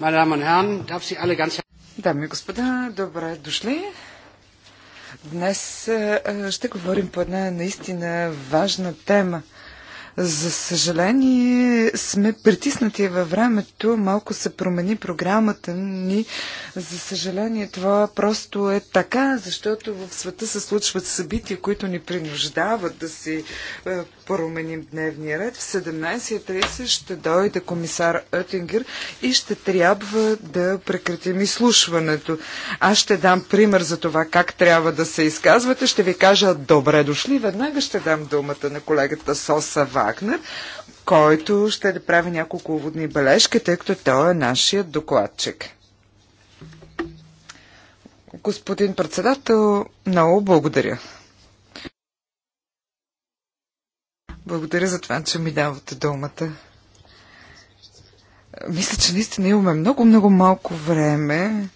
Дами и господа, добре дошли. Днес е, е, ще говорим по една наистина важна тема. За съжаление сме притиснати във времето. Малко се промени програмата ни за съжаление, това просто е така, защото в света се случват събития, които ни принуждават да си е, променим дневния ред. В 17.30 ще дойде комисар Оттингер и ще трябва да прекратим изслушването. Аз ще дам пример за това как трябва да се изказвате. Ще ви кажа добре дошли. Веднага ще дам думата на колегата Соса Вагнер, който ще да прави няколко уводни бележки, тъй като той е нашия докладчик. Господин председател, много благодаря. Благодаря за това, че ми давате думата. Мисля, че наистина имаме много-много малко време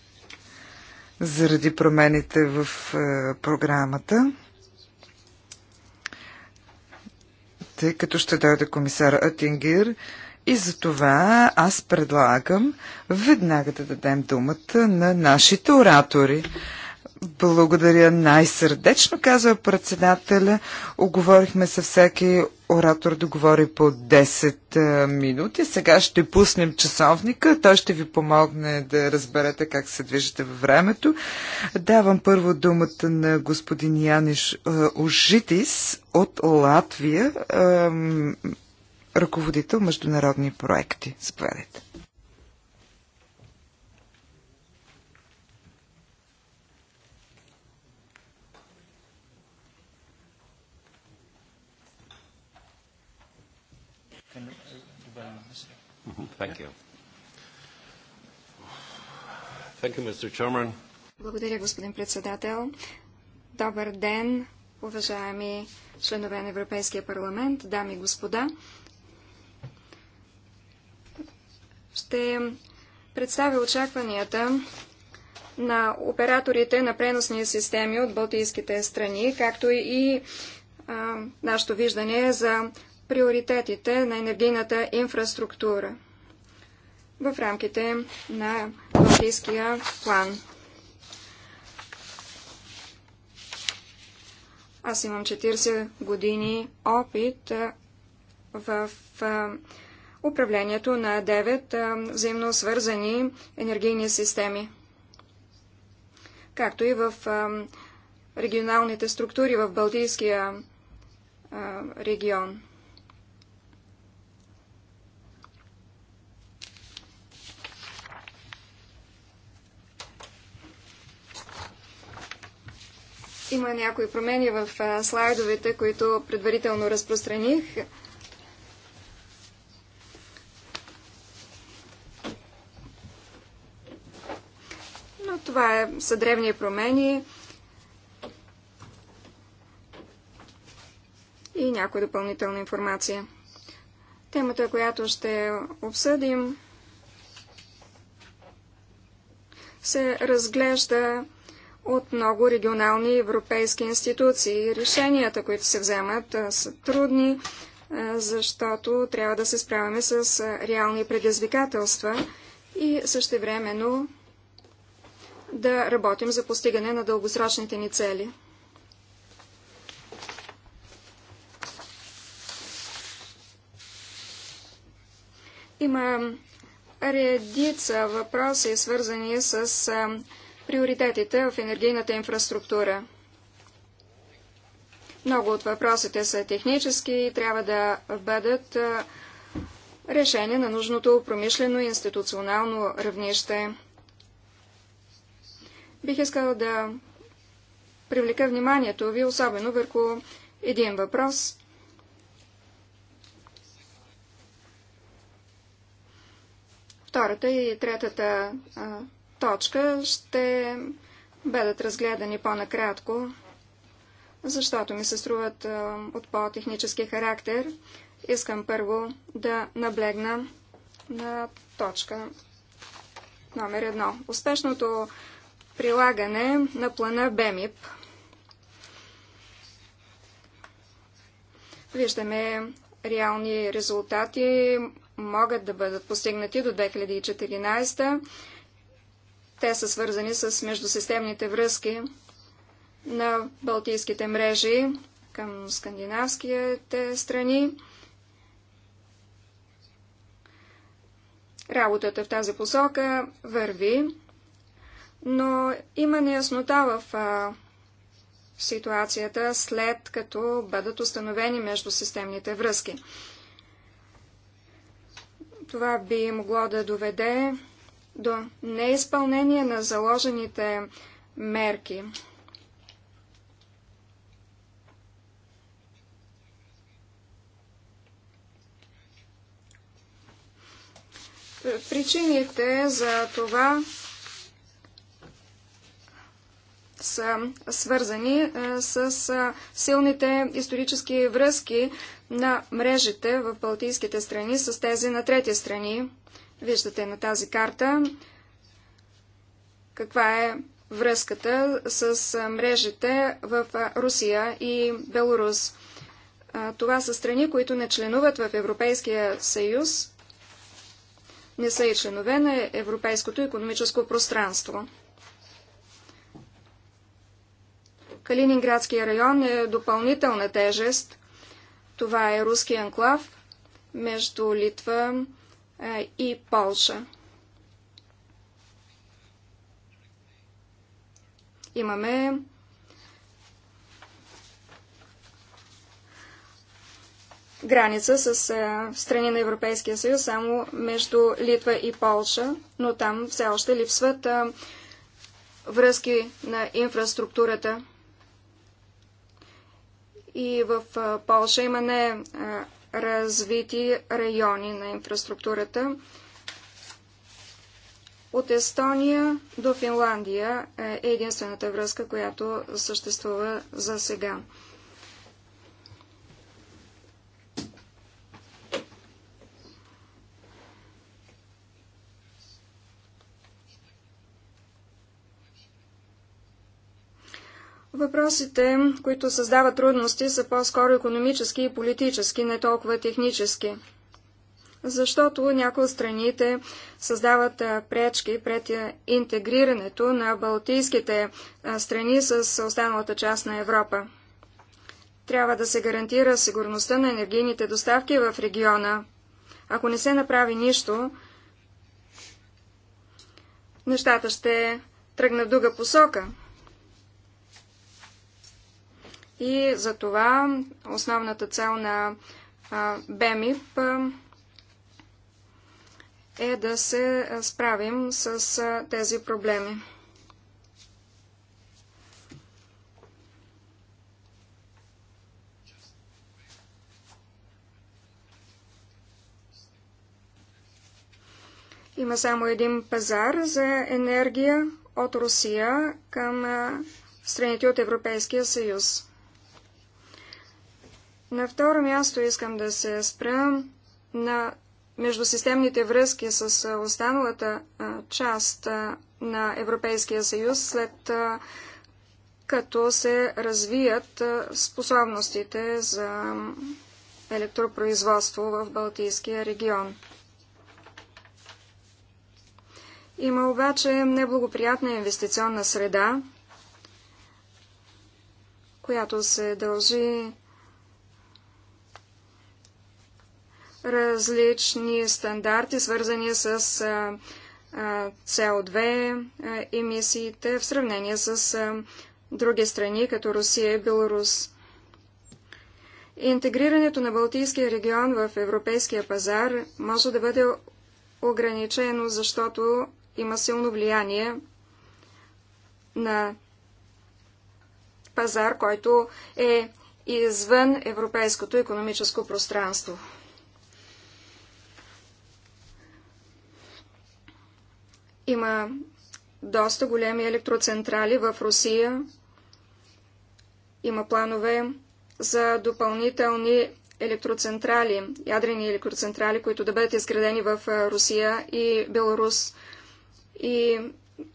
заради промените в е, програмата. Тъй като ще дойде комисар Атингир, и за това аз предлагам веднага да дадем думата на нашите оратори. Благодаря най-сърдечно, казва председателя. Оговорихме се всеки оратор да говори по 10 е, минути. Сега ще пуснем часовника. Той ще ви помогне да разберете как се движите във времето. Давам първо думата на господин Яниш Ожитис е, от Латвия, ръководител международни проекти. Заповядайте. Благодаря, господин председател. Добър ден, уважаеми членове на Европейския парламент, дами и господа. ще представя очакванията на операторите на преносни системи от балтийските страни, както и а, нашето виждане за приоритетите на енергийната инфраструктура в рамките на Балтийския план. Аз имам 40 години опит в управлението на 9 взаимно свързани енергийни системи, както и в регионалните структури в Балтийския регион. Има някои промени в слайдовете, които предварително разпространих. Това е, са древни промени и някоя допълнителна информация. Темата, която ще обсъдим, се разглежда от много регионални европейски институции. Решенията, които се вземат, са трудни, защото трябва да се справяме с реални предизвикателства и същевременно да работим за постигане на дългосрочните ни цели. Има редица въпроси, свързани с приоритетите в енергийната инфраструктура. Много от въпросите са технически и трябва да бъдат решени на нужното промишлено и институционално равнище. Бих искала да привлека вниманието ви, особено върху един въпрос. Втората и третата а, точка ще бъдат разгледани по-накратко, защото ми се струват а, от по-технически характер. Искам първо да наблегна на точка номер едно. Успешното прилагане на плана БЕМИП. Виждаме реални резултати могат да бъдат постигнати до 2014. Те са свързани с междусистемните връзки на балтийските мрежи към скандинавските страни. Работата в тази посока върви но има неяснота в а, ситуацията, след като бъдат установени между системните връзки. Това би могло да доведе до неизпълнение на заложените мерки. Причините за това са свързани е, с е, силните исторически връзки на мрежите в Балтийските страни с тези на трети страни. Виждате на тази карта каква е връзката с е, мрежите в Русия и Беларус. Това са страни, които не членуват в Европейския съюз, не са и членове на Европейското економическо пространство. Калининградския район е допълнителна тежест. Това е руски анклав между Литва е, и Полша. Имаме граница с е, страни на Европейския съюз, само между Литва и Полша, но там все още липсват е, връзки на инфраструктурата и в Польша има не развити райони на инфраструктурата. От Естония до Финландия е единствената връзка, която съществува за сега. Въпросите, които създават трудности, са по-скоро економически и политически, не толкова технически. Защото някои от страните създават пречки пред интегрирането на балтийските страни с останалата част на Европа. Трябва да се гарантира сигурността на енергийните доставки в региона. Ако не се направи нищо, нещата ще тръгнат в друга посока. И за това основната цел на БЕМИП е да се справим с тези проблеми. Има само един пазар за енергия от Русия към страните от Европейския съюз. На второ място искам да се спра на междусистемните връзки с останалата част на Европейския съюз, след като се развият способностите за електропроизводство в Балтийския регион. Има обаче неблагоприятна инвестиционна среда, която се дължи различни стандарти, свързани с со 2 емисиите в сравнение с други страни, като Русия и Беларус. Интегрирането на Балтийския регион в европейския пазар може да бъде ограничено, защото има силно влияние на пазар, който е извън европейското економическо пространство. Има доста големи електроцентрали в Русия. Има планове за допълнителни електроцентрали, ядрени електроцентрали, които да бъдат изградени в Русия и Беларус. И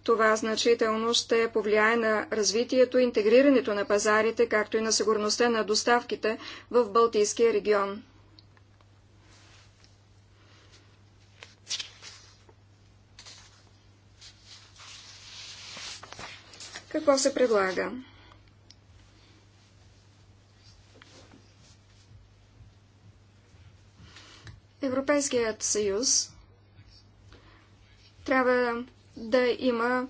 това значително ще повлияе на развитието, и интегрирането на пазарите, както и на сигурността на доставките в Балтийския регион. Какво се предлага? Европейският съюз трябва да има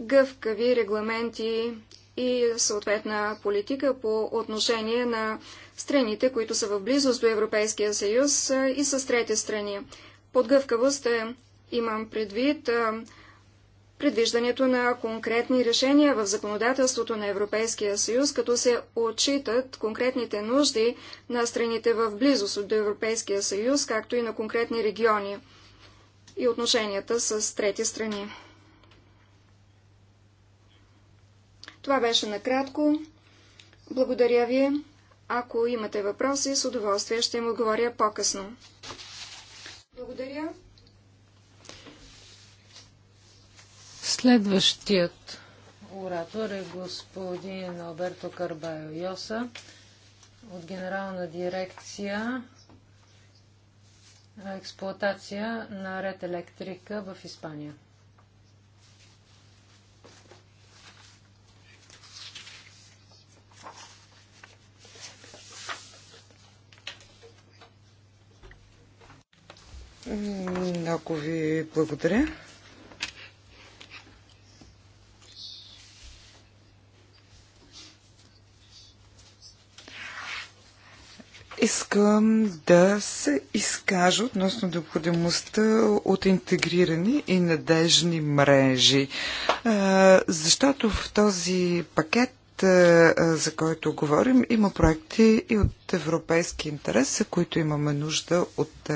гъвкави регламенти и съответна политика по отношение на страните, които са в близост до Европейския съюз и с трети страни. Под гъвкавост е, имам предвид предвиждането на конкретни решения в законодателството на Европейския съюз, като се отчитат конкретните нужди на страните в близост от Европейския съюз, както и на конкретни региони и отношенията с трети страни. Това беше накратко. Благодаря ви. Ако имате въпроси, с удоволствие ще им отговоря по-късно. Благодаря. Следващият оратор е господин Алберто Карбайо Йоса от Генерална дирекция експлоатация на Ред Електрика в Испания. Много ви благодаря. Искам да се изкажа относно необходимостта от интегрирани и надежни мрежи, е, защото в този пакет е, за който говорим, има проекти и от европейски интерес, за които имаме нужда от е,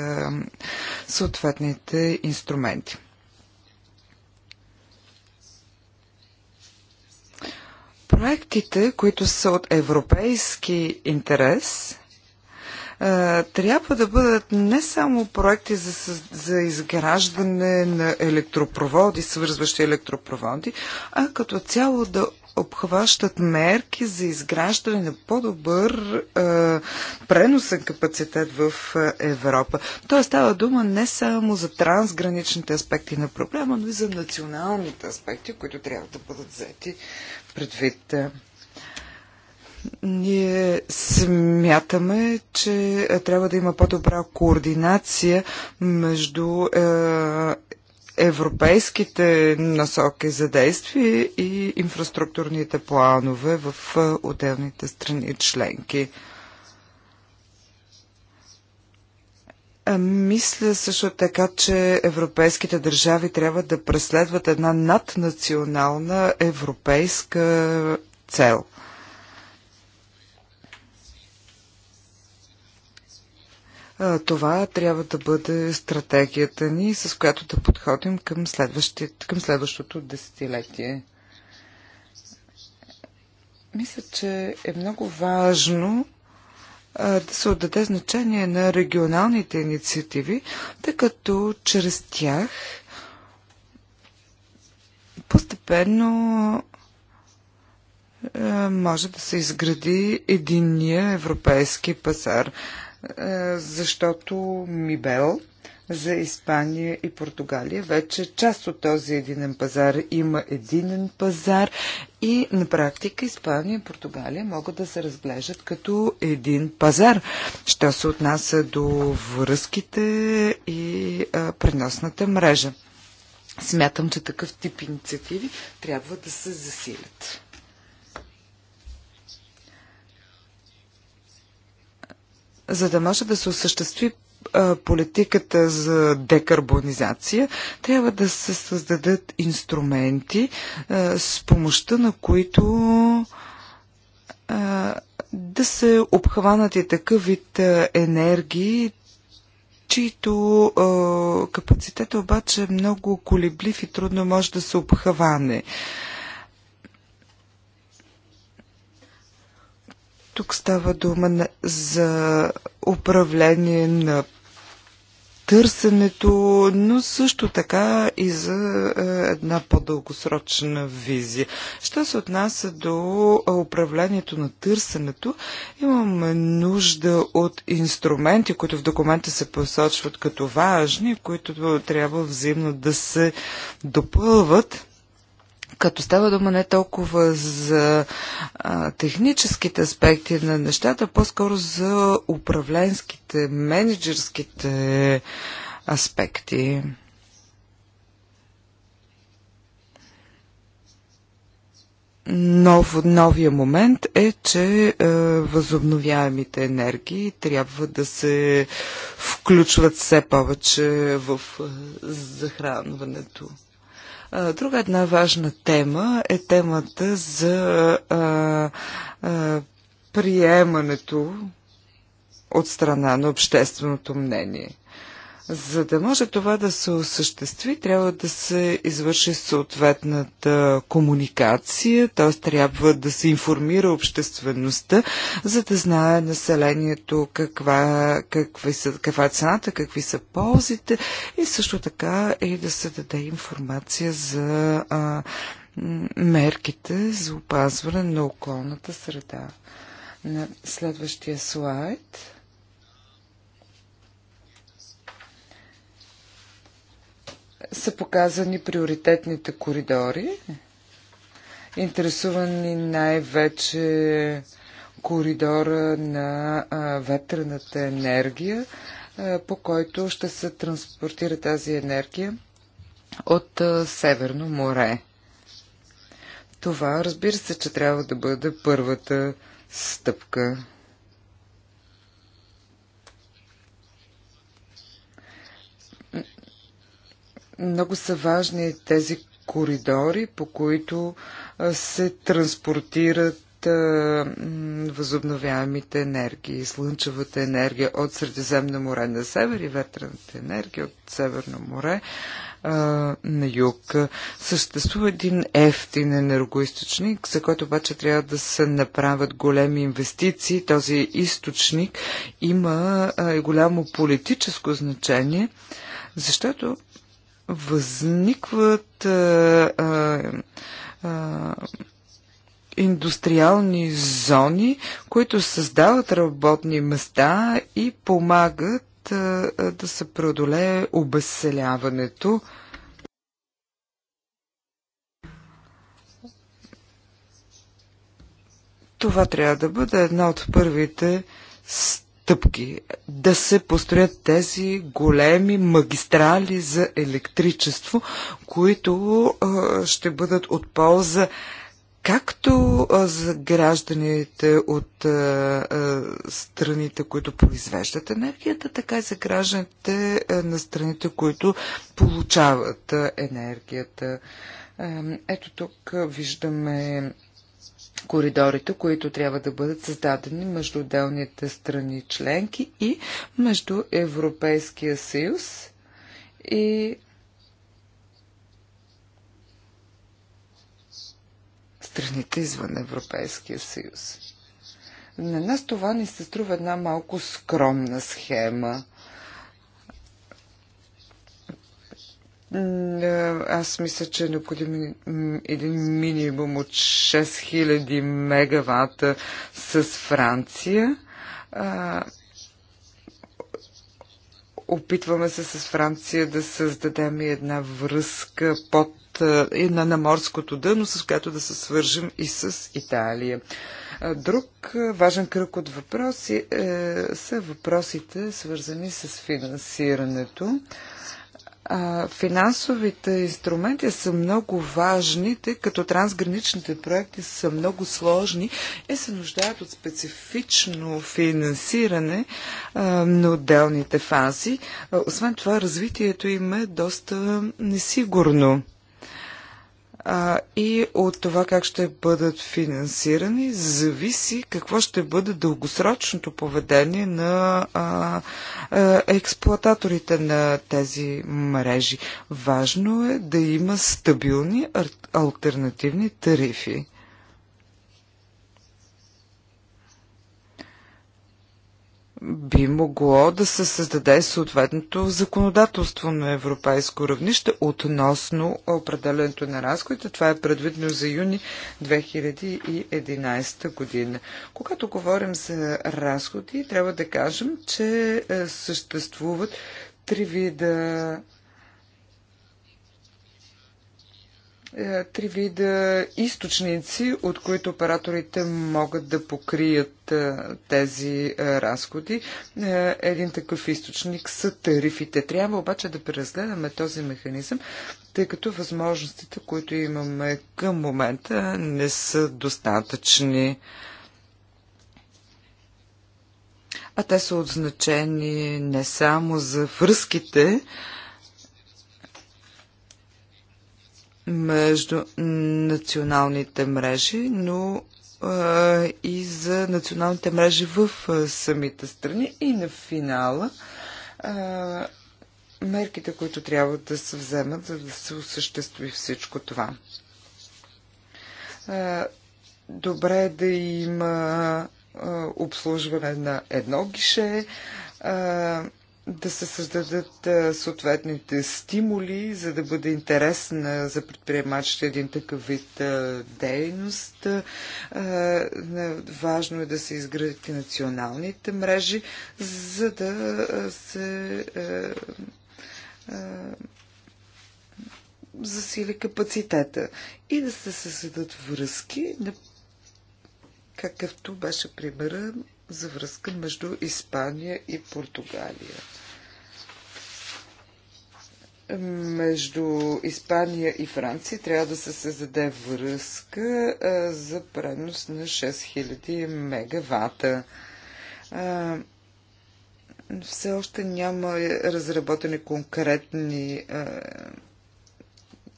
съответните инструменти. Проектите, които са от европейски интерес, е, трябва да бъдат не само проекти за, за изграждане на електропроводи, свързващи електропроводи, а като цяло да обхващат мерки за изграждане на по-добър е, преносен капацитет в е, Европа. Тоест става дума не само за трансграничните аспекти на проблема, но и за националните аспекти, които трябва да бъдат взети предвид. Е, ние смятаме, че е, трябва да има по-добра координация между е, европейските насоки за действие и инфраструктурните планове в е, отделните страни членки. Мисля също така, че европейските държави трябва да преследват една наднационална европейска цел – Това трябва да бъде стратегията ни, с която да подходим към, към следващото десетилетие. Мисля, че е много важно а, да се отдаде значение на регионалните инициативи, тъй като чрез тях постепенно а, може да се изгради единния европейски пазар. Е, защото Мибел за Испания и Португалия. Вече част от този единен пазар има единен пазар и на практика Испания и Португалия могат да се разглеждат като един пазар, що се отнася до връзките и а, преносната мрежа. Смятам, че такъв тип инициативи трябва да се засилят. за да може да се осъществи политиката за декарбонизация, трябва да се създадат инструменти, с помощта на които да се обхванат и такъв вид енергии, чието капацитет обаче е много колеблив и трудно може да се обхване. Тук става дума за управление на търсенето, но също така и за е, една по-дългосрочна визия. Що се отнася до управлението на търсенето, имаме нужда от инструменти, които в документа се посочват като важни, които трябва взаимно да се допълват като става дума не толкова за а, техническите аспекти на нещата, по-скоро за управленските, менеджерските аспекти. Нов, новия момент е, че е, възобновяемите енергии трябва да се включват все повече в е, захранването. Друга една важна тема е темата за а, а, приемането от страна на общественото мнение. За да може това да се осъществи, трябва да се извърши съответната комуникация, т.е. трябва да се информира обществеността, за да знае населението каква, какви са, каква е цената, какви са ползите и също така и да се даде информация за а, мерките за опазване на околната среда. На следващия слайд. са показани приоритетните коридори. Интересувани най-вече коридора на ветрената енергия, по който ще се транспортира тази енергия от Северно море. Това, разбира се, че трябва да бъде първата стъпка. Много са важни тези коридори, по които се транспортират възобновяемите енергии, слънчевата енергия от Средиземно море на север и ветрената енергия от Северно море а, на юг. Съществува един ефтин енергоисточник, за който обаче трябва да се направят големи инвестиции. Този източник има а, голямо политическо значение, защото възникват а, а, индустриални зони, които създават работни места и помагат а, да се преодолее обеселяването. Това трябва да бъде една от първите стъпки стъпки да се построят тези големи магистрали за електричество, които ще бъдат от полза както за гражданите от страните, които произвеждат енергията, така и за гражданите на страните, които получават енергията. Ето тук виждаме коридорите, които трябва да бъдат създадени между отделните страни членки и между Европейския съюз и страните извън Европейския съюз. На нас това ни се струва една малко скромна схема. Аз мисля, че е необходим един минимум от 6000 мегавата с Франция. Опитваме се с Франция да създадем една връзка под на, на морското дъно, с която да се свържем и с Италия. Друг важен кръг от въпроси е, са въпросите, свързани с финансирането. Е, финансовите инструменти са много важни, тъй като трансграничните проекти са много сложни и се нуждаят от специфично финансиране на отделните фази. Освен това, развитието им е доста несигурно а, и от това как ще бъдат финансирани, зависи какво ще бъде дългосрочното поведение на а, а, експлуататорите на тези мрежи. Важно е да има стабилни альтернативни тарифи. би могло да се създаде съответното законодателство на европейско равнище относно определенето на разходите. Това е предвидно за юни 2011 година. Когато говорим за разходи, трябва да кажем, че е, съществуват три вида Е, три вида източници, от които операторите могат да покрият е, тези е, разходи. Един такъв източник са тарифите. Трябва обаче да преразгледаме този механизъм, тъй като възможностите, които имаме към момента, не са достатъчни. А те са от значение не само за връзките, между националните мрежи, но и за националните мрежи в самите страни. И на финала мерките, които трябва да се вземат, за да се осъществи всичко това. добре е да има обслужване на едно гише да се създадат съответните стимули, за да бъде интересна за предприемачите един такъв вид дейност. Важно е да се изградят и националните мрежи, за да се засили капацитета и да се създадат връзки, какъвто беше примера за връзка между Испания и Португалия. Между Испания и Франция трябва да се създаде връзка за пренос на 6000 мегавата. все още няма разработени конкретни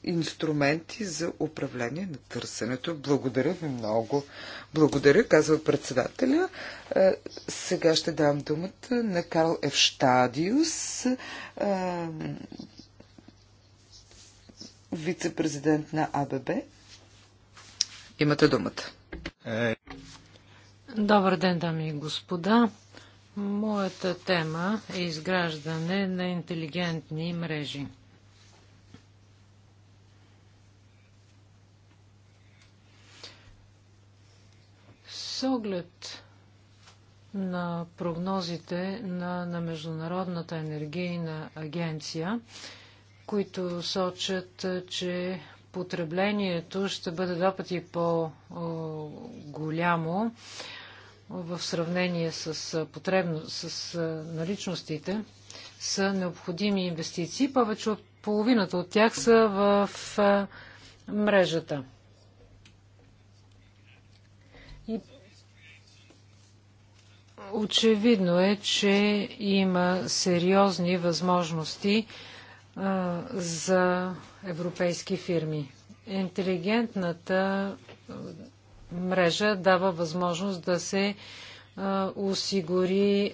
инструменти за управление на търсенето. Благодаря ви много. Благодаря, казва председателя. Е, сега ще дам думата на Карл Евштадиус, е, вице-президент на АББ. Имате думата. Е. Добър ден, дами и господа. Моята тема е изграждане на интелигентни мрежи. оглед на прогнозите на, на Международната енергийна агенция, които сочат, че потреблението ще бъде два пъти по-голямо в сравнение с, потребно, с наличностите, са необходими инвестиции. Повече от половината от тях са в мрежата. И Очевидно е, че има сериозни възможности а, за европейски фирми. Интелигентната мрежа дава възможност да се осигури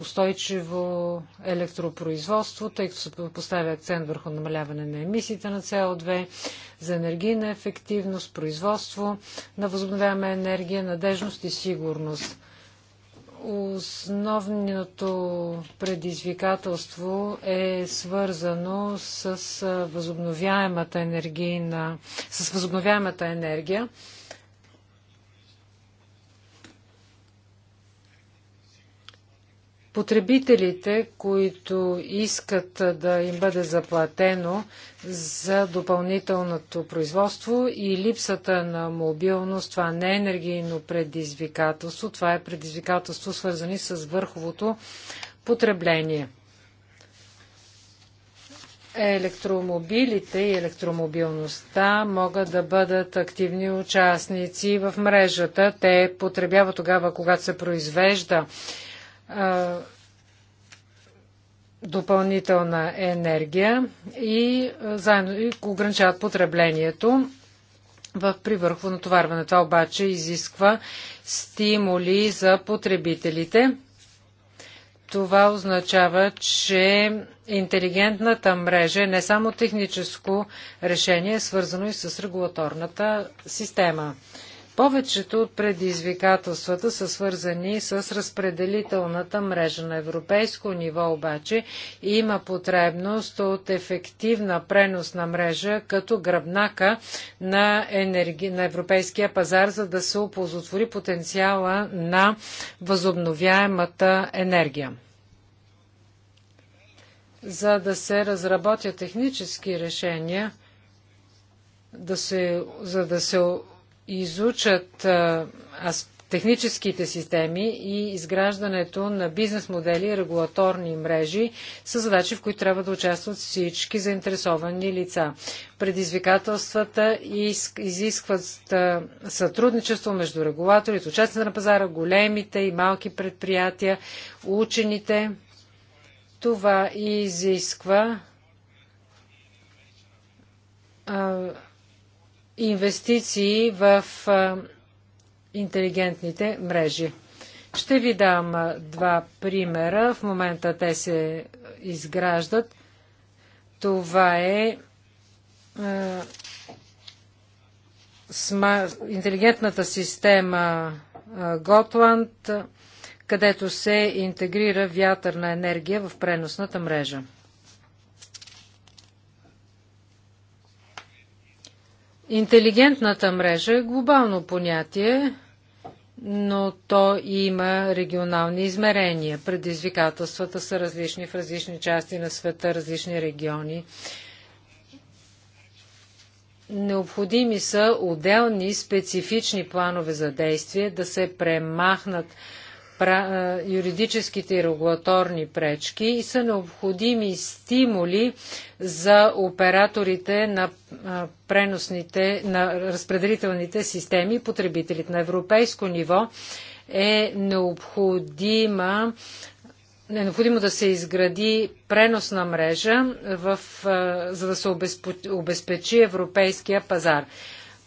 устойчиво електропроизводство, тъй като се поставя акцент върху намаляване на емисиите на СО2, за енергийна ефективност, производство на възобновяема енергия, надежност и сигурност. Основното предизвикателство е свързано с възобновяемата, енергийна, с възобновяемата енергия. Потребителите, които искат да им бъде заплатено за допълнителното производство и липсата на мобилност, това не е енергийно предизвикателство, това е предизвикателство свързани с върховото потребление. Електромобилите и електромобилността могат да бъдат активни участници в мрежата. Те потребяват тогава, когато се произвежда допълнителна енергия и, заедно, и ограничават потреблението в привърху натоварване. Това обаче изисква стимули за потребителите. Това означава, че интелигентната мрежа е не само техническо решение, е свързано и с регулаторната система. Повечето от предизвикателствата са свързани с разпределителната мрежа. На европейско ниво обаче има потребност от ефективна преносна мрежа като гръбнака на, енерги... на европейския пазар, за да се оползотвори потенциала на възобновяемата енергия. За да се разработят технически решения, да се, за да се изучат техническите системи и изграждането на бизнес модели и регулаторни мрежи са задачи, в които трябва да участват всички заинтересовани лица. Предизвикателствата изискват сътрудничество между регулаторите, участниците на пазара, големите и малки предприятия, учените. Това изисква инвестиции в интелигентните мрежи. Ще ви дам два примера. В момента те се изграждат. Това е интелигентната система Готланд, където се интегрира вятърна енергия в преносната мрежа. Интелигентната мрежа е глобално понятие, но то има регионални измерения. Предизвикателствата са различни в различни части на света, различни региони. Необходими са отделни специфични планове за действие да се премахнат юридическите и регулаторни пречки и са необходими стимули за операторите на преносните, на разпределителните системи и потребителите. На европейско ниво е необходима е необходимо да се изгради преносна мрежа, в, за да се обезпечи европейския пазар.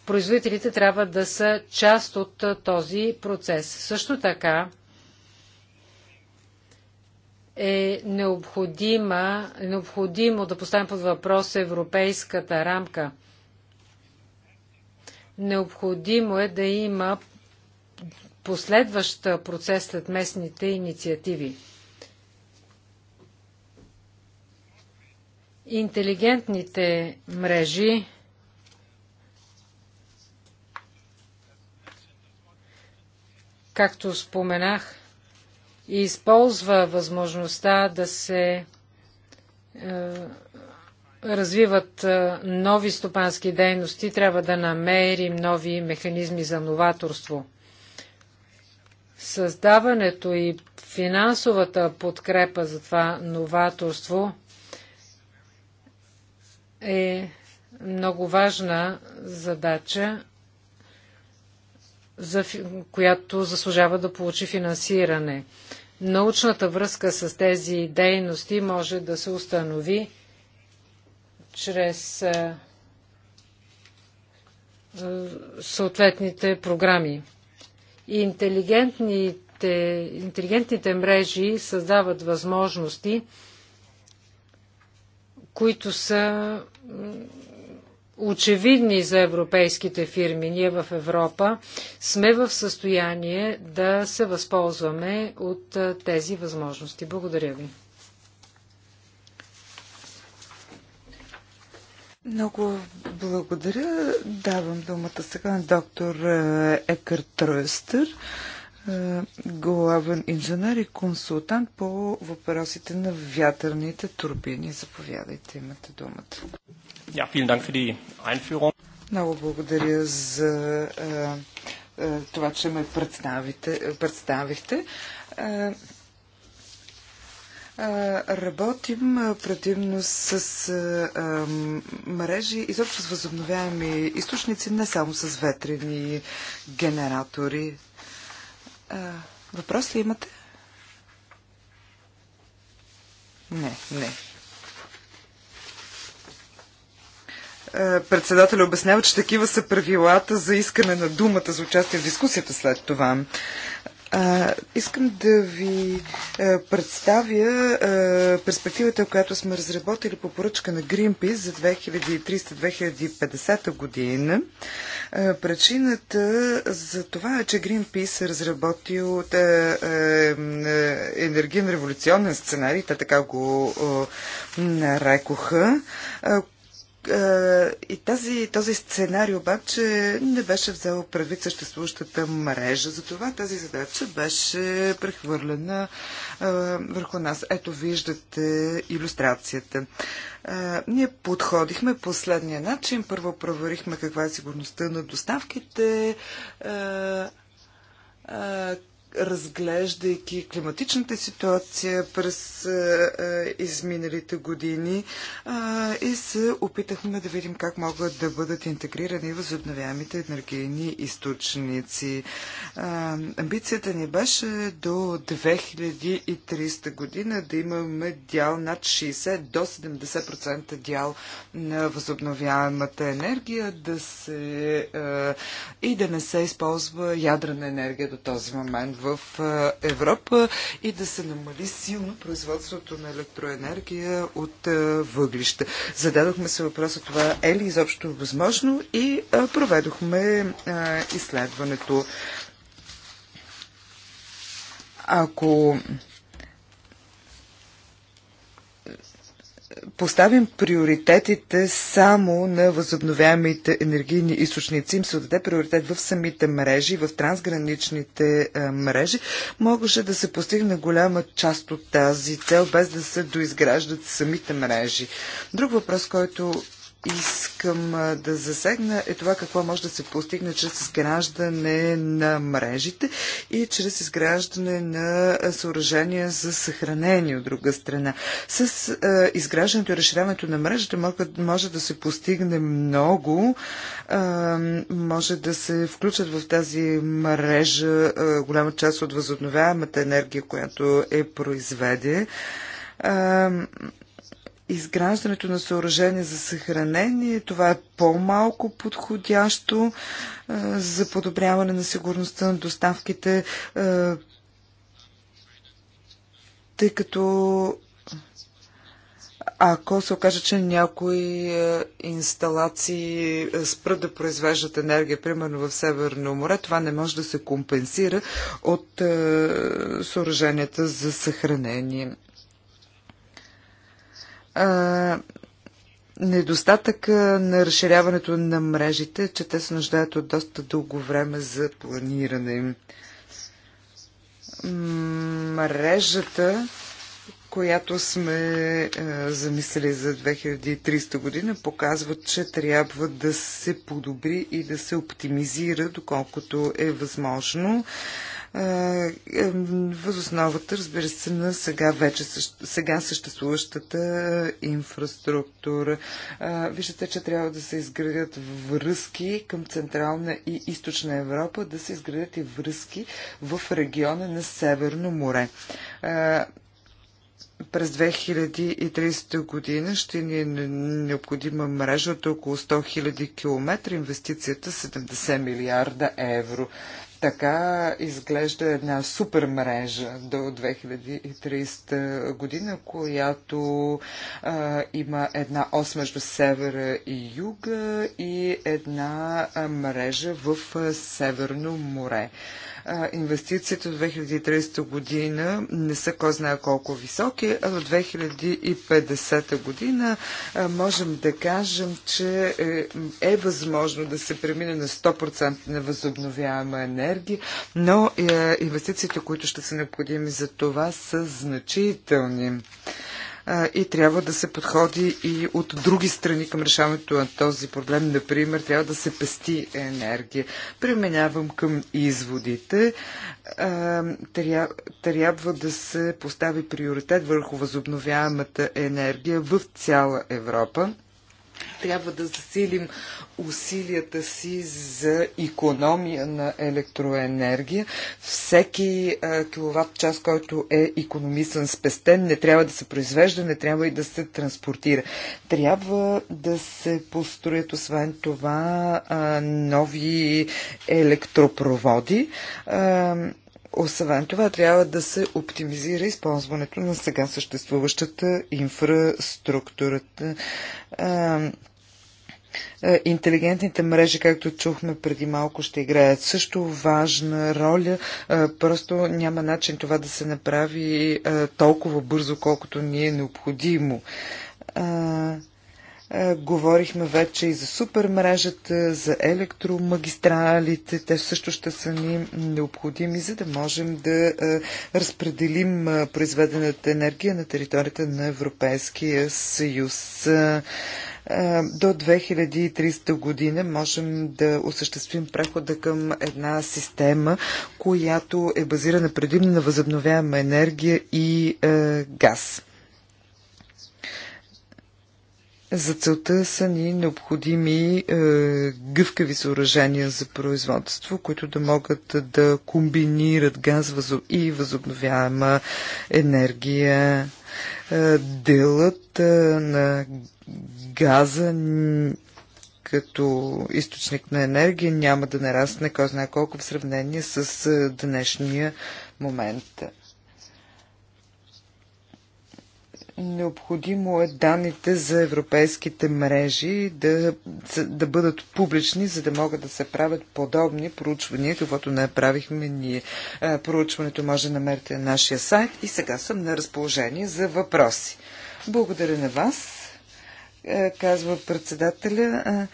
Производителите трябва да са част от този процес. Също така е необходима, необходимо да поставим под въпрос европейската рамка. Необходимо е да има последващ процес след местните инициативи. Интелигентните мрежи както споменах, и използва възможността да се е, развиват е, нови стопански дейности, трябва да намерим нови механизми за новаторство. Създаването и финансовата подкрепа за това новаторство е много важна задача, за, която заслужава да получи финансиране научната връзка с тези дейности може да се установи чрез съответните програми. Интелигентните, интелигентните мрежи създават възможности, които са очевидни за европейските фирми. Ние в Европа сме в състояние да се възползваме от тези възможности. Благодаря ви. Много благодаря. Давам думата сега на доктор Екър Тройстър. Е, главен инженер и консултант по въпросите на вятърните турбини. Заповядайте, имате думата. Yeah, Много благодаря за а, е, а, е, това, че ме представихте. Работим предимно с а, мрежи, и с възобновяеми източници, не само с ветрени генератори. Въпроси въпрос ли имате? Не, не. Председателя обяснява, че такива са правилата за искане на думата за участие в дискусията след това. А, искам да ви а, представя а, перспективата, която сме разработили по поръчка на Greenpeace за 2300-2050 година. А, причината за това е, че Greenpeace е разработил а, енергиен революционен сценарий, те така го а, нарекоха, а, е, и тази, този сценарий обаче не беше взел предвид съществуващата мрежа. Затова тази задача беше прехвърлена е, върху нас. Ето виждате иллюстрацията. Е, ние подходихме последния начин. Първо проверихме каква е сигурността на доставките разглеждайки климатичната ситуация през а, е, е, изминалите години а, е, и се опитахме да видим как могат да бъдат интегрирани възобновяемите енергийни източници. А, амбицията ни беше до 2300 година да имаме дял над 60 до 70% дял на възобновяемата енергия да се, и да не се използва ядрена енергия до този момент в в Европа и да се намали силно производството на електроенергия от въглища. Зададохме се въпроса това е ли изобщо възможно и проведохме изследването. Ако поставим приоритетите само на възобновяемите енергийни източници, им се отдаде приоритет в самите мрежи, в трансграничните е, мрежи, може да се постигне голяма част от тази цел, без да се доизграждат самите мрежи. Друг въпрос, който искам да засегна е това какво може да се постигне чрез изграждане на мрежите и чрез изграждане на съоръжения за съхранение от друга страна. С изграждането и разширяването на мрежата може да се постигне много, може да се включат в тази мрежа голяма част от възобновяемата енергия, която е произведе изграждането на съоръжение за съхранение. Това е по-малко подходящо е, за подобряване на сигурността на доставките, е, тъй като ако се окаже, че някои е, инсталации спрат да произвеждат енергия, примерно в Северно море, това не може да се компенсира от съоръженията за съхранение недостатъка на разширяването на мрежите, че те се нуждаят от доста дълго време за планиране им. Мрежата, която сме а, замислили за 2300 година, показва, че трябва да се подобри и да се оптимизира, доколкото е възможно. А, възосновата, разбира се, на сега вече сега съществуващата инфраструктура. Виждате, че трябва да се изградят връзки към Централна и Източна Европа, да се изградят и връзки в региона на Северно море през 2030 година ще ни е необходима мрежа от около 100 000 км, инвестицията 70 милиарда евро. Така изглежда една супер мрежа до 2030 година, която а, има една ос между севера и юга и една мрежа в Северно море инвестициите от 2030 година не са кой знае колко високи, а до 2050 година можем да кажем, че е, е възможно да се премине на 100% на възобновяема енергия, но е, инвестициите, които ще са необходими за това, са значителни и трябва да се подходи и от други страни към решаването на този проблем. Например, трябва да се пести енергия. Преминавам към изводите. Трябва да се постави приоритет върху възобновяемата енергия в цяла Европа трябва да засилим усилията си за економия на електроенергия. Всеки киловатт час, който е економисан, спестен, не трябва да се произвежда, не трябва и да се транспортира. Трябва да се построят, освен това, нови електропроводи освен това, трябва да се оптимизира използването на сега съществуващата инфраструктурата. Интелигентните мрежи, както чухме преди малко, ще играят също важна роля. Просто няма начин това да се направи толкова бързо, колкото ни е необходимо е, говорихме вече и за супермрежата, за електромагистралите. Те също ще са ни необходими, за да можем да е, разпределим е, произведената енергия на територията на Европейския съюз до 2300 година можем да осъществим прехода към една система, която е базирана предимно на възобновяема енергия и газ. За целта са ни необходими е, гъвкави съоръжения за производство, които да могат да комбинират газ и възобновяема енергия. Е, делът е, на газа като източник на енергия няма да нарасне кой знае колко в сравнение с е, днешния момент. Необходимо е данните за европейските мрежи да, да бъдат публични, за да могат да се правят подобни проучвания, каквото направихме ние. Е, проучването може да намерите на нашия сайт и сега съм на разположение за въпроси. Благодаря на вас, е, казва председателя. Е,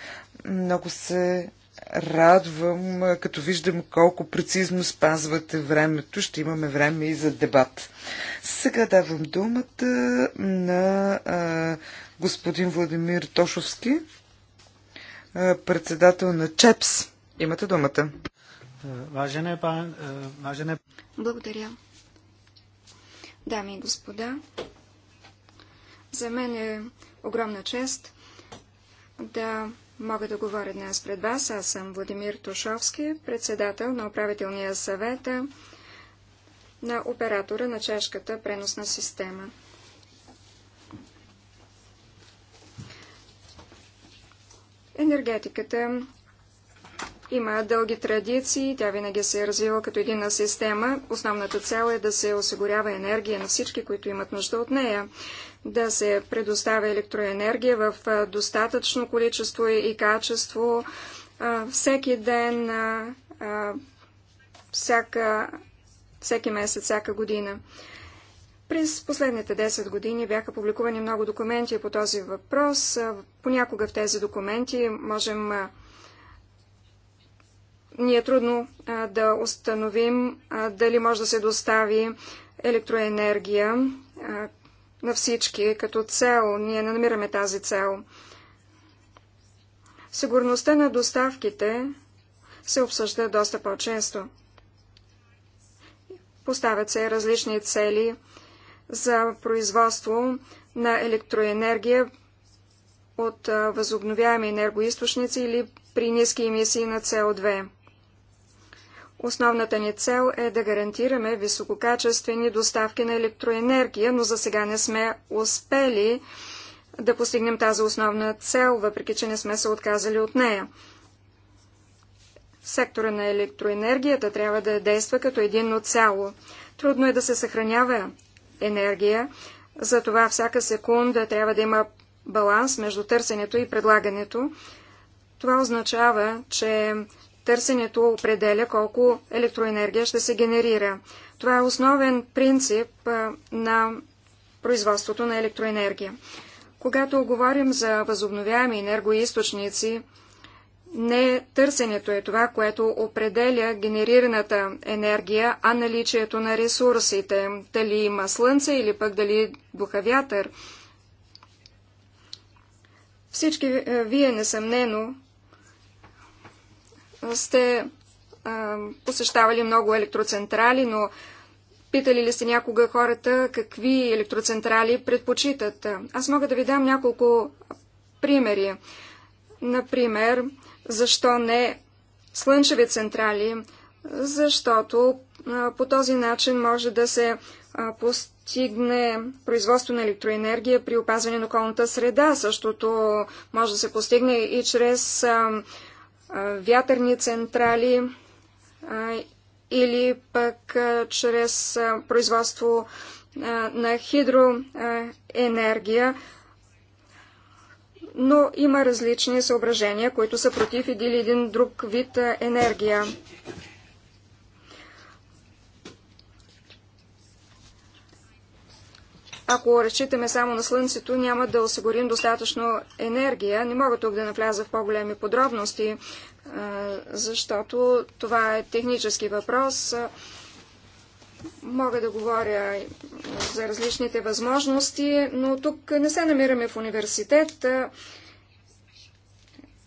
много се радвам, като виждам колко прецизно спазвате времето. Ще имаме време и за дебат. Сега давам думата на а, господин Владимир Тошовски, а, председател на ЧЕПС. Имате думата. е, пан, е. Благодаря. Дами и господа, за мен е огромна чест да Мога да говоря днес пред вас. Аз съм Владимир Тушовски, председател на управителния съвет на оператора на чешката преносна система. Енергетиката има дълги традиции, тя винаги се е развила като единна система. Основната цел е да се осигурява енергия на всички, които имат нужда от нея да се предоставя електроенергия в достатъчно количество и качество всеки ден, всяка, всеки месец, всяка година. През последните 10 години бяха публикувани много документи по този въпрос. Понякога в тези документи можем ни е трудно а, да установим а, дали може да се достави електроенергия а, на всички като цел. Ние не намираме тази цел. Сигурността на доставките се обсъжда доста по-често. Поставят се различни цели за производство на електроенергия от възобновяеми енергоисточници или при ниски емисии на СО2. Основната ни цел е да гарантираме висококачествени доставки на електроенергия, но за сега не сме успели да постигнем тази основна цел, въпреки че не сме се отказали от нея. Сектора на електроенергията трябва да действа като единно цяло. Трудно е да се съхранява енергия, затова всяка секунда трябва да има баланс между търсенето и предлагането. Това означава, че Търсенето определя колко електроенергия ще се генерира. Това е основен принцип на производството на електроенергия. Когато говорим за възобновяеми енергоисточници, не търсенето е това, което определя генерираната енергия, а наличието на ресурсите, дали има слънце или пък дали духа вятър. Всички е, вие, несъмнено, сте а, посещавали много електроцентрали, но питали ли сте някога хората какви електроцентрали предпочитат? Аз мога да ви дам няколко примери. Например, защо не слънчеви централи, защото а, по този начин може да се а, постигне производство на електроенергия при опазване на околната среда. Същото може да се постигне и чрез а, вятърни централи или пък чрез производство на хидроенергия, но има различни съображения, които са против един или един друг вид енергия. Ако разчитаме само на слънцето, няма да осигурим достатъчно енергия. Не мога тук да навляза в по-големи подробности, защото това е технически въпрос. Мога да говоря за различните възможности, но тук не се намираме в университет.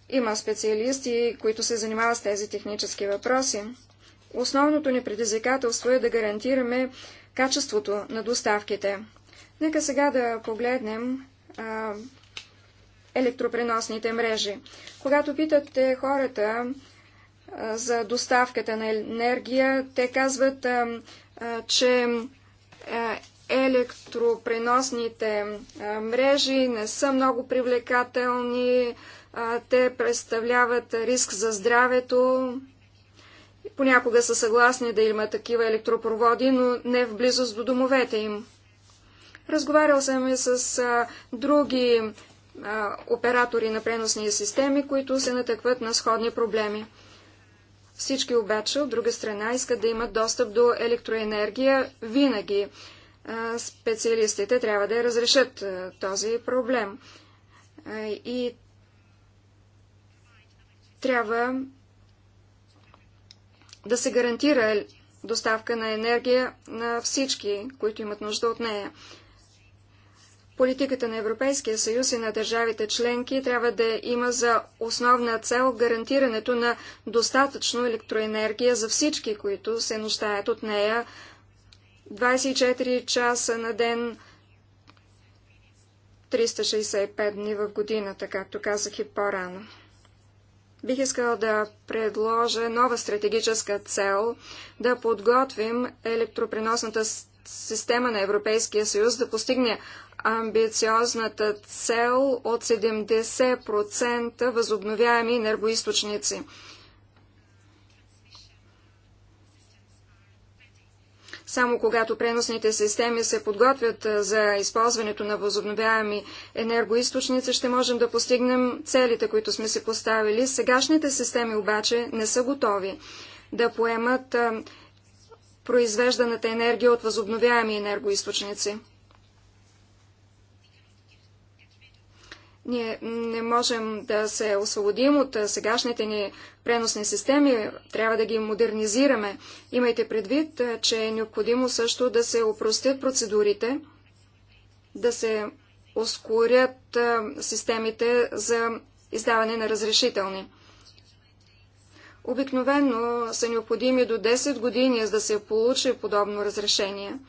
Има специалисти, които се занимават с тези технически въпроси. Основното ни предизвикателство е да гарантираме качеството на доставките. Нека сега да погледнем а, електропреносните мрежи. Когато питате хората а, за доставката на енергия, те казват, а, а, че а, електропреносните а, мрежи не са много привлекателни, а, те представляват риск за здравето. Понякога са съгласни да има такива електропроводи, но не в близост до домовете им. Разговарял съм и с а, други а, оператори на преносни системи, които се натъкват на сходни проблеми. Всички обаче, от друга страна, искат да имат достъп до електроенергия винаги. А, специалистите трябва да разрешат а, този проблем. А, и трябва да се гарантира доставка на енергия на всички, които имат нужда от нея. Политиката на Европейския съюз и на държавите членки трябва да има за основна цел гарантирането на достатъчно електроенергия за всички, които се нуждаят от нея 24 часа на ден, 365 дни в годината, както казах и по-рано. Бих искал да предложа нова стратегическа цел да подготвим електропреносната система на Европейския съюз да постигне амбициозната цел от 70% възобновяеми енергоисточници. Само когато преносните системи се подготвят за използването на възобновяеми енергоисточници, ще можем да постигнем целите, които сме си поставили. Сегашните системи обаче не са готови да поемат произвежданата енергия от възобновяеми енергоисточници. Ние не можем да се освободим от сегашните ни преносни системи, трябва да ги модернизираме. Имайте предвид, че е необходимо също да се опростят процедурите, да се ускорят системите за издаване на разрешителни. Обикновено са необходими до 10 години, за да се получи подобно разрешение –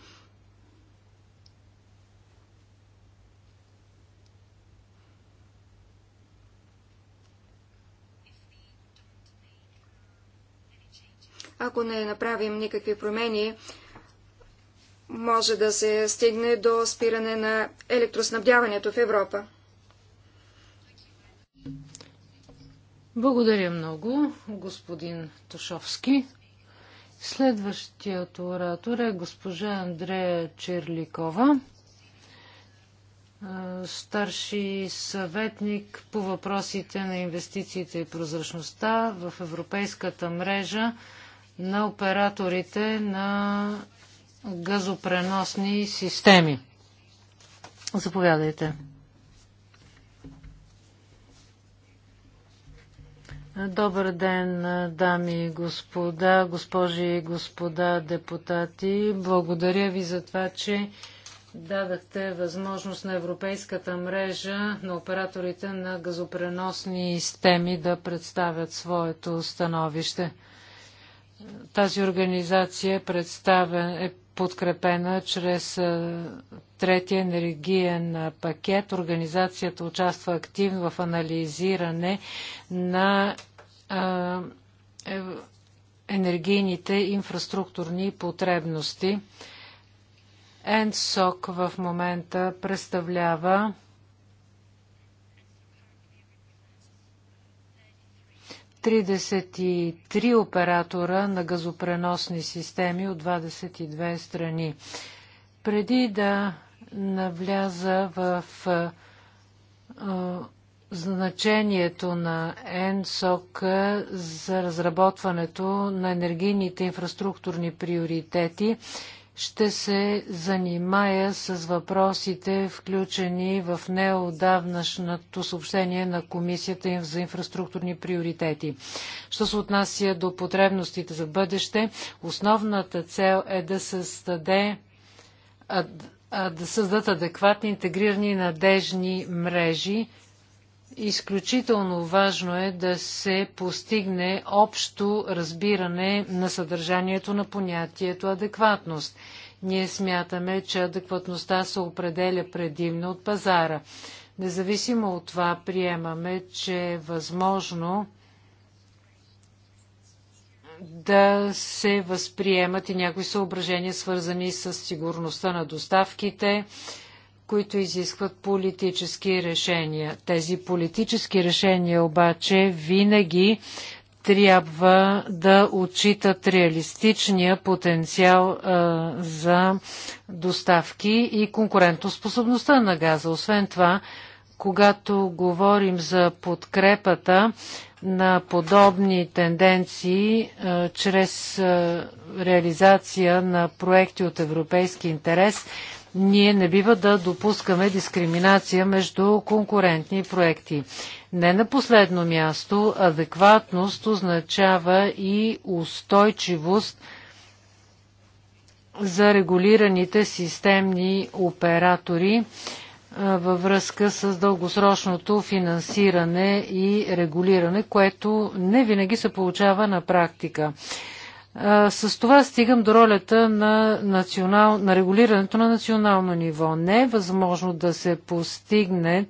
Ако не направим никакви промени, може да се стигне до спиране на електроснабдяването в Европа. Благодаря много, господин Тошовски. Следващият оратор е госпожа Андрея Черликова, старши съветник по въпросите на инвестициите и прозрачността в Европейската мрежа на операторите на газопреносни системи. Заповядайте. Добър ден, дами и господа, госпожи и господа депутати. Благодаря ви за това, че дадахте възможност на Европейската мрежа на операторите на газопреносни системи да представят своето становище тази организация представен, е подкрепена чрез третия енергиен пакет. Организацията участва активно в анализиране на е, енергийните инфраструктурни потребности. ЕНСОК в момента представлява 33 оператора на газопреносни системи от 22 страни. Преди да навляза в значението на ЕНСОК за разработването на енергийните инфраструктурни приоритети, ще се занимая с въпросите, включени в неодавнашното съобщение на Комисията им за инфраструктурни приоритети. Що се отнася до потребностите за бъдеще, основната цел е да създаде да създадат адекватни, интегрирани и надежни мрежи, Изключително важно е да се постигне общо разбиране на съдържанието на понятието адекватност. Ние смятаме, че адекватността се определя предимно от пазара. Независимо от това, приемаме, че е възможно да се възприемат и някои съображения, свързани с сигурността на доставките, които изискват политически решения. Тези политически решения обаче винаги трябва да отчитат реалистичния потенциал а, за доставки и конкурентоспособността на газа. Освен това, когато говорим за подкрепата на подобни тенденции а, чрез а, реализация на проекти от европейски интерес, ние не бива да допускаме дискриминация между конкурентни проекти. Не на последно място, адекватност означава и устойчивост за регулираните системни оператори във връзка с дългосрочното финансиране и регулиране, което не винаги се получава на практика. С това стигам до ролята на, национал, на регулирането на национално ниво. Не е възможно да се постигне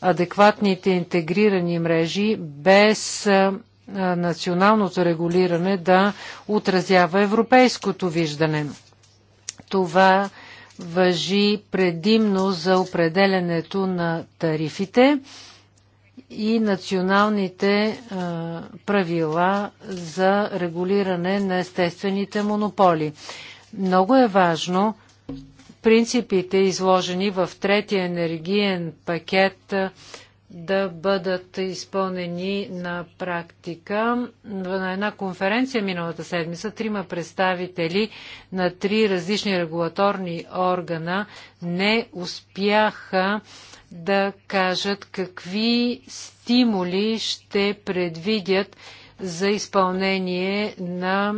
адекватните интегрирани мрежи без националното регулиране да отразява европейското виждане. Това въжи предимно за определенето на тарифите и националните а, е, правила за регулиране на естествените монополи. Много е важно принципите, изложени в третия енергиен пакет, е, да бъдат изпълнени на практика. На една конференция миналата седмица трима представители на три различни регулаторни органа не успяха да кажат какви стимули ще предвидят за изпълнение на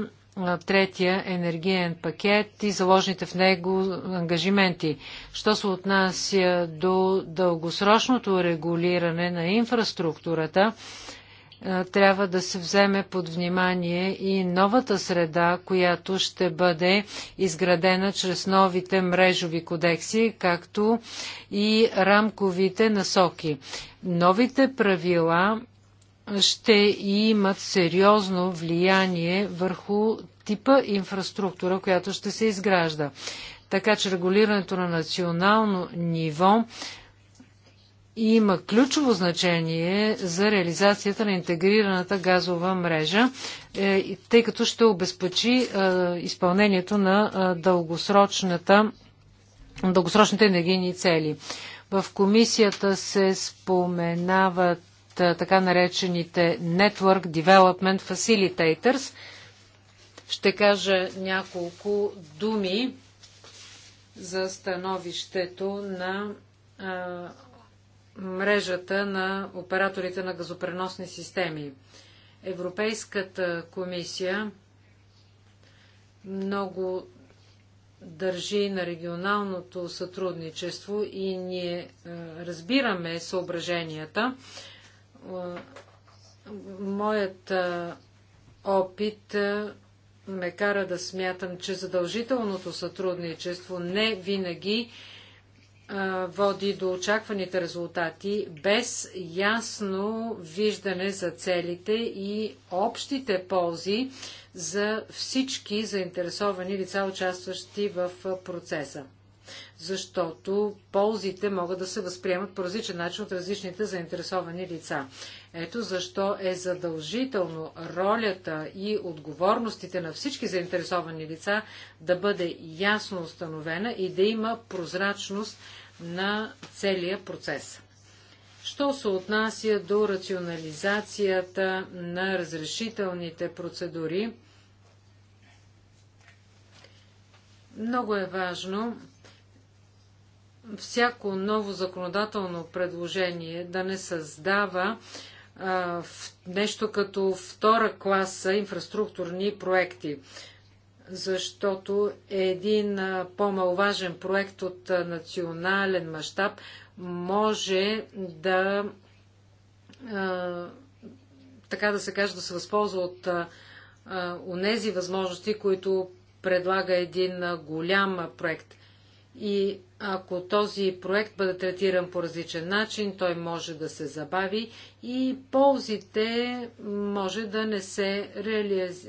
третия енергиен пакет и заложните в него ангажименти. Що се отнася до дългосрочното регулиране на инфраструктурата, трябва да се вземе под внимание и новата среда, която ще бъде изградена чрез новите мрежови кодекси, както и рамковите насоки. Новите правила ще имат сериозно влияние върху типа инфраструктура, която ще се изгражда. Така че регулирането на национално ниво има ключово значение за реализацията на интегрираната газова мрежа, е, тъй като ще обезпечи е, изпълнението на е, дългосрочната, дългосрочните енергийни цели. В комисията се споменават така наречените Network Development Facilitators. Ще кажа няколко думи за становището на мрежата на операторите на газопреносни системи. Европейската комисия много държи на регионалното сътрудничество и ние е, разбираме съображенията. Е, моят е, опит ме кара да смятам, че задължителното сътрудничество не винаги води до очакваните резултати без ясно виждане за целите и общите ползи за всички заинтересовани лица, участващи в процеса. Защото ползите могат да се възприемат по различен начин от различните заинтересовани лица. Ето защо е задължително ролята и отговорностите на всички заинтересовани лица да бъде ясно установена и да има прозрачност на целия процес. Що се отнася до рационализацията на разрешителните процедури, много е важно всяко ново законодателно предложение да не създава а, в, нещо като втора класа инфраструктурни проекти защото един по-малважен проект от национален мащаб може да така да се каже, да се възползва от онези възможности, които предлага един голям проект. И ако този проект бъде третиран по различен начин, той може да се забави и ползите може да не се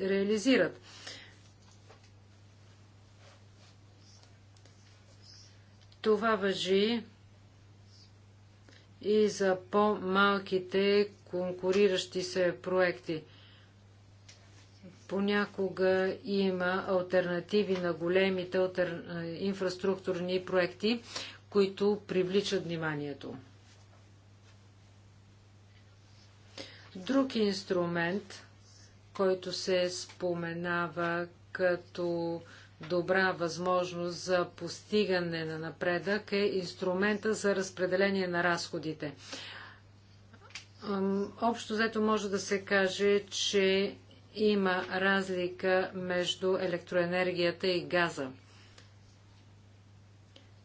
реализират. Това въжи и за по-малките конкуриращи се проекти. Понякога има альтернативи на големите алтер... Е, инфраструктурни проекти, които привличат вниманието. Друг инструмент, който се споменава като добра възможност за постигане на напредък е инструмента за разпределение на разходите. Общо взето може да се каже, че има разлика между електроенергията и газа.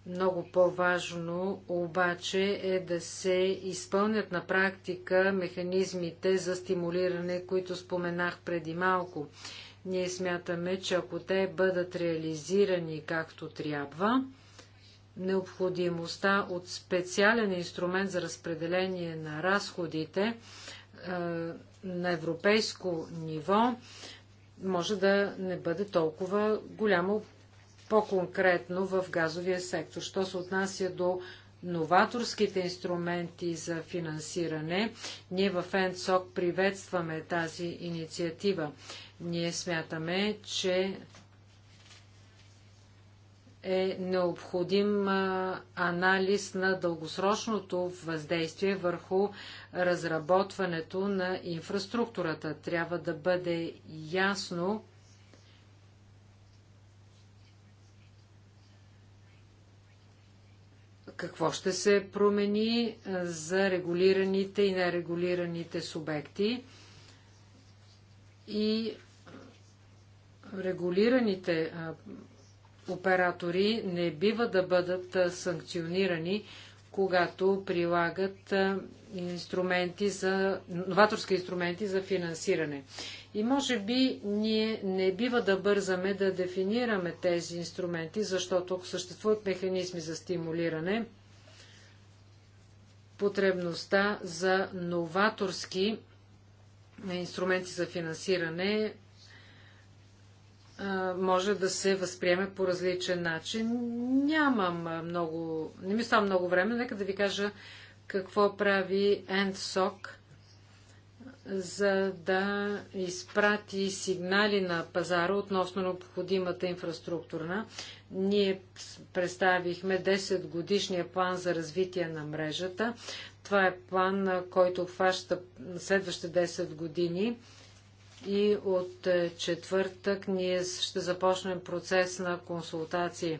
Много по-важно обаче е да се изпълнят на практика механизмите за стимулиране, които споменах преди малко. Ние смятаме, че ако те бъдат реализирани както трябва, необходимостта от специален инструмент за разпределение на разходите е, на европейско ниво може да не бъде толкова голямо по-конкретно в газовия сектор. Що се отнася до новаторските инструменти за финансиране, ние в ЕНЦОК приветстваме тази инициатива. Ние смятаме, че е необходим анализ на дългосрочното въздействие върху разработването на инфраструктурата. Трябва да бъде ясно какво ще се промени за регулираните и нерегулираните субекти и регулираните оператори не бива да бъдат санкционирани, когато прилагат инструменти за, новаторски инструменти за финансиране. И може би ние не бива да бързаме да дефинираме тези инструменти, защото ако съществуват механизми за стимулиране, потребността за новаторски инструменти за финансиране може да се възприеме по различен начин. Нямам много, не ми става много време, нека да ви кажа какво прави Endsock, за да изпрати сигнали на пазара относно необходимата инфраструктура. Ние представихме 10 годишния план за развитие на мрежата. Това е план, който обхваща следващите 10 години и от е, четвъртък ние ще започнем процес на консултации.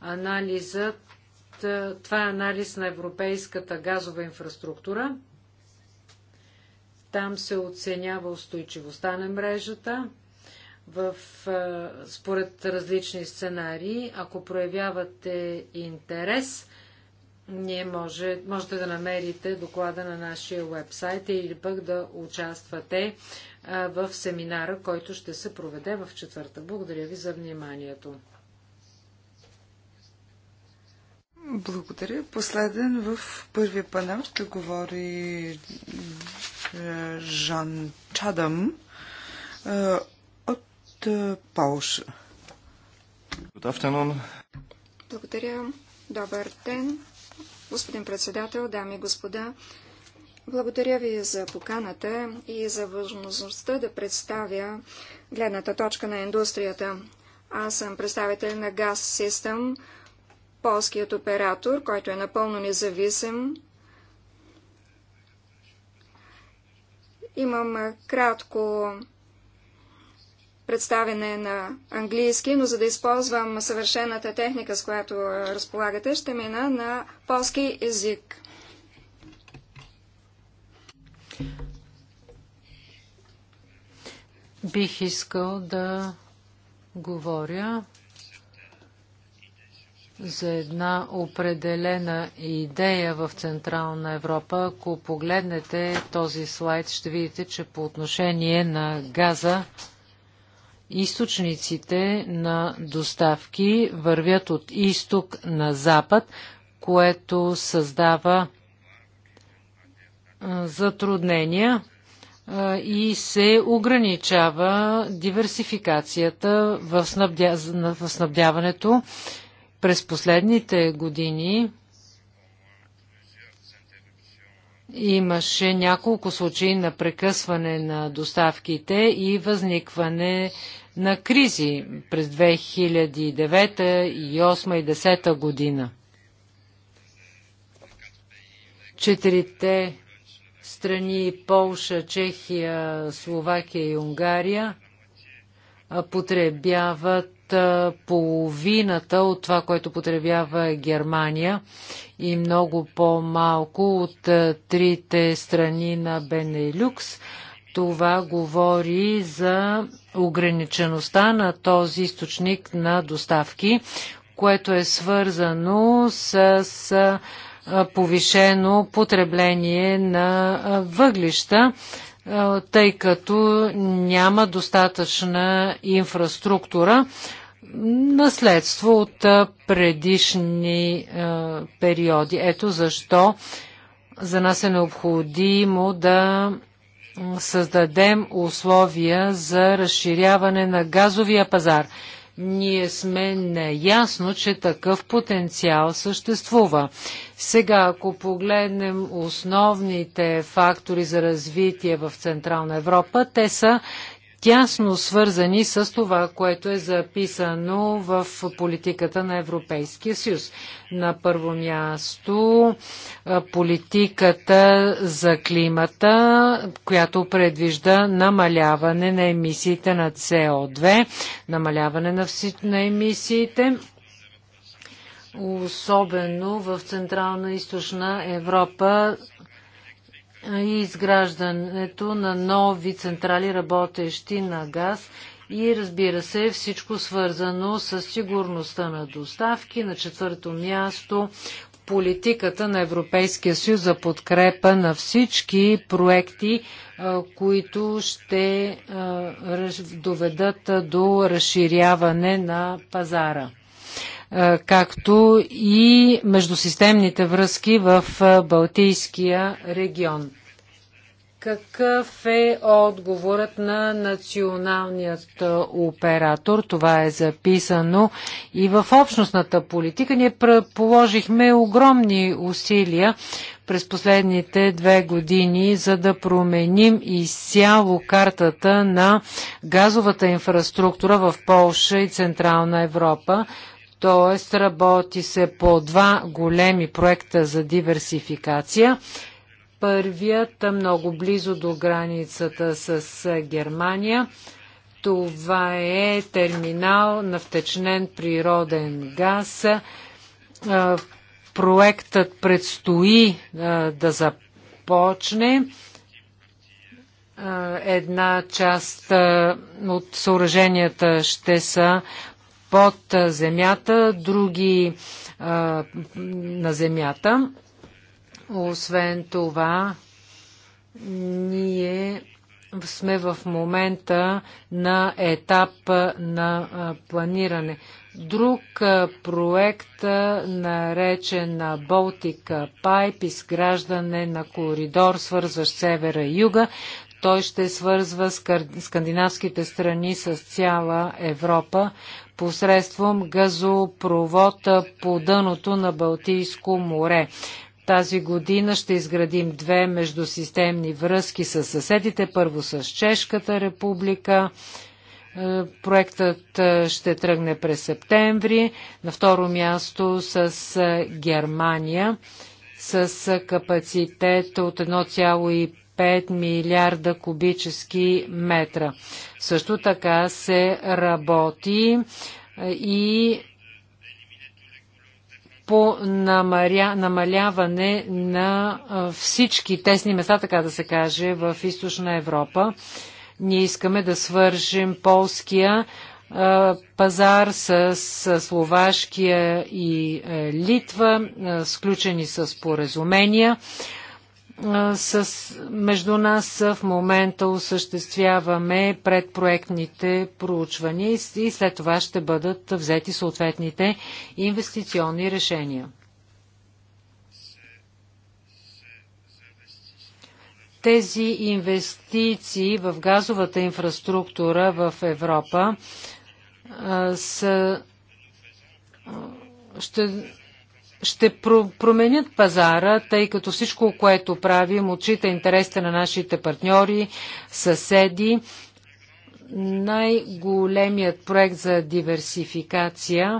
Анализът, е, това е анализ на европейската газова инфраструктура. Там се оценява устойчивостта на мрежата в, е, според различни сценарии. Ако проявявате интерес, ние може, можете да намерите доклада на нашия вебсайт или пък да участвате в семинара, който ще се проведе в четвърта. Благодаря ви за вниманието. Благодаря. Последен в първия панел ще говори е, Жан Чадам е, от е, Пауша. Благодаря. Добър ден. Господин председател, дами и господа, благодаря ви за поканата и за възможността да представя гледната точка на индустрията. Аз съм представител на Gas System, полският оператор, който е напълно независим. Имам кратко представене на английски, но за да използвам съвършената техника, с която разполагате, ще мина на полски език. Бих искал да говоря за една определена идея в Централна Европа. Ако погледнете този слайд, ще видите, че по отношение на газа източниците на доставки вървят от изток на запад, което създава затруднения и се ограничава диверсификацията в, снабдяването. През последните години имаше няколко случаи на прекъсване на доставките и възникване на кризи през 2009 и 2008 и 2010 година. Четирите страни Полша, Чехия, Словакия и Унгария потребяват половината от това, което потребява Германия и много по-малко от трите страни на Бенелюкс. Това говори за ограничеността на този източник на доставки, което е свързано с, повишено потребление на въглища, тъй като няма достатъчна инфраструктура, наследство от предишни периоди. Ето защо за нас е необходимо да създадем условия за разширяване на газовия пазар. Ние сме наясно, че такъв потенциал съществува. Сега, ако погледнем основните фактори за развитие в Централна Европа, те са тясно свързани с това, което е записано в политиката на Европейския съюз. На първо място политиката за климата, която предвижда намаляване на емисиите на СО2, намаляване на, вси... на емисиите особено в Централна и Източна Европа и изграждането на нови централи, работещи на газ и разбира се всичко свързано с сигурността на доставки. На четвърто място политиката на Европейския съюз за подкрепа на всички проекти, които ще доведат до разширяване на пазара както и междусистемните връзки в Балтийския регион. Какъв е отговорът на националният оператор? Това е записано и в общностната политика. Ние положихме огромни усилия през последните две години, за да променим изцяло картата на газовата инфраструктура в Полша и Централна Европа. Т.е. работи се по два големи проекта за диверсификация. Първият много близо до границата с Германия. Това е терминал на втечнен природен газ. Проектът предстои да започне една част от съоръженията ще са под земята, други на земята. Освен това, ние сме в момента на етап на планиране. Друг проект, наречен на Baltic Pipe, изграждане на коридор, свързващ севера и юга, той ще свързва скандинавските страни с цяла Европа посредством газопровод по дъното на Балтийско море. Тази година ще изградим две междусистемни връзки с съседите. Първо с Чешката република. Е, проектът е, ще тръгне през септември. На второ място с е, Германия с капацитет от 1,5 5 милиарда кубически метра. Също така се работи и по намаляване на всички тесни места, така да се каже, в източна Европа. Ние искаме да свържем полския пазар с Словашкия и е, Литва, сключени с поразумения с, между нас в момента осъществяваме предпроектните проучвания и след това ще бъдат взети съответните инвестиционни решения. Тези инвестиции в газовата инфраструктура в Европа а, са, ще ще про- променят пазара, тъй като всичко, което правим, отчита интересите на нашите партньори, съседи. Най-големият проект за диверсификация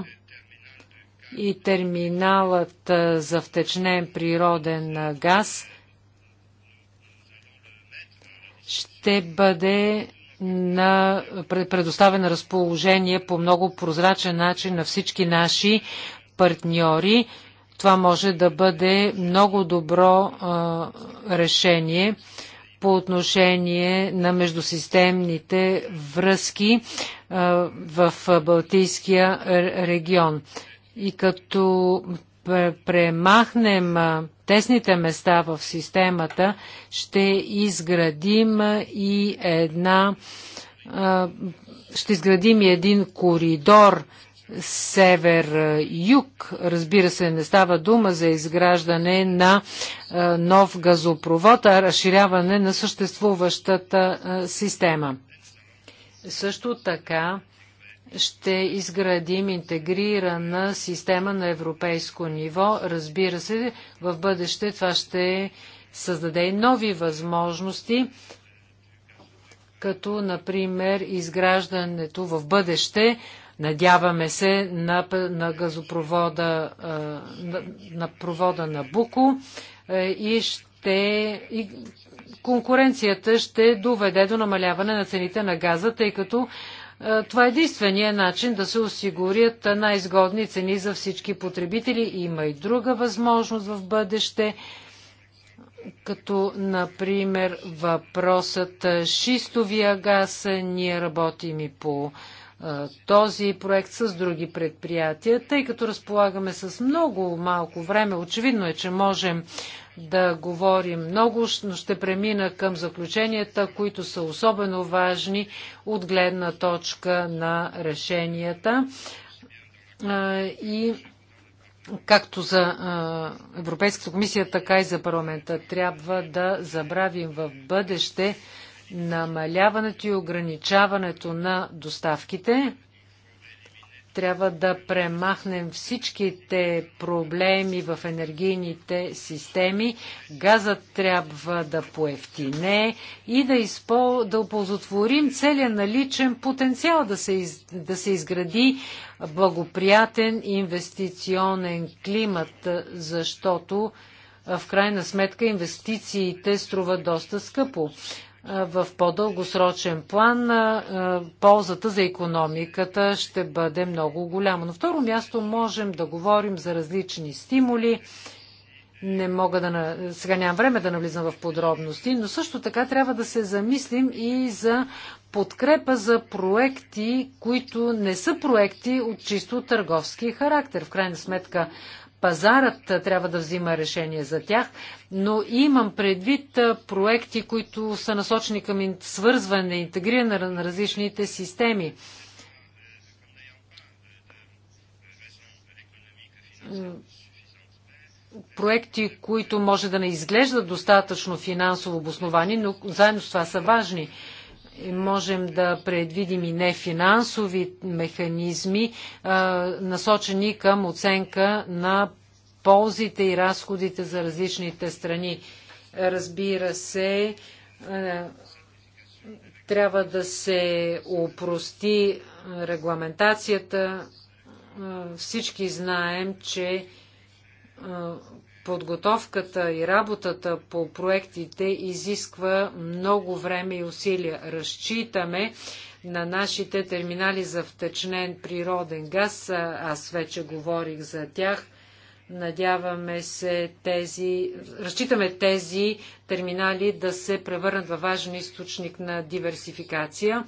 и терминалът за втечнен природен газ ще бъде на предоставено разположение по много прозрачен начин на всички наши партньори. Това може да бъде много добро а, решение по отношение на междусистемните връзки а, в Балтийския регион. И като премахнем тесните места в системата, ще изградим и една ще изградим и един коридор север-юг. Разбира се, не става дума за изграждане на нов газопровод, а разширяване на съществуващата система. Също така ще изградим интегрирана система на европейско ниво. Разбира се, в бъдеще това ще създаде и нови възможности, като, например, изграждането в бъдеще Надяваме се на, на газопровода, на, на провода на Буко и ще и конкуренцията ще доведе до намаляване на цените на газа, тъй като това е единствения начин да се осигурят най-изгодни цени за всички потребители. Има и друга възможност в бъдеще, като например въпросът шистовия газ. Ние работим и по този проект с други предприятия, тъй като разполагаме с много малко време. Очевидно е, че можем да говорим много, но ще премина към заключенията, които са особено важни от гледна точка на решенията. И както за Европейската комисия, така и за парламента трябва да забравим в бъдеще намаляването и ограничаването на доставките. Трябва да премахнем всичките проблеми в енергийните системи. Газът трябва да поевтине и да, изпол... да оползотворим целия наличен потенциал, да се, из... да се изгради благоприятен инвестиционен климат, защото в крайна сметка инвестициите струват доста скъпо в по-дългосрочен план ползата за економиката ще бъде много голяма. На второ място можем да говорим за различни стимули. Не мога да... Сега нямам време да навлизам в подробности, но също така трябва да се замислим и за подкрепа за проекти, които не са проекти от чисто търговски характер. В крайна сметка пазарът трябва да взима решение за тях, но имам предвид проекти, които са насочени към свързване, интегриране на различните системи. проекти, които може да не изглеждат достатъчно финансово обосновани, но заедно с това са важни можем да предвидим и нефинансови механизми, насочени към оценка на ползите и разходите за различните страни. Разбира се, трябва да се опрости регламентацията. Всички знаем, че Подготовката и работата по проектите изисква много време и усилия. Разчитаме на нашите терминали за втечнен природен газ. Аз вече говорих за тях. Надяваме се тези, разчитаме тези терминали да се превърнат във важен източник на диверсификация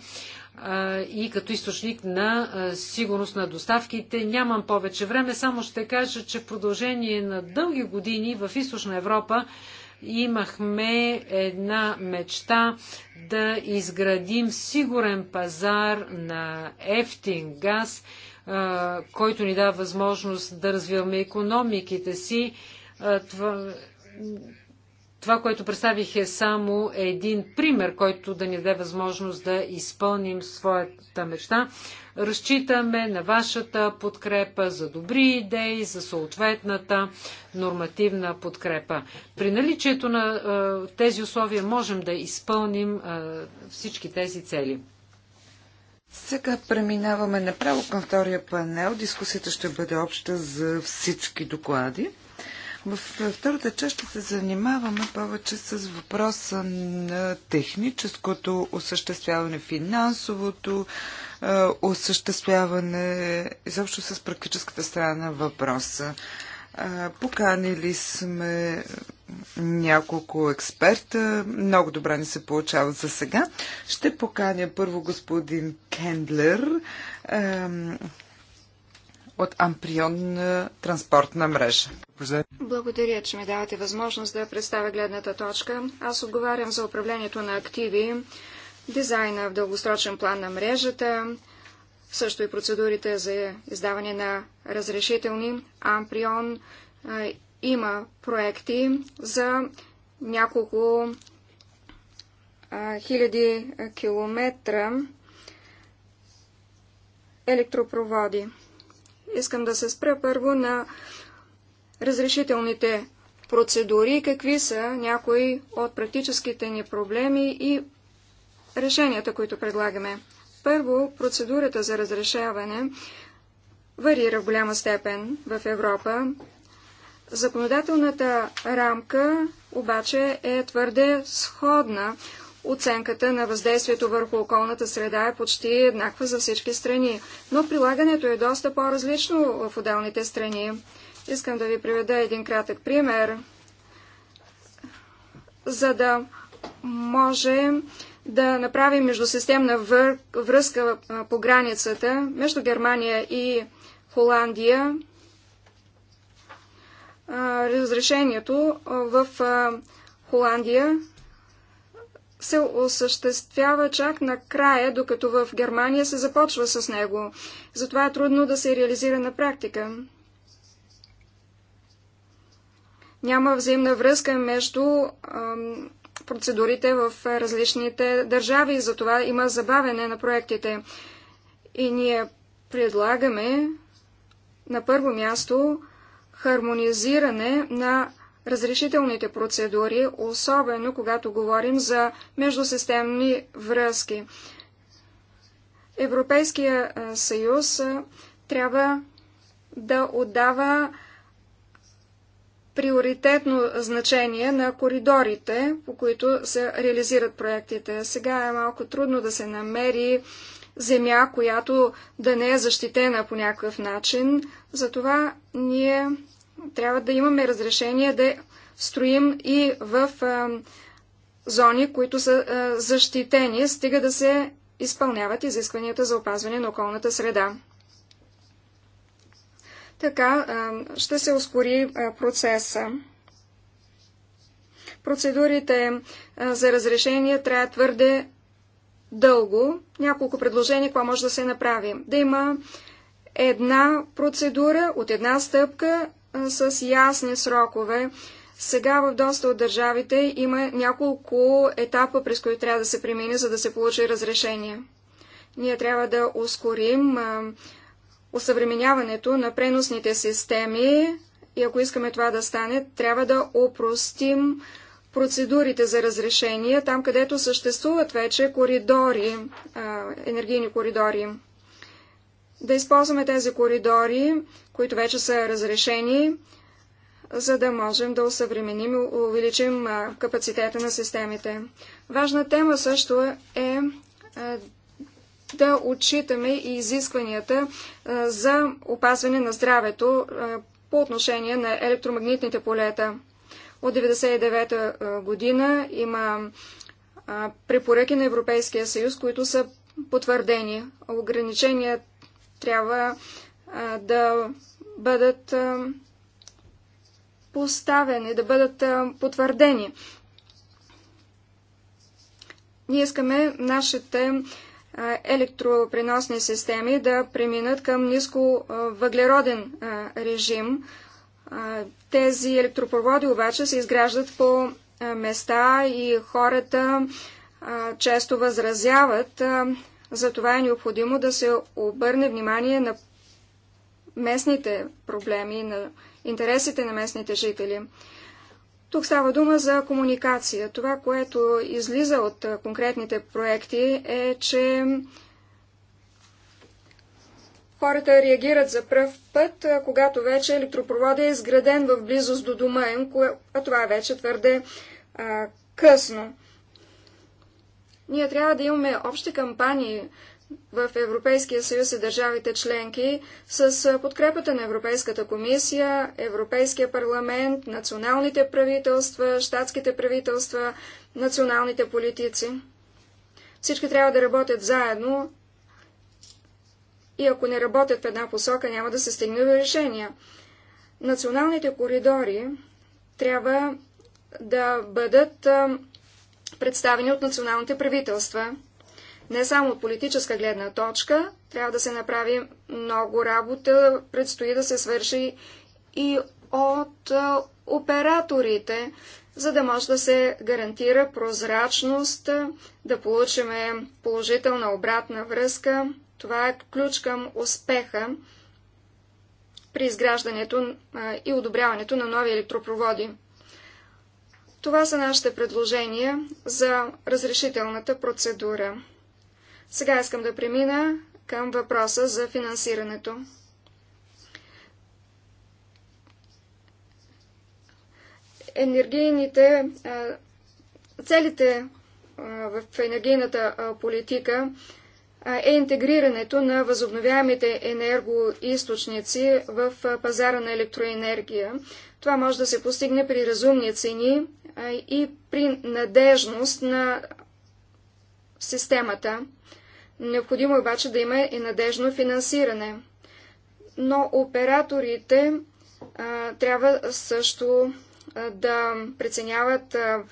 и като източник на сигурност на доставките. Нямам повече време, само ще кажа, че в продължение на дълги години в Източна Европа имахме една мечта да изградим сигурен пазар на ефтин газ, който ни дава възможност да развиваме економиките си. Това това, което представих е само един пример, който да ни даде възможност да изпълним своята мечта. Разчитаме на вашата подкрепа за добри идеи, за съответната нормативна подкрепа. При наличието на е, тези условия можем да изпълним е, всички тези цели. Сега преминаваме направо към втория панел. Дискусията ще бъде обща за всички доклади. В втората част ще се занимаваме повече с въпроса на техническото осъществяване, финансовото осъществяване, изобщо с практическата страна на въпроса. Поканили сме няколко експерта. Много добра ни се получава за сега. Ще поканя първо господин Кендлер, от Амприон е, транспортна мрежа. Благодаря, че ми давате възможност да представя гледната точка. Аз отговарям за управлението на активи, дизайна в дългосрочен план на мрежата, също и процедурите за издаване на разрешителни. Амприон е, има проекти за няколко е, хиляди километра електропроводи. Искам да се спра първо на разрешителните процедури, какви са някои от практическите ни проблеми и решенията, които предлагаме. Първо, процедурата за разрешаване варира в голяма степен в Европа. Законодателната рамка обаче е твърде сходна оценката на въздействието върху околната среда е почти еднаква за всички страни, но прилагането е доста по-различно в отделните страни. Искам да ви приведа един кратък пример, за да може да направим междусистемна връзка по границата между Германия и Холандия. Разрешението в Холандия се осъществява чак накрая, докато в Германия се започва с него. Затова е трудно да се реализира на практика. Няма взаимна връзка между ам, процедурите в различните държави, затова има забавене на проектите. И ние предлагаме на първо място хармонизиране на разрешителните процедури, особено когато говорим за междусистемни връзки. Европейския съюз трябва да отдава приоритетно значение на коридорите, по които се реализират проектите. Сега е малко трудно да се намери земя, която да не е защитена по някакъв начин. Затова ние трябва да имаме разрешение да строим и в зони, които са защитени, стига да се изпълняват изискванията за опазване на околната среда. Така ще се ускори процеса. Процедурите за разрешение трябва твърде дълго. Няколко предложения, какво може да се направи. Да има една процедура от една стъпка с ясни срокове. Сега в доста от държавите има няколко етапа, през които трябва да се премине, за да се получи разрешение. Ние трябва да ускорим осъвременяването на преносните системи и ако искаме това да стане, трябва да опростим процедурите за разрешение, там където съществуват вече коридори, енергийни коридори да използваме тези коридори, които вече са разрешени, за да можем да усъвременим и увеличим капацитета на системите. Важна тема също е да отчитаме и изискванията за опазване на здравето по отношение на електромагнитните полета. От 1999 година има препоръки на Европейския съюз, които са потвърдени. Ограниченият трябва да бъдат поставени, да бъдат потвърдени. Ние искаме нашите електропреносни системи да преминат към ниско въглероден режим. Тези електропроводи обаче се изграждат по места и хората често възразяват затова е необходимо да се обърне внимание на местните проблеми, на интересите на местните жители. Тук става дума за комуникация. Това, което излиза от конкретните проекти е, че хората реагират за пръв път, когато вече електропровода е изграден в близост до дома им, а това е вече твърде а, късно. Ние трябва да имаме общи кампании в Европейския съюз и държавите членки с подкрепата на Европейската комисия, Европейския парламент, националните правителства, щатските правителства, националните политици. Всички трябва да работят заедно и ако не работят в една посока, няма да се стигне до решения. Националните коридори трябва да бъдат представени от националните правителства. Не само от политическа гледна точка, трябва да се направи много работа, предстои да се свърши и от операторите, за да може да се гарантира прозрачност, да получим положителна обратна връзка. Това е ключ към успеха при изграждането и одобряването на нови електропроводи. Това са нашите предложения за разрешителната процедура. Сега искам да премина към въпроса за финансирането. Енергийните целите в енергийната политика е интегрирането на възобновяемите енергоисточници в пазара на електроенергия, това може да се постигне при разумни цени и при надежност на системата. Необходимо е обаче да има и надежно финансиране. Но операторите а, трябва също а, да преценяват а,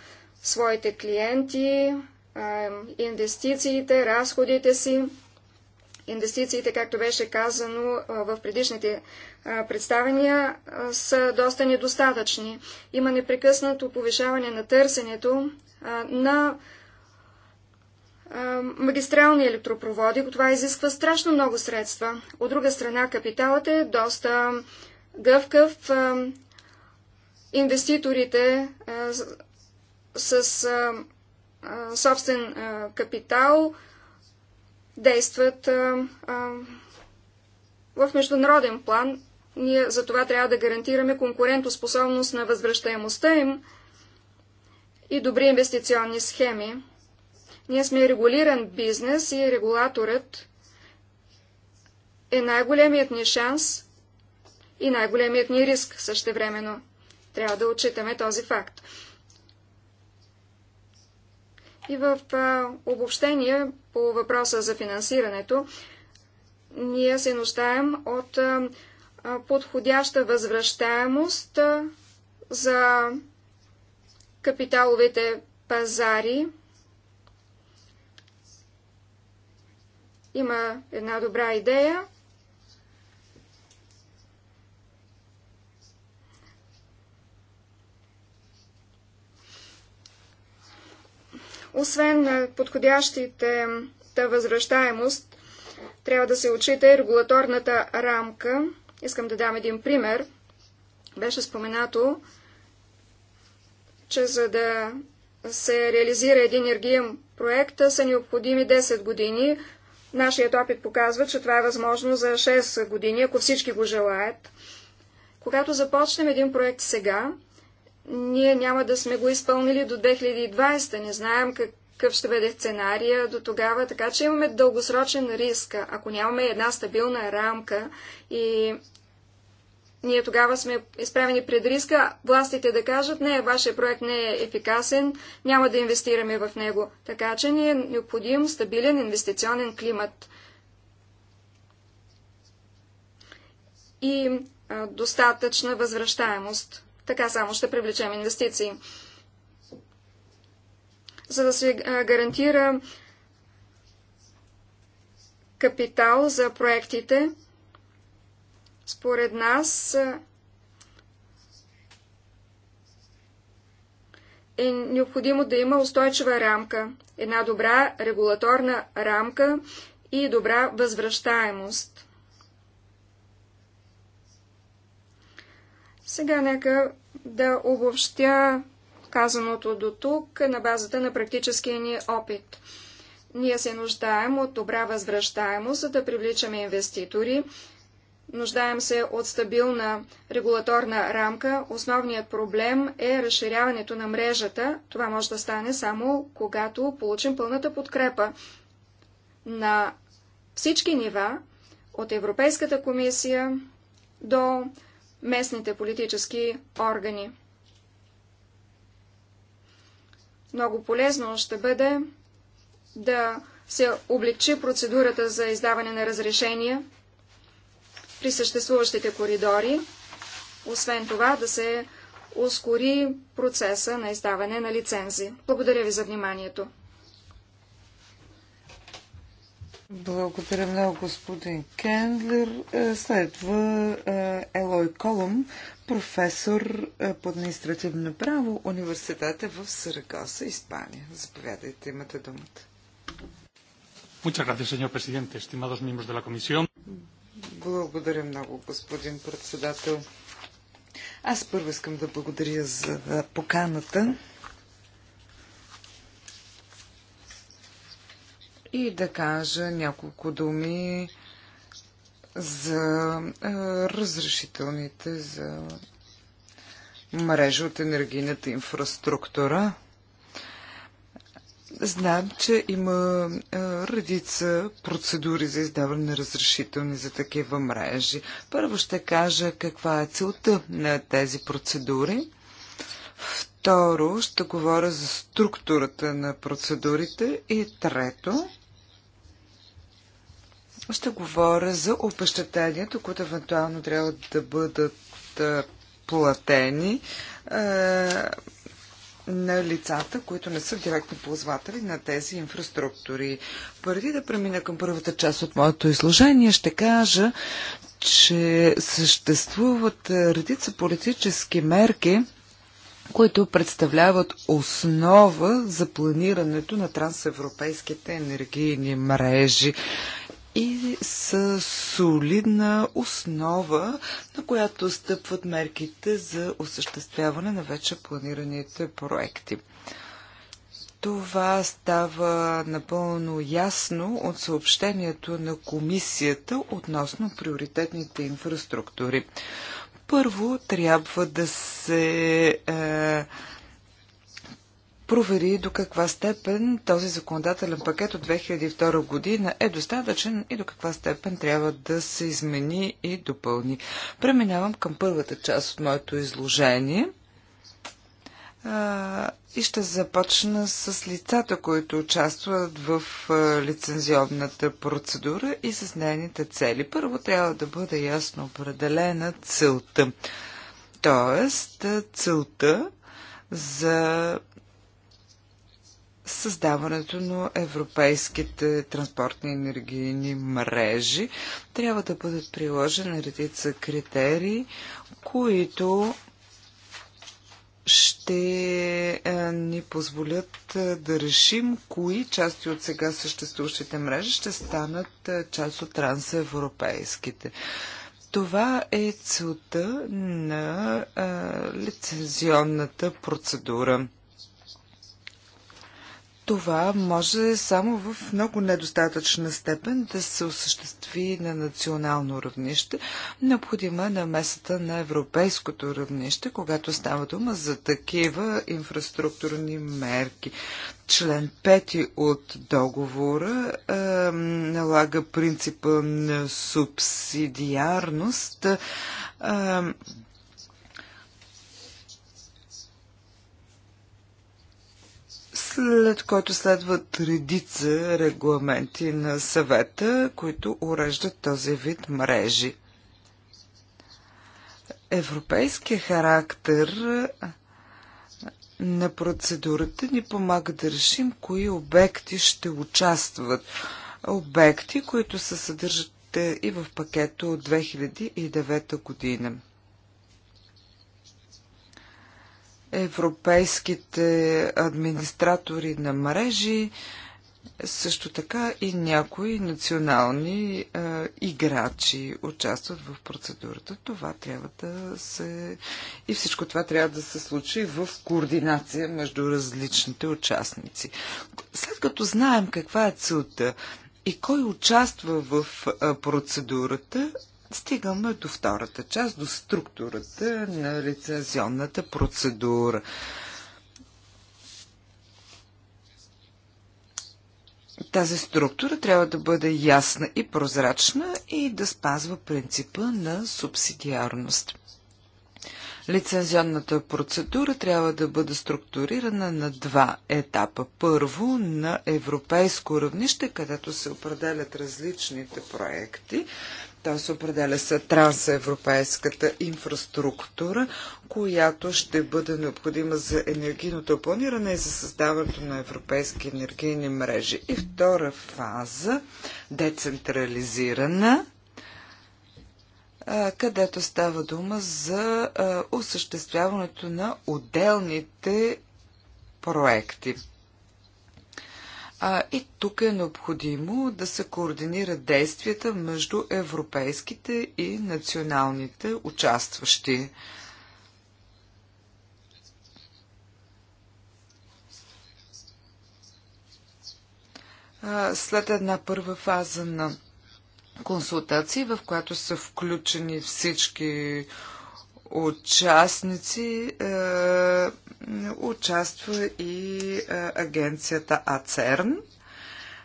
своите клиенти, а, инвестициите, разходите си. Инвестициите, както беше казано а, в предишните представения са доста недостатъчни. Има непрекъснато повишаване на търсенето на магистрални електропроводи. Това изисква страшно много средства. От друга страна, капиталът е доста гъвкав. Инвеститорите с собствен капитал действат в международен план ние за това трябва да гарантираме конкурентоспособност на възвръщаемостта им и добри инвестиционни схеми. Ние сме регулиран бизнес и регулаторът е най-големият ни шанс и най-големият ни риск същевременно. Трябва да отчитаме този факт. И в обобщение по въпроса за финансирането, ние се нуждаем от а, подходяща възвръщаемост за капиталовите пазари. Има една добра идея. Освен на подходящите възвръщаемост, трябва да се отчита и регулаторната рамка. Искам да дам един пример. Беше споменато, че за да се реализира един енергиен проект, са необходими 10 години. Нашият опит показва, че това е възможно за 6 години, ако всички го желаят. Когато започнем един проект сега, ние няма да сме го изпълнили до 2020. Не знаем как, какъв ще бъде сценария до тогава, така че имаме дългосрочен риск. Ако нямаме една стабилна рамка и ние тогава сме изправени пред риска властите да кажат, не, вашия проект не е ефикасен, няма да инвестираме в него. Така че ни е необходим стабилен инвестиционен климат. И достатъчна възвръщаемост. Така само ще привлечем инвестиции за да се гарантира капитал за проектите. Според нас е необходимо да има устойчива рамка, една добра регулаторна рамка и добра възвръщаемост. Сега нека да обобщя казаното до тук е на базата на практическия ни опит. Ние се нуждаем от добра възвръщаемост, за да привличаме инвеститори. Нуждаем се от стабилна регулаторна рамка. Основният проблем е разширяването на мрежата. Това може да стане само когато получим пълната подкрепа на всички нива, от Европейската комисия до местните политически органи. Много полезно ще бъде да се облегчи процедурата за издаване на разрешения при съществуващите коридори. Освен това да се ускори процеса на издаване на лицензи. Благодаря ви за вниманието. Благодаря много, господин Кендлер. Е, следва е, Елой Колум професор е, по административно право, университета в Сарагоса, Испания. Заповядайте, имате думата. Muchas gracias, señor presidente, estimados miembros de la comisión. Благодаря много, господин председател. Аз първо искам да благодаря за е, поканата. И да кажа няколко думи за разрешителните за мрежа от енергийната инфраструктура. Знам, че има а, редица процедури за издаване на разрешителни за такива мрежи. Първо ще кажа каква е целта на тези процедури. Второ ще говоря за структурата на процедурите. И трето ще говоря за обещатението, които евентуално трябва да бъдат платени на лицата, които не са директни ползватели на тези инфраструктури. Преди да премина към първата част от моето изложение, ще кажа, че съществуват редица политически мерки, които представляват основа за планирането на трансевропейските енергийни мрежи и са солидна основа, на която стъпват мерките за осъществяване на вече планираните проекти. Това става напълно ясно от съобщението на комисията относно приоритетните инфраструктури. Първо трябва да се е, провери до каква степен този законодателен пакет от 2002 година е достатъчен и до каква степен трябва да се измени и допълни. Преминавам към първата част от моето изложение и ще започна с лицата, които участват в лицензионната процедура и с нейните цели. Първо трябва да бъде ясно определена целта. Тоест, целта за създаването на европейските транспортни енергийни мрежи трябва да бъдат приложени редица критерии, които ще е, ни позволят е, да решим кои части от сега съществуващите мрежи ще станат е, част от трансевропейските. Това е целта на лицензионната процедура това може само в много недостатъчна степен да се осъществи на национално равнище. Необходима е намесата на европейското равнище, когато става дума за такива инфраструктурни мерки. Член 5 от договора е, налага принципа на субсидиарност. Е, след който следват редица регламенти на съвета, които уреждат този вид мрежи. Европейския характер на процедурата ни помага да решим кои обекти ще участват. Обекти, които се съдържат и в пакета от 2009 година. европейските администратори на мрежи, също така и някои национални е, играчи участват в процедурата. Това трябва да се. И всичко това трябва да се случи в координация между различните участници. След като знаем каква е целта и кой участва в процедурата, стигаме до втората част, до структурата на лицензионната процедура. Тази структура трябва да бъде ясна и прозрачна и да спазва принципа на субсидиарност. Лицензионната процедура трябва да бъде структурирана на два етапа. Първо на европейско равнище, където се определят различните проекти се определя с трансевропейската инфраструктура, която ще бъде необходима за енергийното планиране и за създаването на европейски енергийни мрежи. И втора фаза децентрализирана където става дума за осъществяването на отделните проекти. А, и тук е необходимо да се координират действията между европейските и националните участващи. след една първа фаза на консултации, в която са включени всички участници е, участва и е, агенцията АЦЕРН.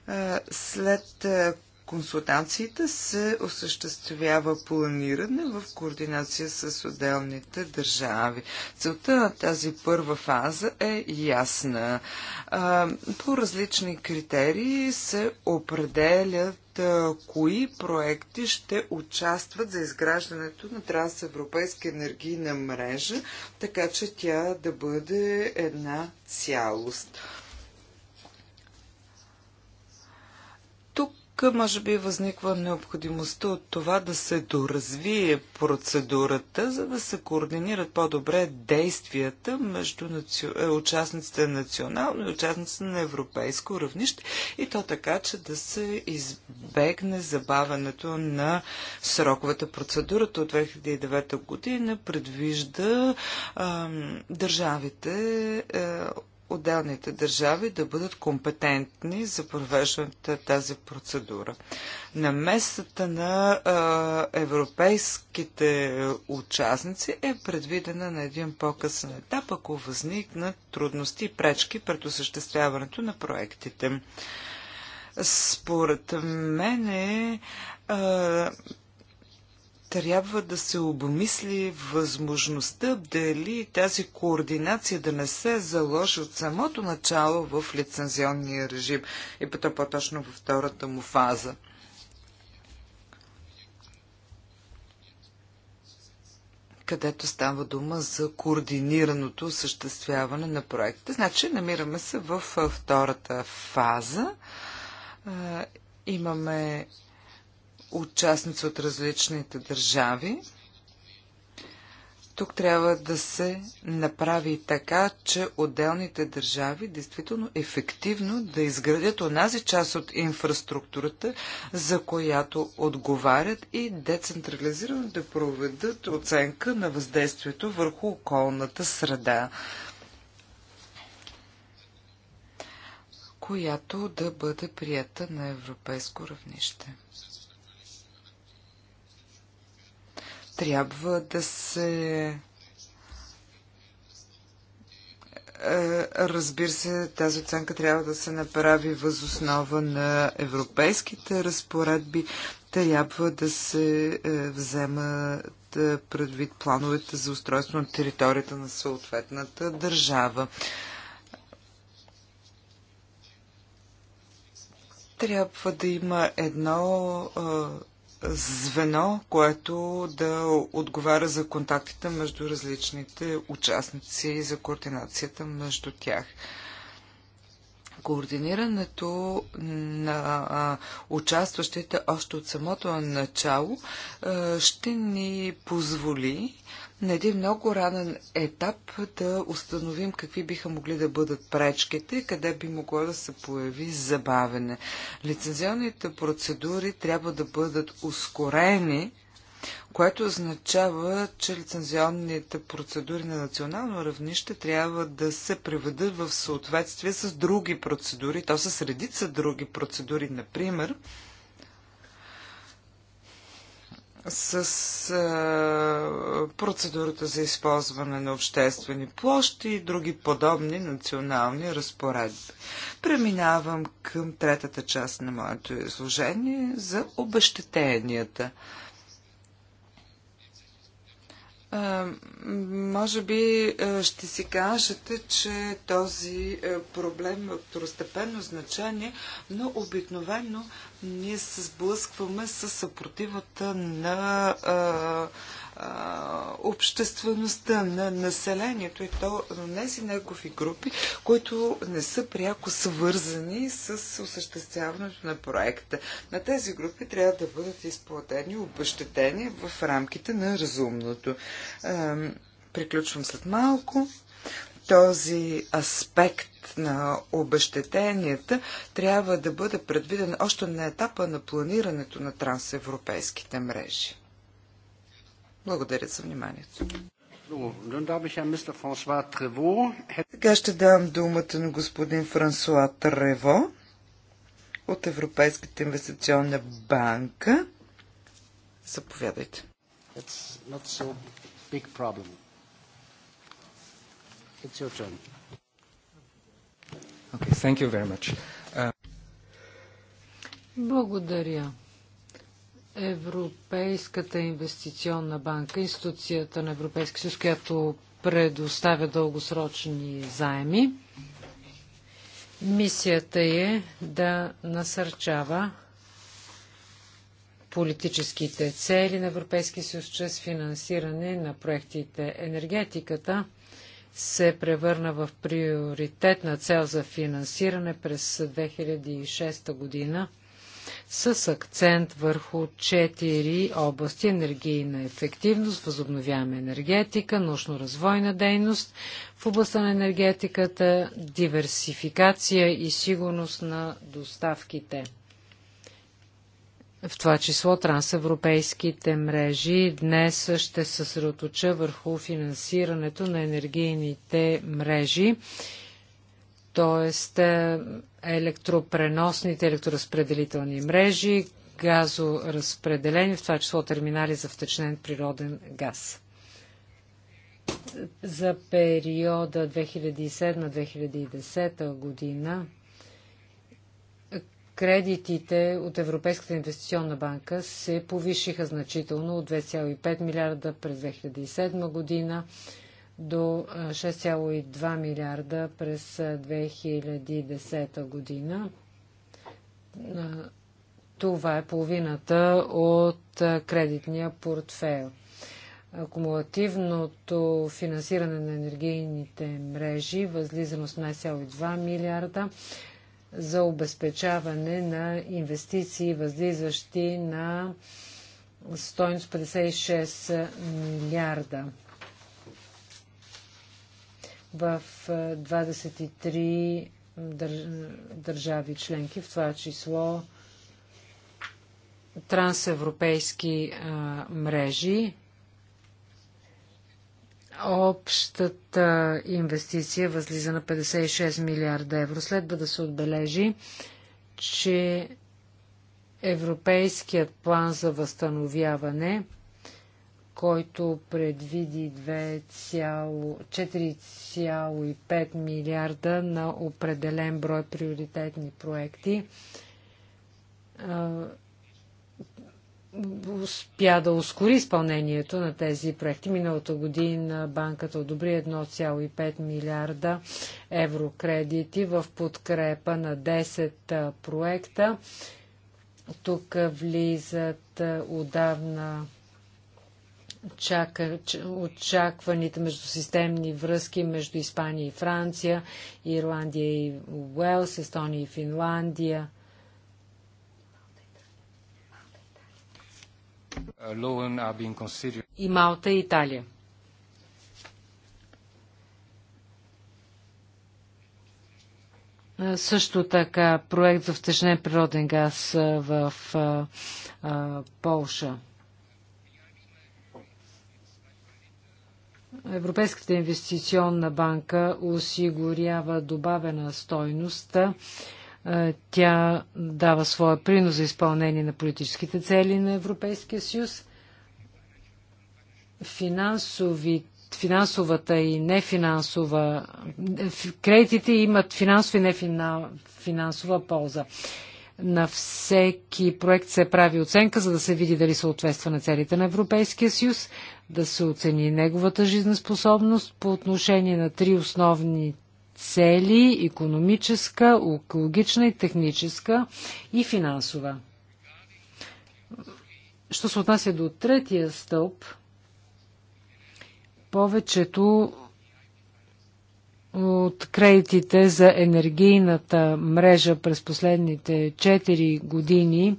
Е, след е, Консултациите се осъществява планиране в координация с отделните държави. Целта на тази първа фаза е ясна. По различни критерии се определят кои проекти ще участват за изграждането на трансевропейска енергийна мрежа, така че тя да бъде една цялост. тук може би възниква необходимостта от това да се доразвие процедурата, за да се координират по-добре действията между наци... Е, участниците на национално и участниците на европейско равнище и то така, че да се избегне забавянето на сроковата процедурата от 2009 година предвижда ам, държавите а, е, отделните държави да бъдат компетентни за провеждането тази процедура. На местата на европейските участници е предвидена на един по-късен етап, ако възникнат трудности и пречки пред осъществяването на проектите. Според мен е, трябва да се обмисли възможността дали тази координация да не се заложи от самото начало в лицензионния режим и пъта по-точно във втората му фаза. където става дума за координираното осъществяване на проекта. Значи, намираме се в втората фаза. Имаме участници от различните държави. Тук трябва да се направи така, че отделните държави действително ефективно да изградят онази част от инфраструктурата, за която отговарят и децентрализирано да проведат оценка на въздействието върху околната среда, която да бъде прията на европейско равнище. трябва да се е, Разбира се, тази оценка трябва да се направи възоснова на европейските разпоредби. Трябва да се е, вземат е, предвид плановете за устройство на територията на съответната държава. Трябва да има едно звено, което да отговаря за контактите между различните участници и за координацията между тях. Координирането на участващите още от самото начало ще ни позволи на един много ранен етап да установим какви биха могли да бъдат пречките и къде би могло да се появи забавене. Лицензионните процедури трябва да бъдат ускорени, което означава, че лицензионните процедури на национално равнище трябва да се приведат в съответствие с други процедури, то с редица други процедури, например, с а, процедурата за използване на обществени площи и други подобни национални разпоредби. Преминавам към третата част на моето изложение за обещетенията може би ще си кажете, че този проблем е второстепенно значение, но обикновено ние се сблъскваме с съпротивата на обществеността, на населението и то на тези негови групи, които не са пряко свързани с осъществяването на проекта. На тези групи трябва да бъдат изплатени обещетени в рамките на разумното. Приключвам след малко. Този аспект на обещетенията трябва да бъде предвиден още на етапа на планирането на трансевропейските мрежи. Благодаря за вниманието. Сега ще дам думата на господин Франсуа Трево от Европейската инвестиционна банка. Заповядайте. It's not so big problem. It's your turn. Okay, thank you very much. Uh... Благодаря. Европейската инвестиционна банка, институцията на Европейския съюз, която предоставя дългосрочни заеми. Мисията е да насърчава политическите цели на Европейския съюз чрез финансиране на проектите. Енергетиката се превърна в приоритетна цел за финансиране през 2006 година с акцент върху четири области – енергийна ефективност, възобновяема енергетика, научно-развойна дейност в областта на енергетиката, диверсификация и сигурност на доставките в това число трансевропейските мрежи. Днес ще се съсредоточа върху финансирането на енергийните мрежи, т.е електропреносните електроразпределителни мрежи, газоразпределени, в това число терминали за втечнен природен газ. За периода 2007-2010 година кредитите от Европейската инвестиционна банка се повишиха значително от 2,5 милиарда през 2007 година до 6,2 милиарда през 2010 година. Това е половината от кредитния портфейл. Акумулативното финансиране на енергийните мрежи възлиза на 18,2 милиарда за обезпечаване на инвестиции, възлизащи на стойност 56 милиарда в 23 държави членки, в това число трансевропейски а, мрежи. Общата инвестиция възлиза на 56 милиарда евро. Следва да се отбележи, че Европейският план за възстановяване – който предвиди 4,5 милиарда на определен брой приоритетни проекти. Успя да ускори изпълнението на тези проекти. Миналата година банката одобри 1,5 милиарда евро кредити в подкрепа на 10 проекта. Тук влизат отдавна чака, очакваните междусистемни връзки между Испания и Франция, Ирландия и Уелс, Естония и Финландия. И Малта и Италия. Също така проект за втечнен природен газ в а, Полша. Европейската инвестиционна банка осигурява добавена стойност. Е, тя дава своя принос за изпълнение на политическите цели на Европейския съюз. Финансови, финансовата и нефинансова, е, кредитите имат финансова и нефинансова полза на всеки проект се прави оценка, за да се види дали съответства на целите на Европейския съюз, да се оцени неговата жизнеспособност по отношение на три основни цели – економическа, екологична и техническа и финансова. Що се отнася до третия стълб, повечето от кредитите за енергийната мрежа през последните 4 години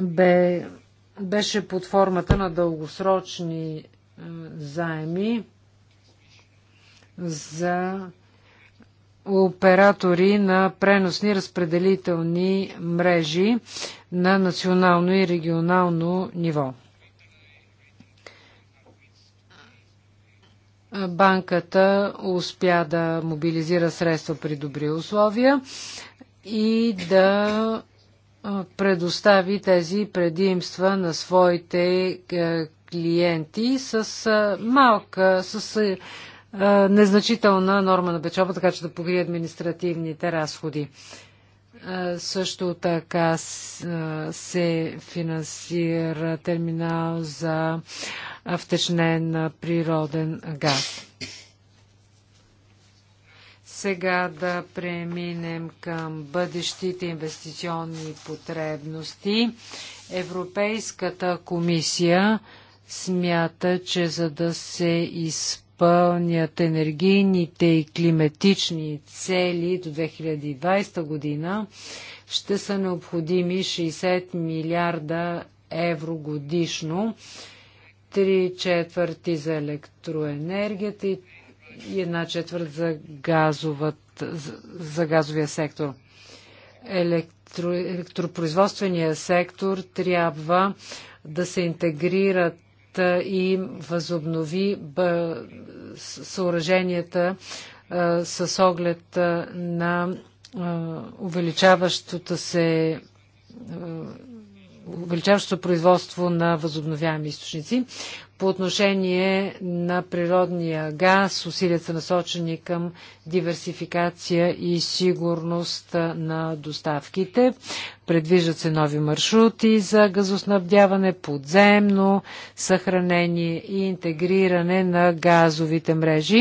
бе, беше под формата на дългосрочни е, заеми за оператори на преносни разпределителни мрежи на национално и регионално ниво. банката успя да мобилизира средства при добри условия и да предостави тези предимства на своите клиенти с малка, с незначителна норма на печалба, така че да покрие административните разходи. Също така се финансира терминал за втечнен природен газ. Сега да преминем към бъдещите инвестиционни потребности. Европейската комисия смята, че за да се изпълнят енергийните и климатични цели до 2020 година, ще са необходими 60 милиарда евро годишно три четвърти за електроенергията и, една четвърт за, газоват, за, за газовия сектор. Електро, електропроизводствения сектор трябва да се интегрират и възобнови бъ, съоръженията а, с оглед на а, увеличаващото се увеличаващото производство на възобновяеми източници. По отношение на природния газ, усилията са насочени към диверсификация и сигурност на доставките. Предвиждат се нови маршрути за газоснабдяване, подземно съхранение и интегриране на газовите мрежи.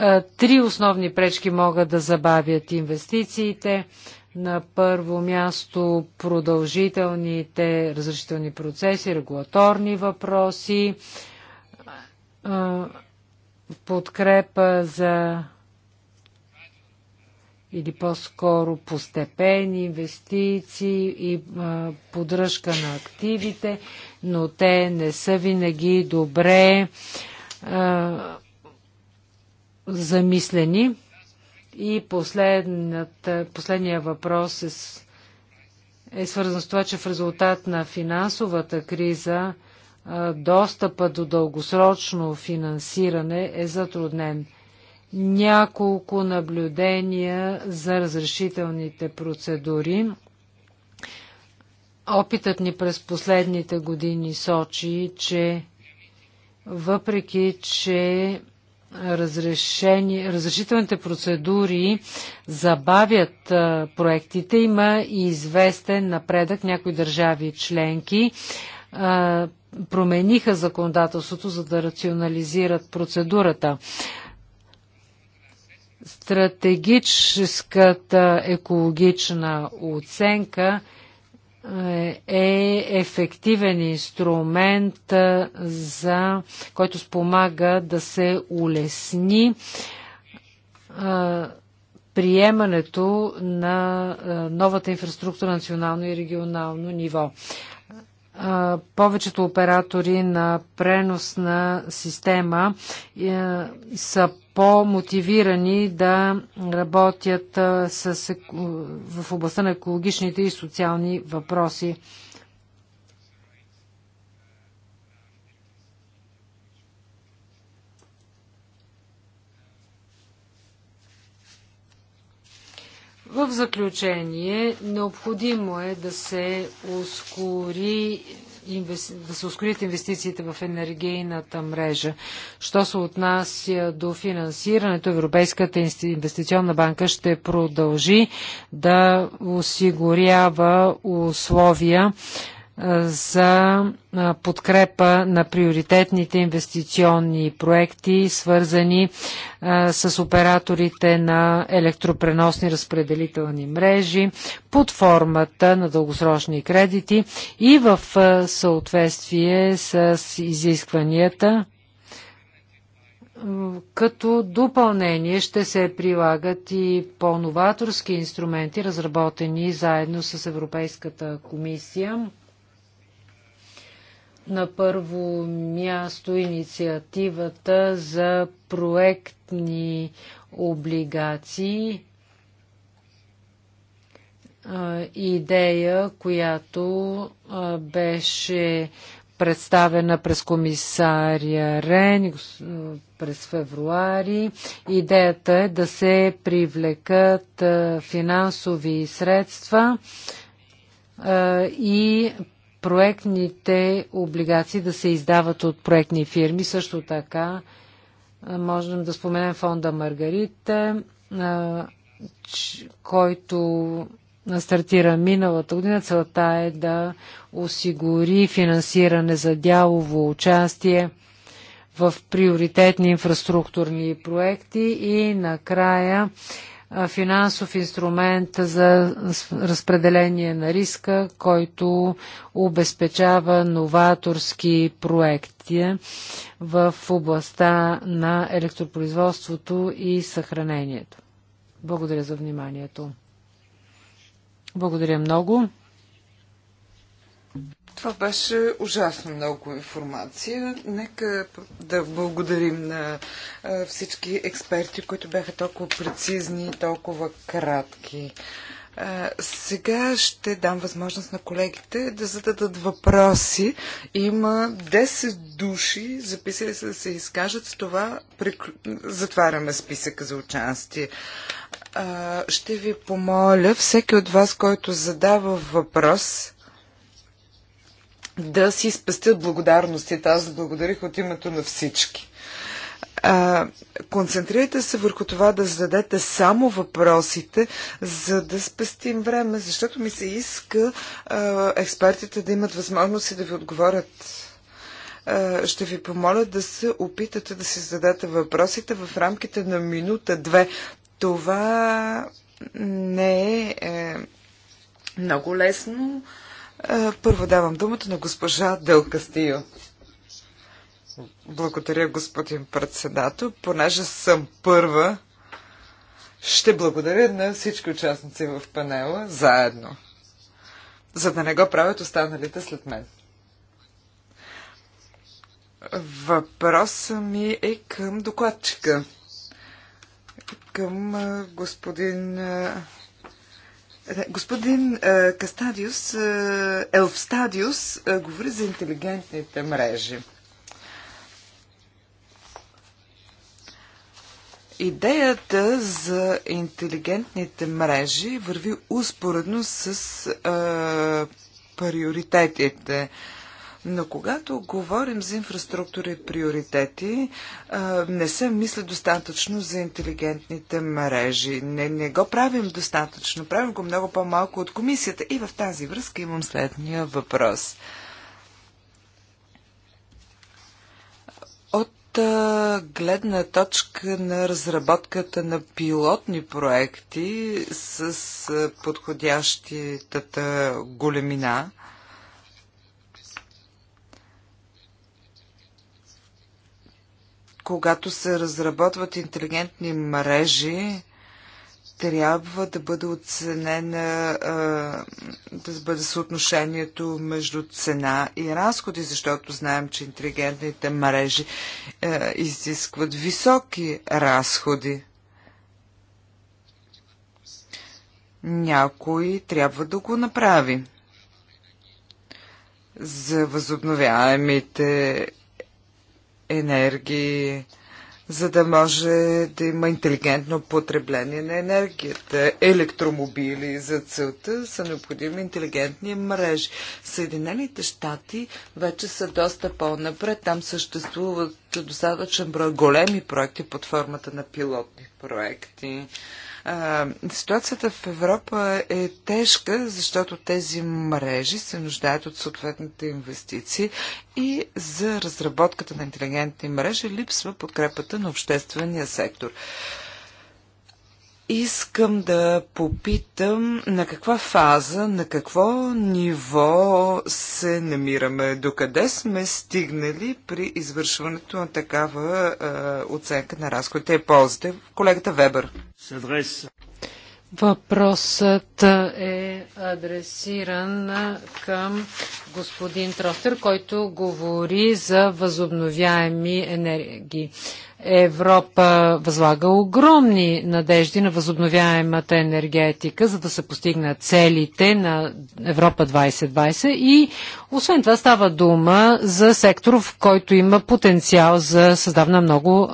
Е, три основни пречки могат да забавят инвестициите на първо място продължителните разрешителни процеси, регулаторни въпроси, подкрепа за или по-скоро постепени инвестиции и поддръжка на активите, но те не са винаги добре замислени. И последният въпрос е, е свързан с това, че в резултат на финансовата криза достъпа до дългосрочно финансиране е затруднен. Няколко наблюдения за разрешителните процедури. Опитът ни през последните години сочи, че въпреки, че разрешени, разрешителните процедури забавят проектите. Има и известен напредък. Някои държави членки промениха законодателството, за да рационализират процедурата. Стратегическата екологична оценка – е, е ефективен инструмент, за, който спомага да се улесни приемането на новата инфраструктура на национално и регионално ниво повечето оператори на преносна система е, са по-мотивирани да работят в областта на екологичните и социални въпроси. В заключение, необходимо е да се ускори да се ускорят инвестициите в енергийната мрежа. Що се отнася до финансирането, Европейската инвестиционна банка ще продължи да осигурява условия за подкрепа на приоритетните инвестиционни проекти, свързани с операторите на електропреносни разпределителни мрежи под формата на дългосрочни кредити и в съответствие с изискванията като допълнение ще се прилагат и по-новаторски инструменти, разработени заедно с Европейската комисия на първо място инициативата за проектни облигации идея, която беше представена през комисария Рен през февруари. Идеята е да се привлекат финансови средства и проектните облигации да се издават от проектни фирми. Също така можем да споменем фонда Маргарита, който стартира миналата година. Целта е да осигури финансиране за дялово участие в приоритетни инфраструктурни проекти и накрая финансов инструмент за разпределение на риска, който обезпечава новаторски проекти в областта на електропроизводството и съхранението. Благодаря за вниманието. Благодаря много. Това беше ужасно много информация. Нека да благодарим на всички експерти, които бяха толкова прецизни и толкова кратки. Сега ще дам възможност на колегите да зададат въпроси. Има 10 души, записали се да се изкажат. С това затваряме списъка за участие. Ще ви помоля всеки от вас, който задава въпрос, да си спестят благодарностите. Аз благодарих от името на всички. А, концентрирайте се върху това да зададете само въпросите, за да спестим време, защото ми се иска а, експертите да имат възможност и да ви отговорят ще ви помоля да се опитате да си зададете въпросите в рамките на минута-две. Това не е, е много лесно. Е, първо давам думата на госпожа Дел Кастио. Благодаря, господин председател. Понеже съм първа, ще благодаря на всички участници в панела заедно, за да не го правят останалите след мен. Въпросът ми е към докладчика, към е, господин е, Господин е, Кастадиус, е, Елфстадиус, е, говори за интелигентните мрежи. Идеята за интелигентните мрежи върви успоредно с а, приоритетите но когато говорим за инфраструктура и приоритети, не се мисли достатъчно за интелигентните мрежи. Не, не го правим достатъчно. Правим го много по-малко от комисията. И в тази връзка имам следния въпрос. гледна точка на разработката на пилотни проекти с подходящата големина, когато се разработват интелигентни мрежи, трябва да бъде оценена, да бъде съотношението между цена и разходи, защото знаем, че интелигентните мрежи изискват високи разходи. Някой трябва да го направи. За възобновяемите енергии, за да може да има интелигентно потребление на енергията. Електромобили за целта са необходими интелигентни мрежи. Съединените щати вече са доста по-напред. Там съществуват достатъчен брой големи проекти под формата на пилотни проекти. Ситуацията в Европа е тежка, защото тези мрежи се нуждаят от съответните инвестиции и за разработката на интелигентни мрежи липсва подкрепата на обществения сектор. Искам да попитам на каква фаза, на какво ниво се намираме, докъде сме стигнали при извършването на такава е, оценка на разходите и ползите. Колегата Вебер. Въпросът е адресиран към господин Тростер, който говори за възобновяеми енергии. Европа възлага огромни надежди на възобновяемата енергетика, за да се постигнат целите на Европа 2020 и освен това става дума за сектор, в който има потенциал за създаване много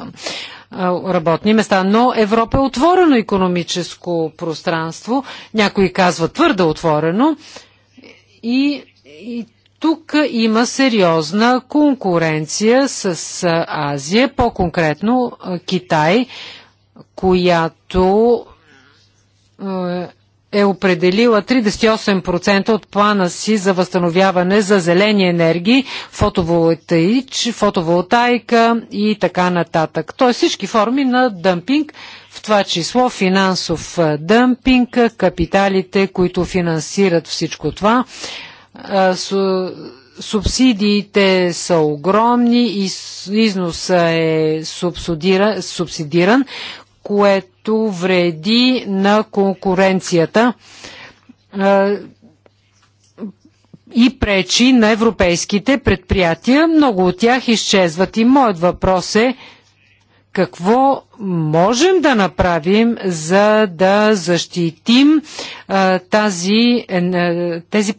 работни места. Но Европа е отворено економическо пространство, някои казват твърде отворено и, и тук има сериозна конкуренция с Азия, по-конкретно Китай, която е определила 38% от плана си за възстановяване за зелени енергии, фотоволтаич, фотоволтайка и така нататък. Т.е. всички форми на дъмпинг, в това число финансов дъмпинг, капиталите, които финансират всичко това, субсидиите са огромни и износът е субсидиран, което вреди на конкуренцията и пречи на европейските предприятия. Много от тях изчезват. И моят въпрос е какво можем да направим, за да защитим а, тази, тези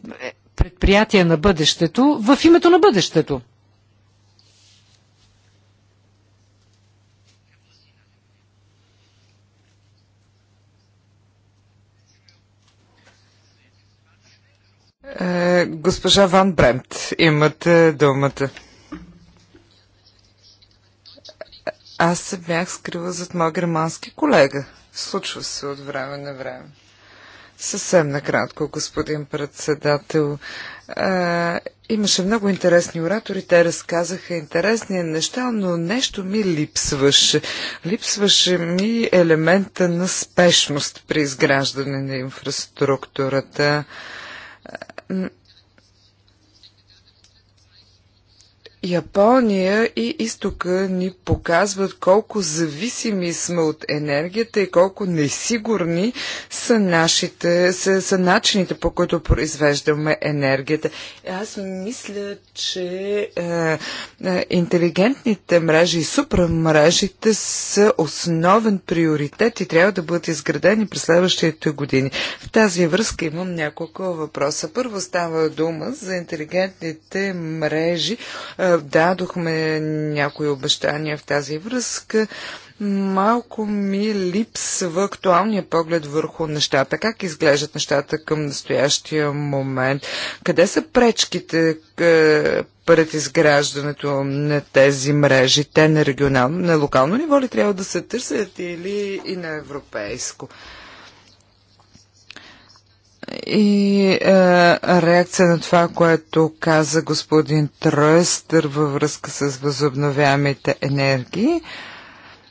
предприятия на бъдещето в името на бъдещето. Е, госпожа Ван Бремт, имате думата. Аз се бях скрила зад моя германски колега. Случва се от време на време. Съвсем накратко, господин председател. А, имаше много интересни оратори, те разказаха интересни неща, но нещо ми липсваше. Липсваше ми елемента на спешност при изграждане на инфраструктурата. Япония и изтока ни показват колко зависими сме от енергията и колко несигурни са, нашите, са, са начините по които произвеждаме енергията. Аз мисля, че е, е, интелигентните мрежи и супрамрежите са основен приоритет и трябва да бъдат изградени през следващите години. В тази връзка имам няколко въпроса. Първо става дума за интелигентните мрежи, е, дадохме някои обещания в тази връзка. Малко ми липсва актуалния поглед върху нещата. Как изглеждат нещата към настоящия момент? Къде са пречките е, пред изграждането на тези мрежи? Те на регионално, на локално ниво ли трябва да се търсят или и на европейско? И е, реакция на това, което каза господин Тройстър във връзка с възобновяемите енергии.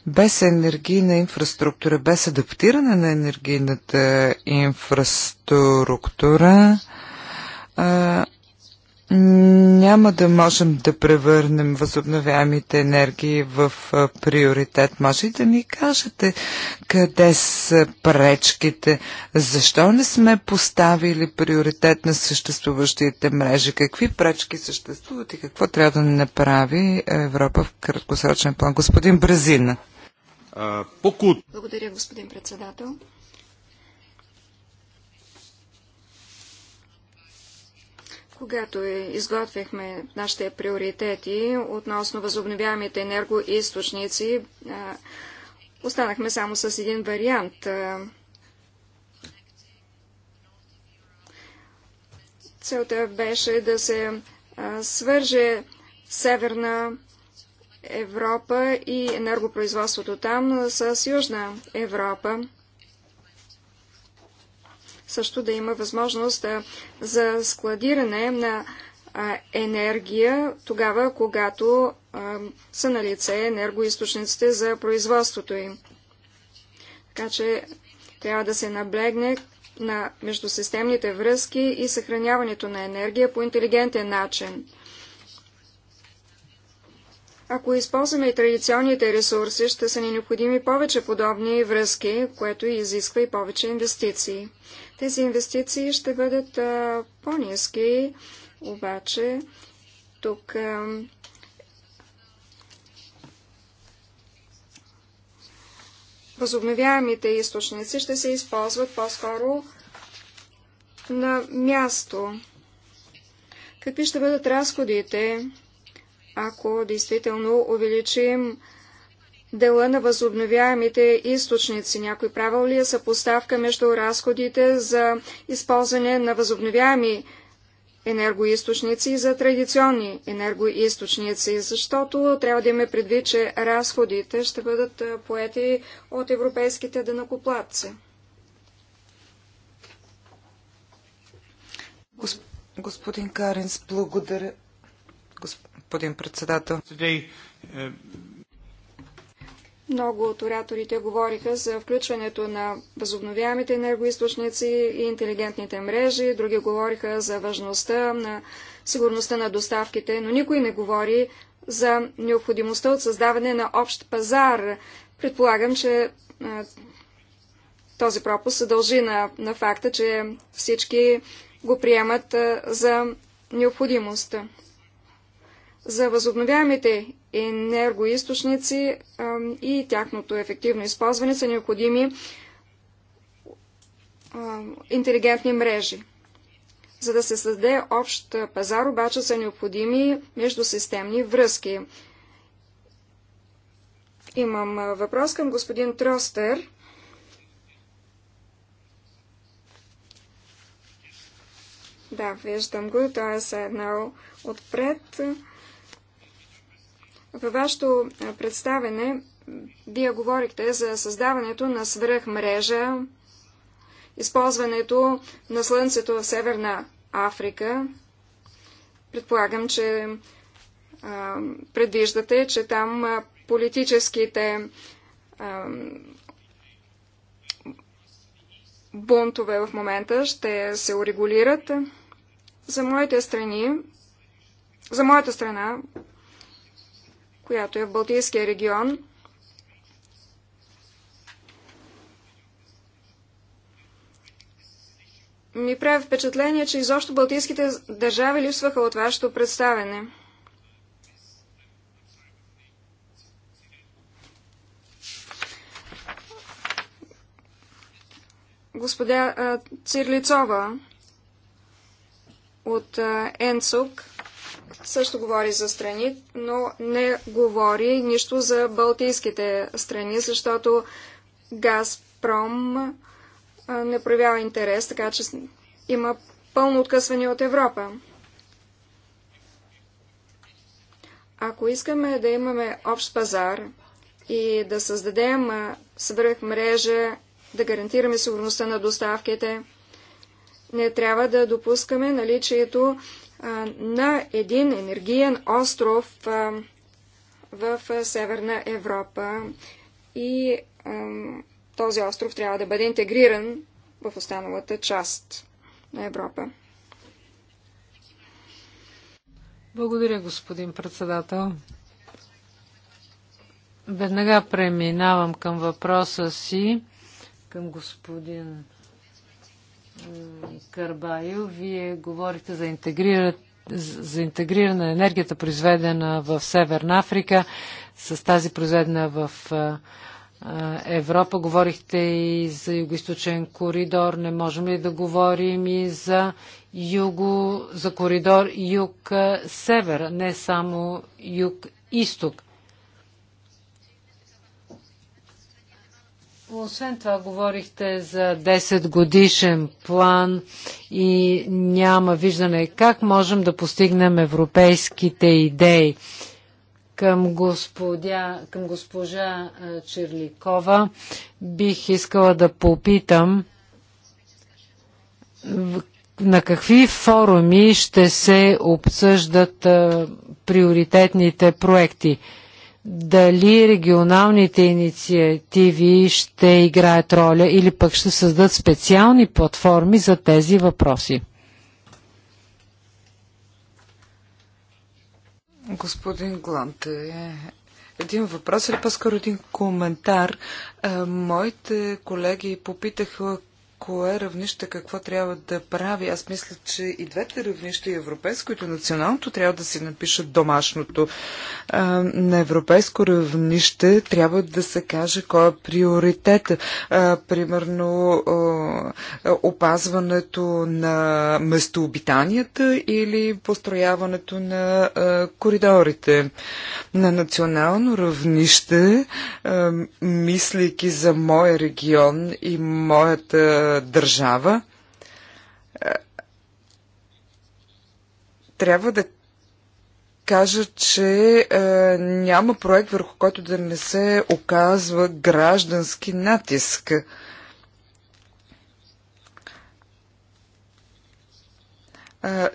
Без енергийна инфраструктура, без адаптиране на енергийната инфраструктура, е, няма да можем да превърнем възобновяемите енергии в приоритет. Може и да ни кажете къде са пречките, защо не сме поставили приоритет на съществуващите мрежи, какви пречки съществуват и какво трябва да направи Европа в краткосрочен план. Господин Бразина. Благодаря, господин председател. Когато е, изготвихме нашите приоритети относно възобновяемите енергоисточници, останахме само с един вариант. Целта беше да се свърже Северна Европа и енергопроизводството там с Южна Европа също да има възможност за складиране на енергия тогава, когато са на лице енергоисточниците за производството им. Така че трябва да се наблегне на междусистемните връзки и съхраняването на енергия по интелигентен начин. Ако използваме и традиционните ресурси, ще са ни необходими повече подобни връзки, което изисква и повече инвестиции. Тези инвестиции ще бъдат по-низки, обаче тук възобновяемите източници ще се използват по-скоро на място. Какви ще бъдат разходите, ако действително увеличим дела на възобновяемите източници. Някой правил ли е съпоставка между разходите за използване на възобновяеми енергоисточници и за традиционни енергоисточници, защото трябва да имаме предвид, че разходите ще бъдат поети от европейските дънакоплатци. Господин Каренс, благодаря. Господин председател. Много от ораторите говориха за включването на възобновяемите енергоисточници и интелигентните мрежи, други говориха за важността на сигурността на доставките, но никой не говори за необходимостта от създаване на общ пазар. Предполагам, че а, този пропуск се дължи на, на факта, че всички го приемат а, за необходимост за възобновяемите енергоисточници и тяхното ефективно използване са необходими интелигентни мрежи. За да се създаде общ пазар, обаче са необходими междусистемни връзки. Имам въпрос към господин Тростер. Да, виждам го. Той е седнал отпред. Във вашето представене вие говорихте за създаването на свръхмрежа, използването на Слънцето в Северна Африка. Предполагам, че а, предвиждате, че там политическите а, бунтове в момента ще се урегулират. За моите страни, за моята страна, която е в Балтийския регион. Ми прави впечатление, че изобщо балтийските държави липсваха от вашето представене. Господя Цирлицова от ЕНСУК също говори за страни, но не говори нищо за балтийските страни, защото Газпром не проявява интерес, така че има пълно откъсване от Европа. Ако искаме да имаме общ пазар и да създадем свръх мрежа, да гарантираме сигурността на доставките, не трябва да допускаме наличието на един енергиен остров в Северна Европа и този остров трябва да бъде интегриран в останалата част на Европа. Благодаря, господин председател. Веднага преминавам към въпроса си към господин Карбайо, вие говорите за, интегрира, за интегриране на енергията, произведена в Северна Африка, с тази произведена в Европа. Говорихте и за югоисточен коридор. Не можем ли да говорим и за, юго, за коридор юг-север, не само юг-исток? Освен това, говорихте за 10 годишен план и няма виждане как можем да постигнем европейските идеи. Към, господя, към госпожа Черликова бих искала да попитам на какви форуми ще се обсъждат приоритетните проекти дали регионалните инициативи ще играят роля или пък ще създадат специални платформи за тези въпроси. Господин Гланте, един въпрос или по-скоро един коментар. Е, моите колеги попитаха кое равнище какво трябва да прави. Аз мисля, че и двете равнища, и европейското, и националното, трябва да си напишат домашното. А, на европейско равнище трябва да се каже кой е приоритет. А, примерно а, опазването на местообитанията или построяването на а, коридорите. На национално равнище, а, мислейки за моя регион и моята държава, е, трябва да кажа, че е, няма проект, върху който да не се оказва граждански натиск.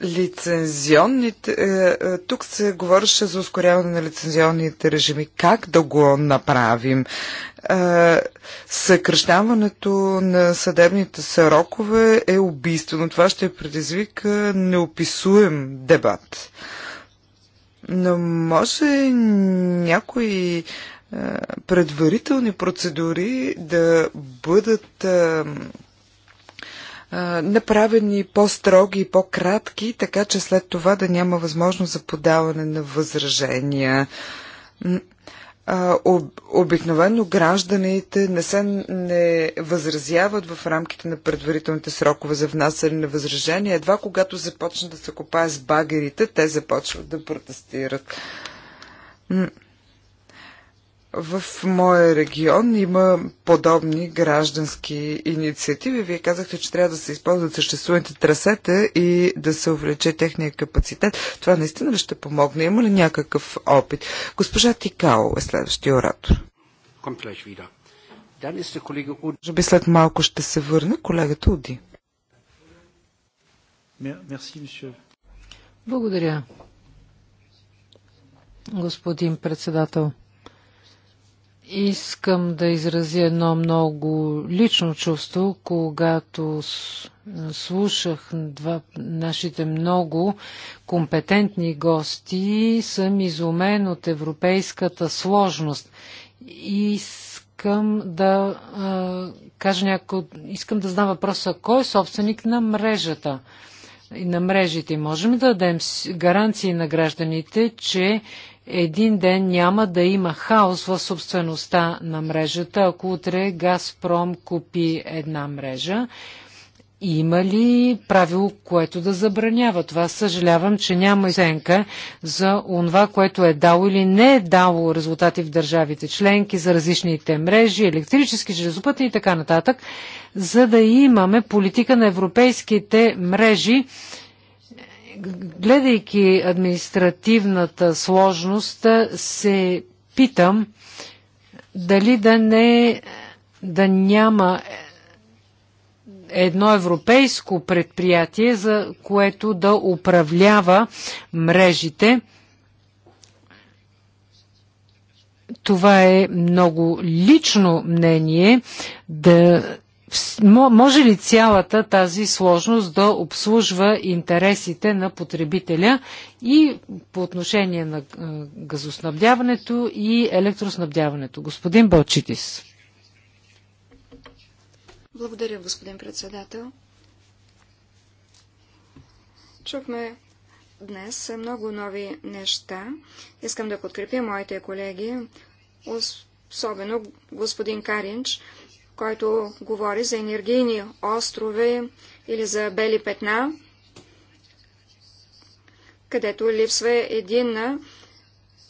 лицензионните... Е, е, тук се говореше за ускоряване на лицензионните режими. Как да го направим? Съкръщаването на съдебните срокове е убийствено. Това ще предизвика неописуем дебат. Но може някои е, предварителни процедури да бъдат направени по-строги и по-кратки, така че след това да няма възможност за подаване на възражения. Обикновено гражданите не се не възразяват в рамките на предварителните срокове за внасяне на възражения. Едва когато започнат да се копае с багерите, те започват да протестират. В моя регион има подобни граждански инициативи. Вие казахте, че трябва да се използват съществуваните трасета и да се увлече техния капацитет. Това наистина ли ще помогне? Има ли някакъв опит? Госпожа Тикао е следващия оратор. Може би след малко ще се върне колегата Уди. Благодаря, господин председател. Искам да изразя едно много лично чувство, когато слушах два, нашите много компетентни гости, съм изумен от европейската сложност. Искам да а, кажа няко, искам да знам въпроса, кой е собственик на мрежата? и на мрежите. Можем да дадем гаранции на гражданите, че един ден няма да има хаос в собствеността на мрежата, ако утре Газпром купи една мрежа. Има ли правило, което да забранява това? Съжалявам, че няма изценка за това, което е дало или не е дало резултати в държавите членки за различните мрежи, електрически, железопътни и така нататък, за да имаме политика на европейските мрежи, гледайки административната сложност, се питам дали да не да няма едно европейско предприятие, за което да управлява мрежите. Това е много лично мнение. Да, може ли цялата тази сложност да обслужва интересите на потребителя и по отношение на газоснабдяването и електроснабдяването? Господин Балчитис. Благодаря, господин председател. Чухме днес много нови неща. Искам да подкрепя моите колеги, особено господин Каринч, който говори за енергийни острови или за бели петна, където липсва единна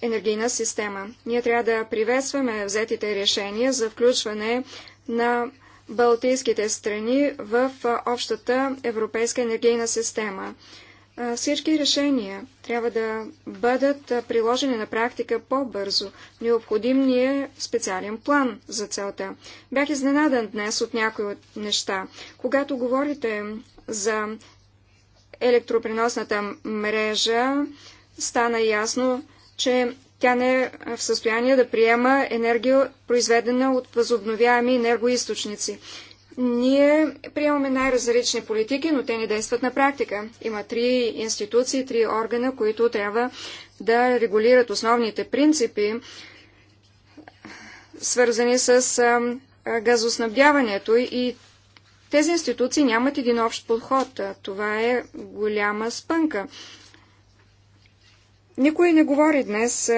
енергийна система. Ние трябва да приветстваме взетите решения за включване на Балтийските страни в общата европейска енергийна система. Всички решения трябва да бъдат приложени на практика по-бързо. Необходим ни е специален план за целта. Бях изненадан днес от някои от неща. Когато говорите за електропреносната мрежа, стана ясно, че тя не е в състояние да приема енергия, произведена от възобновяеми енергоисточници. Ние приемаме най-различни политики, но те не действат на практика. Има три институции, три органа, които трябва да регулират основните принципи, свързани с газоснабдяването и тези институции нямат един общ подход. Това е голяма спънка. Никой не говори днес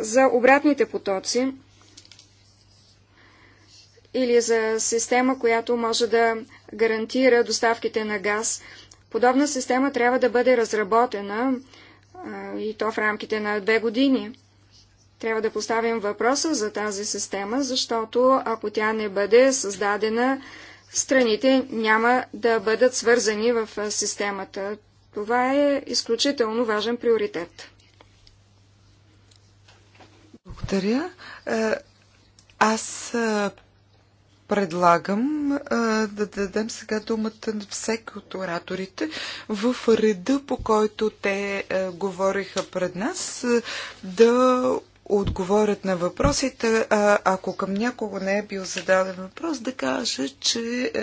за обратните потоци или за система, която може да гарантира доставките на газ. Подобна система трябва да бъде разработена и то в рамките на две години. Трябва да поставим въпроса за тази система, защото ако тя не бъде създадена, страните няма да бъдат свързани в системата. Това е изключително важен приоритет. Благодаря. Е, аз Предлагам а, да дадем сега думата на всеки от ораторите в реда, по който те а, говориха пред нас, а, да отговорят на въпросите. А, ако към някого не е бил зададен въпрос, да каже, че е,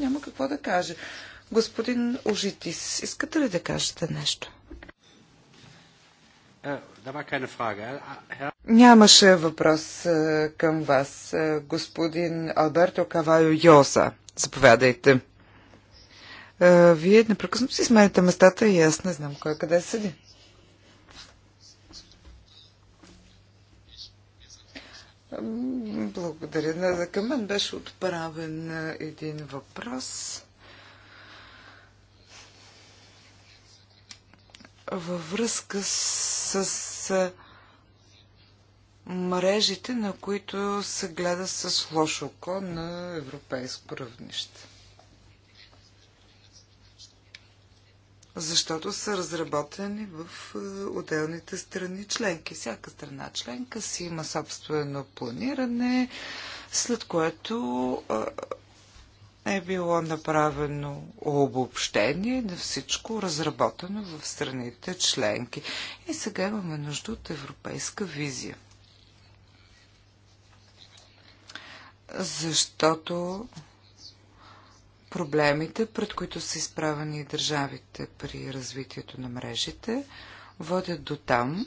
няма какво да каже. Господин Ожитис, искате ли да кажете нещо? Е, е е, Нямаше въпрос към вас, господин Алберто Кавайо Йоса. Заповядайте. Вие непрекъснато си сменяте местата и аз не знам кой къде седи. Благодаря. Към мен беше отправен един въпрос. във връзка с, с мрежите, на които се гледа с лошо око на европейско равнище. Защото са разработени в отделните страни членки. Всяка страна членка си има собствено планиране, след което е било направено обобщение на всичко разработено в страните членки. И сега имаме нужда от европейска визия. Защото проблемите, пред които са изправени държавите при развитието на мрежите, водят до там,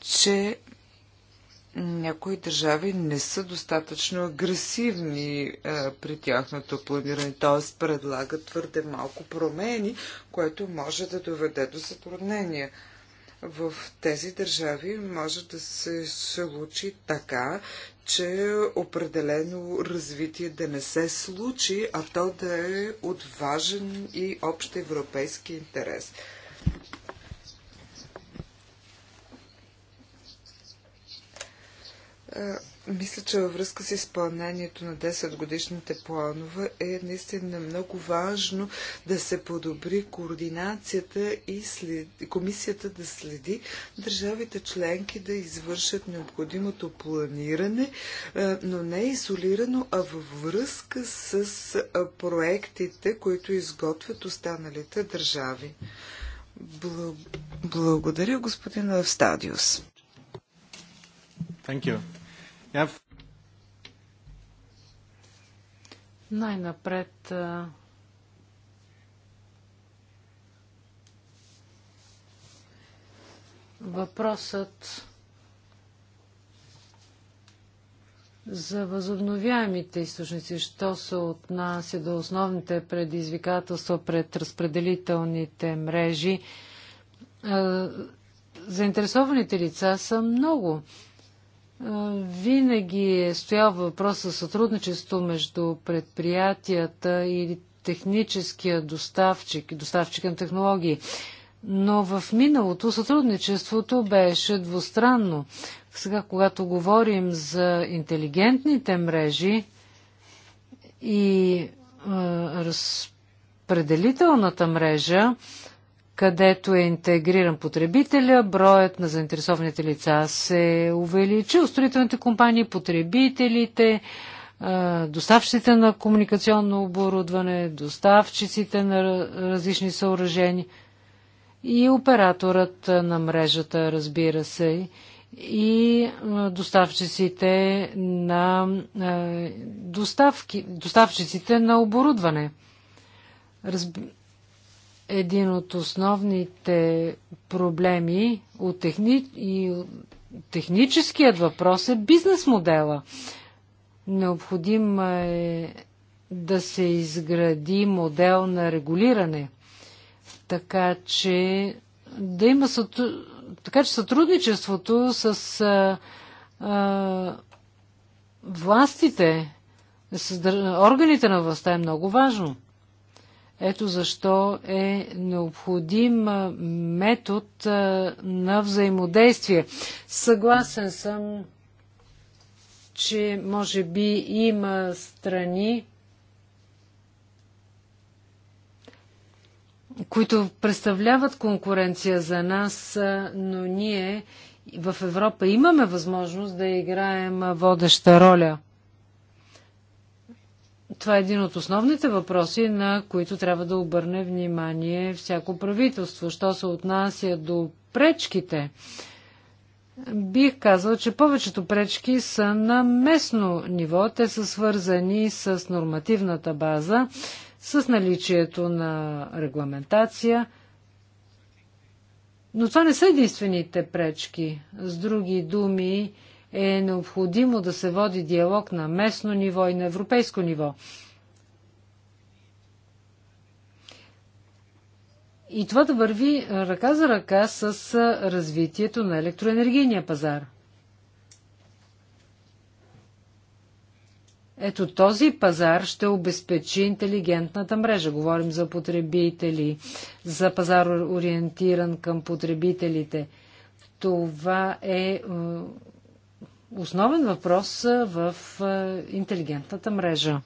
че някои държави не са достатъчно агресивни а, е, при тяхното планиране, т.е. предлагат твърде малко промени, което може да доведе до затруднения. В тези държави може да се случи така, че определено развитие да не се случи, а то да е отважен и общ европейски интерес. Мисля, че във връзка с изпълнението на 10 годишните планове е наистина много важно да се подобри координацията и след... комисията да следи държавите членки да извършат необходимото планиране, но не изолирано, а във връзка с проектите, които изготвят останалите държави. Благодаря, господин Австадиус Thank you. Yeah. Най-напред въпросът за възобновяемите източници, що се отнася до основните предизвикателства пред разпределителните мрежи, заинтересованите лица са много. Винаги е стоял въпрос за сътрудничество между предприятията или техническия доставчик, доставчик на технологии. Но в миналото сътрудничеството беше двустранно. Сега, когато говорим за интелигентните мрежи и е, разпределителната мрежа, където е интегриран потребителя, броят на заинтересованите лица се увеличи. Строителните компании, потребителите, доставчиците на комуникационно оборудване, доставчиците на различни съоръжения и операторът на мрежата, разбира се, и доставчиците на доставки, доставчиците на оборудване. Разб един от основните проблеми от техни... и техническият въпрос е бизнес модела. Необходимо е да се изгради модел на регулиране, така че да има така че сътрудничеството с а, а, властите, с органите на властта е много важно. Ето защо е необходим метод на взаимодействие. Съгласен съм, че може би има страни, които представляват конкуренция за нас, но ние в Европа имаме възможност да играем водеща роля това е един от основните въпроси, на които трябва да обърне внимание всяко правителство. Що се отнася до пречките, бих казал, че повечето пречки са на местно ниво. Те са свързани с нормативната база, с наличието на регламентация. Но това не са единствените пречки. С други думи, е необходимо да се води диалог на местно ниво и на европейско ниво. И това да върви ръка за ръка с развитието на електроенергийния пазар. Ето този пазар ще обезпечи интелигентната мрежа. Говорим за потребители, за пазар ориентиран към потребителите. Това е основен въпрос в интелигентната мрежа.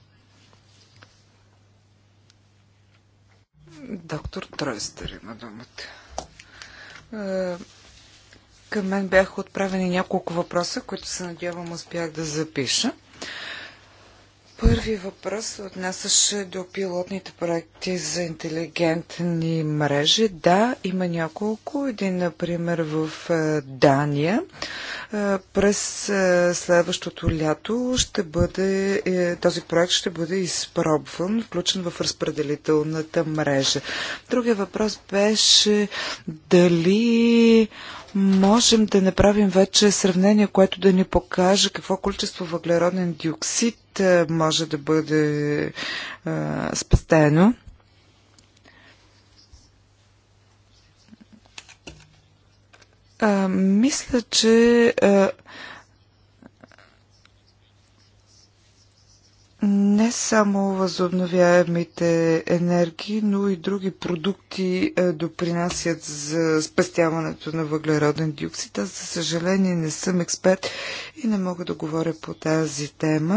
Доктор Тройстер има думата. Към мен бяха отправени няколко въпроса, които се надявам успях да запиша. Първи въпрос отнасяше до пилотните проекти за интелигентни мрежи. Да, има няколко. Един, например, в е, Дания. Е, през е, следващото лято ще бъде, този проект ще бъде изпробван, включен в разпределителната мрежа. Другия въпрос беше дали можем да направим вече сравнение, което да ни покаже какво количество въглероден диоксид може да бъде а, спестено. А, мисля, че а, не само възобновяемите енергии, но и други продукти е, допринасят за спестяването на въглероден диоксид. Аз, за съжаление, не съм експерт и не мога да говоря по тази тема.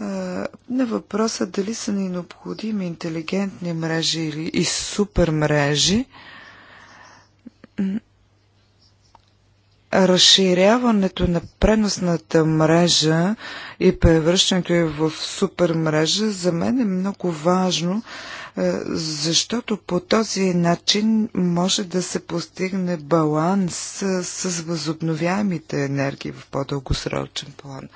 Е, на въпроса дали са ни необходими интелигентни мрежи или и супер мрежи, разширяването на преносната мрежа и превръщането й в супермрежа за мен е много важно, е, защото по този начин може да се постигне баланс е, с възобновяемите енергии в по-дългосрочен план.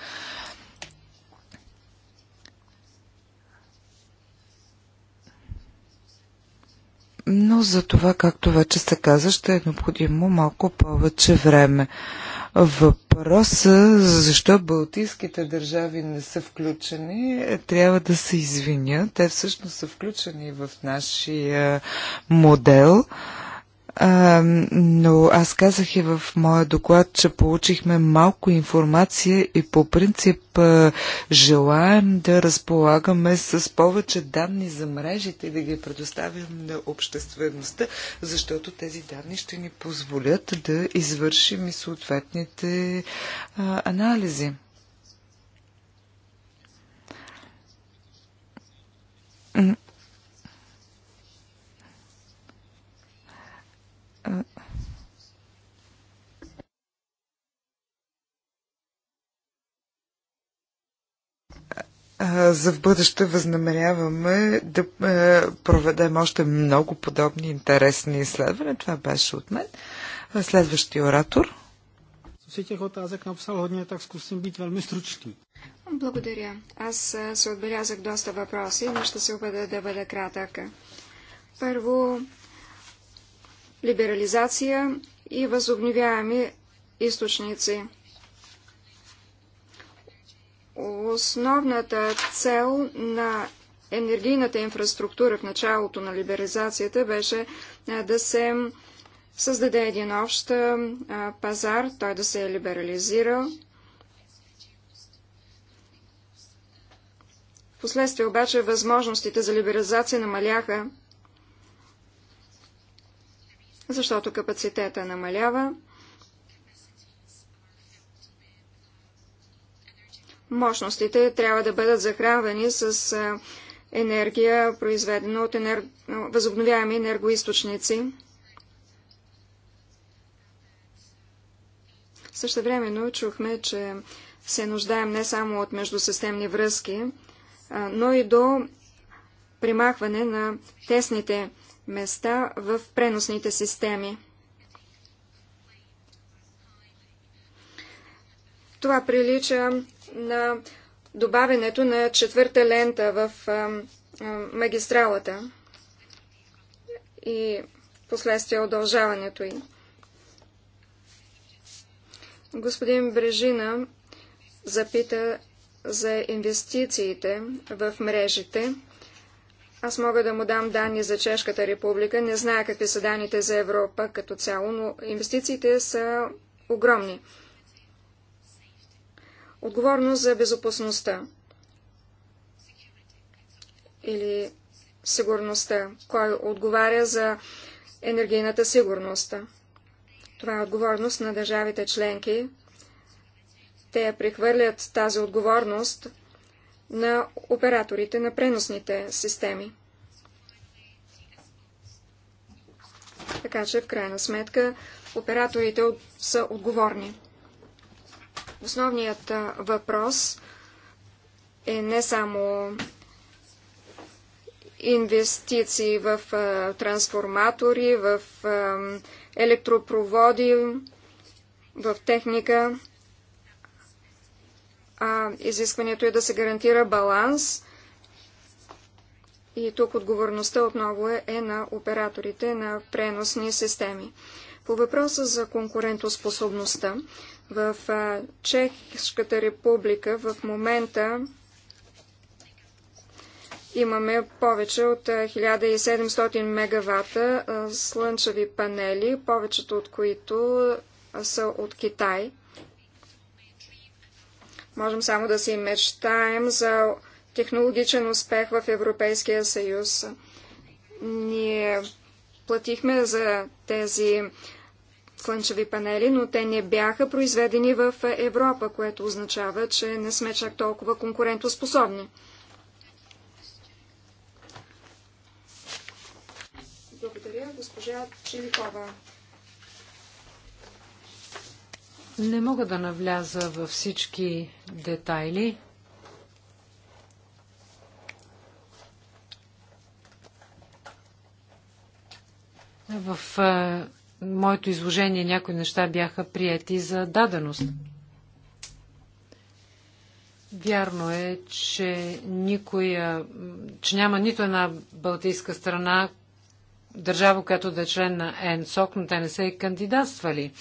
но за това, както вече се каза, ще е необходимо малко повече време. Въпроса защо балтийските държави не са включени, е, трябва да се извиня. Те всъщност са включени в нашия модел. А, но аз казах и в моя доклад, че получихме малко информация и по принцип а, желаем да разполагаме с повече данни за мрежите и да ги предоставим на обществеността, защото тези данни ще ни позволят да извършим и съответните а, анализи. за в бъдеще възнамеряваме да проведем още много подобни интересни изследвания. Това беше от мен. Следващия оратор. Благодаря. Аз се отбелязах доста въпроси, но ще се опитам да бъда кратък. Първо, либерализация и възобновяеми източници. Основната цел на енергийната инфраструктура в началото на либерализацията беше да се създаде един общ пазар, той да се е либерализирал. Впоследствие обаче възможностите за либерализация намаляха защото капацитета намалява. Мощностите трябва да бъдат захранвани с енергия, произведена от енер... възобновяеми енергоисточници. Също времено чухме, че се нуждаем не само от междусистемни връзки, но и до примахване на тесните места в преносните системи. Това прилича на добавенето на четвърта лента в магистралата и последствие удължаването й. Господин Брежина запита за инвестициите в мрежите. Аз мога да му дам данни за Чешката република. Не зная какви са данните за Европа като цяло, но инвестициите са огромни. Отговорност за безопасността или сигурността. Кой отговаря за енергийната сигурност? Това е отговорност на държавите членки. Те прехвърлят тази отговорност на операторите на преносните системи. Така че, в крайна сметка, операторите са отговорни. Основният въпрос е не само инвестиции в трансформатори, в електропроводи, в техника, а изискването е да се гарантира баланс. И тук отговорността отново е, е на операторите на преносни системи. По въпроса за конкурентоспособността, в Чехската република в момента имаме повече от 1700 мегавата слънчеви панели, повечето от които са от Китай. Можем само да си мечтаем за технологичен успех в Европейския съюз. Ние платихме за тези слънчеви панели, но те не бяха произведени в Европа, което означава, че не сме чак толкова конкурентоспособни. Благодаря, госпожа Чиликова. Не мога да навляза във всички детайли. В е, моето изложение някои неща бяха прияти за даденост. Вярно е, че, никоя, че няма нито една балтийска страна, държава, която да е член на ЕНСОК, но те не са и кандидатствали.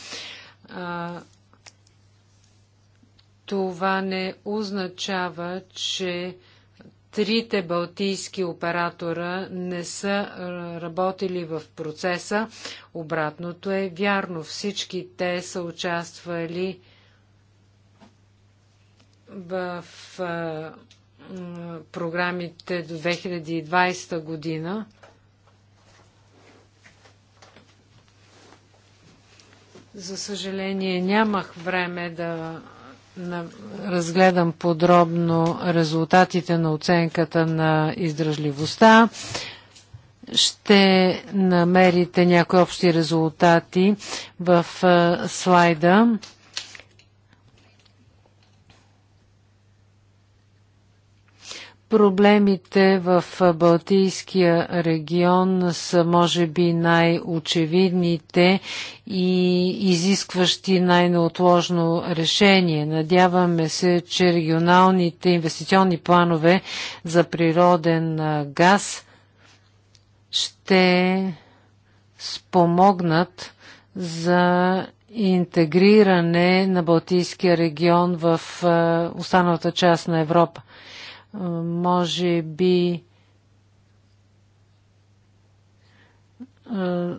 Това не означава, че трите балтийски оператора не са работили в процеса. Обратното е вярно. Всички те са участвали в програмите до 2020 година. За съжаление нямах време да разгледам подробно резултатите на оценката на издръжливостта. Ще намерите някои общи резултати в слайда. Проблемите в Балтийския регион са може би най-очевидните и изискващи най-неотложно решение. Надяваме се, че регионалните инвестиционни планове за природен газ ще спомогнат за интегриране на Балтийския регион в останалата част на Европа. Е, може би е,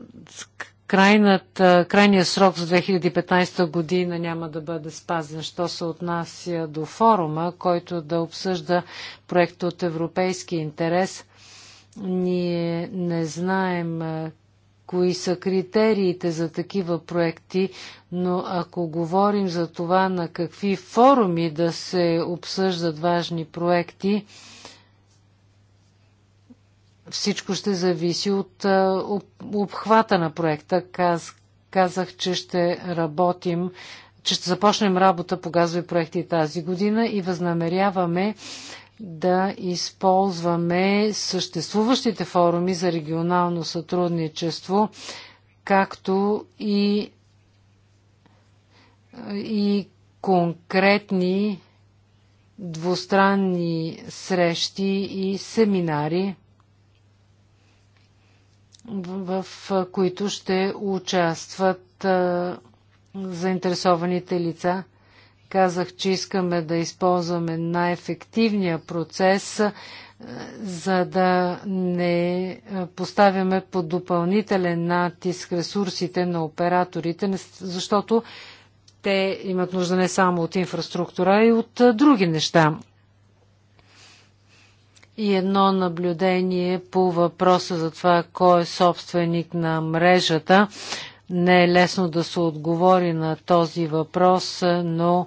крайната, е, крайният срок за 2015 година няма да бъде спазен, що се отнася до форума, който да обсъжда проект от европейски интерес. Ние не знаем кои са критериите за такива проекти, но ако говорим за това на какви форуми да се обсъждат важни проекти, всичко ще зависи от обхвата на проекта. Каз, казах, че ще работим, че ще започнем работа по газови проекти тази година и възнамеряваме да използваме съществуващите форуми за регионално сътрудничество, както и, и конкретни двустранни срещи и семинари, в които ще участват заинтересованите лица. Казах, че искаме да използваме най-ефективния процес, е, за да не е, поставяме под допълнителен натиск ресурсите на операторите, защото те имат нужда не само от инфраструктура, а и от е, други неща. И едно наблюдение по въпроса за това кой е собственик на мрежата. Не е лесно да се отговори на този въпрос, но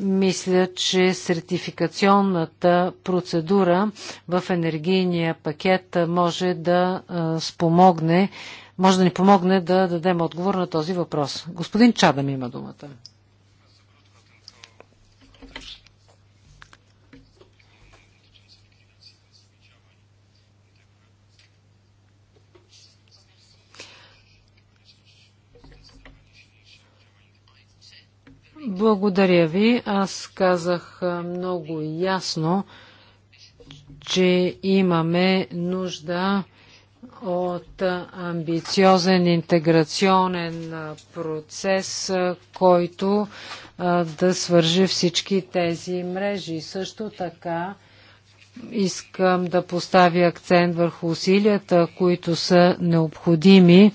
мисля, че сертификационната процедура в енергийния пакет може да спомогне, може да ни помогне да дадем отговор на този въпрос. Господин Чадам има думата. Благодаря ви. Аз казах много ясно, че имаме нужда от амбициозен интеграционен процес, който да свържи всички тези мрежи. Също така искам да поставя акцент върху усилията, които са необходими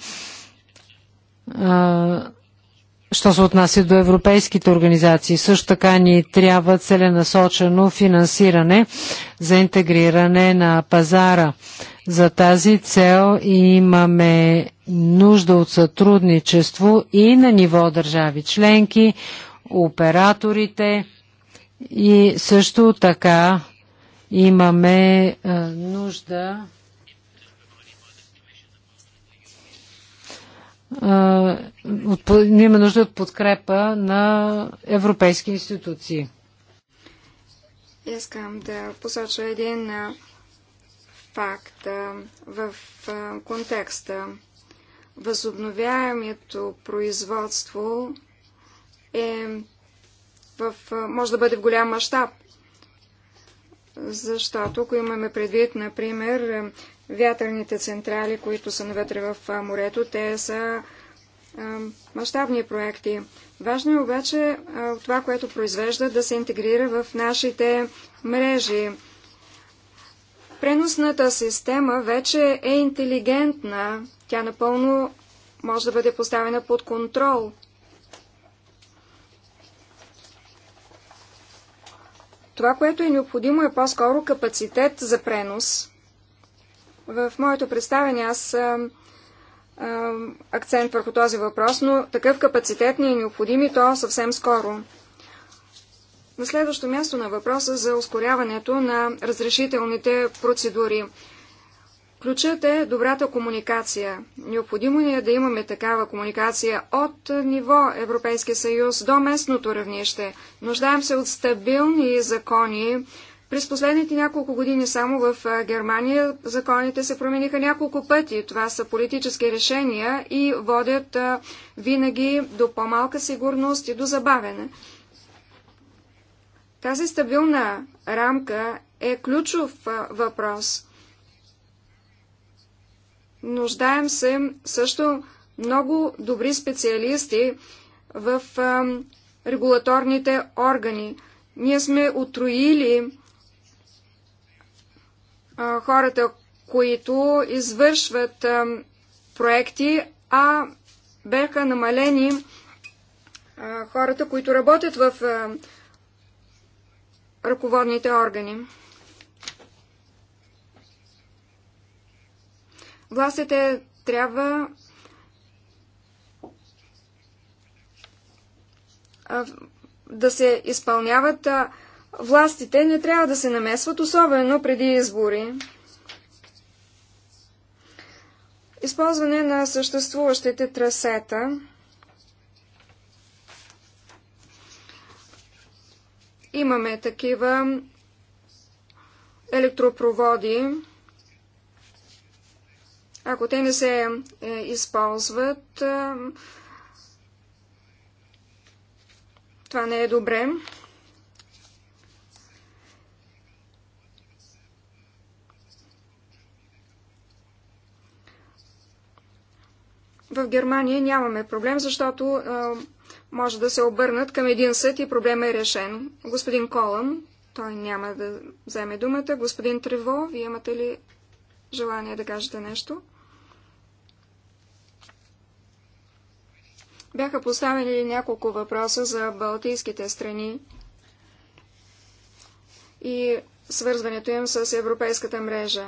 що се отнася до европейските организации. Също така ни трябва целенасочено финансиране за интегриране на пазара. За тази цел имаме нужда от сътрудничество и на ниво държави членки, операторите и също така имаме нужда от, има нужда от подкрепа на европейски институции. Искам да посоча един факт в контекста. Възобновяемото производство е в, може да бъде в голям мащаб. Защото ако имаме предвид, например, вятърните централи, които са навътре в морето, те са мащабни проекти. Важно е обаче а, това, което произвежда, да се интегрира в нашите мрежи. Преносната система вече е интелигентна. Тя напълно може да бъде поставена под контрол. Това, което е необходимо е по-скоро капацитет за пренос – в моето представяне аз акцент върху този въпрос, но такъв капацитет ни е необходим и то съвсем скоро. На следващо място на въпроса за ускоряването на разрешителните процедури. Ключът е добрата комуникация. Необходимо ни е да имаме такава комуникация от ниво Европейския съюз до местното равнище. Нуждаем се от стабилни закони, през последните няколко години само в Германия законите се промениха няколко пъти. Това са политически решения и водят винаги до по-малка сигурност и до забавене. Тази стабилна рамка е ключов въпрос. Нуждаем се също много добри специалисти в регулаторните органи. Ние сме отруили хората, които извършват проекти, а бяха намалени хората, които работят в ръководните органи. Властите трябва да се изпълняват Властите не трябва да се намесват, особено преди избори. Използване на съществуващите трасета. Имаме такива електропроводи. Ако те не се е, използват, е, това не е добре. В Германия нямаме проблем, защото а, може да се обърнат към един съд и проблема е решен. Господин Колъм, той няма да вземе думата. Господин Трево, вие имате ли желание да кажете нещо? Бяха поставени няколко въпроса за балтийските страни и свързването им с европейската мрежа.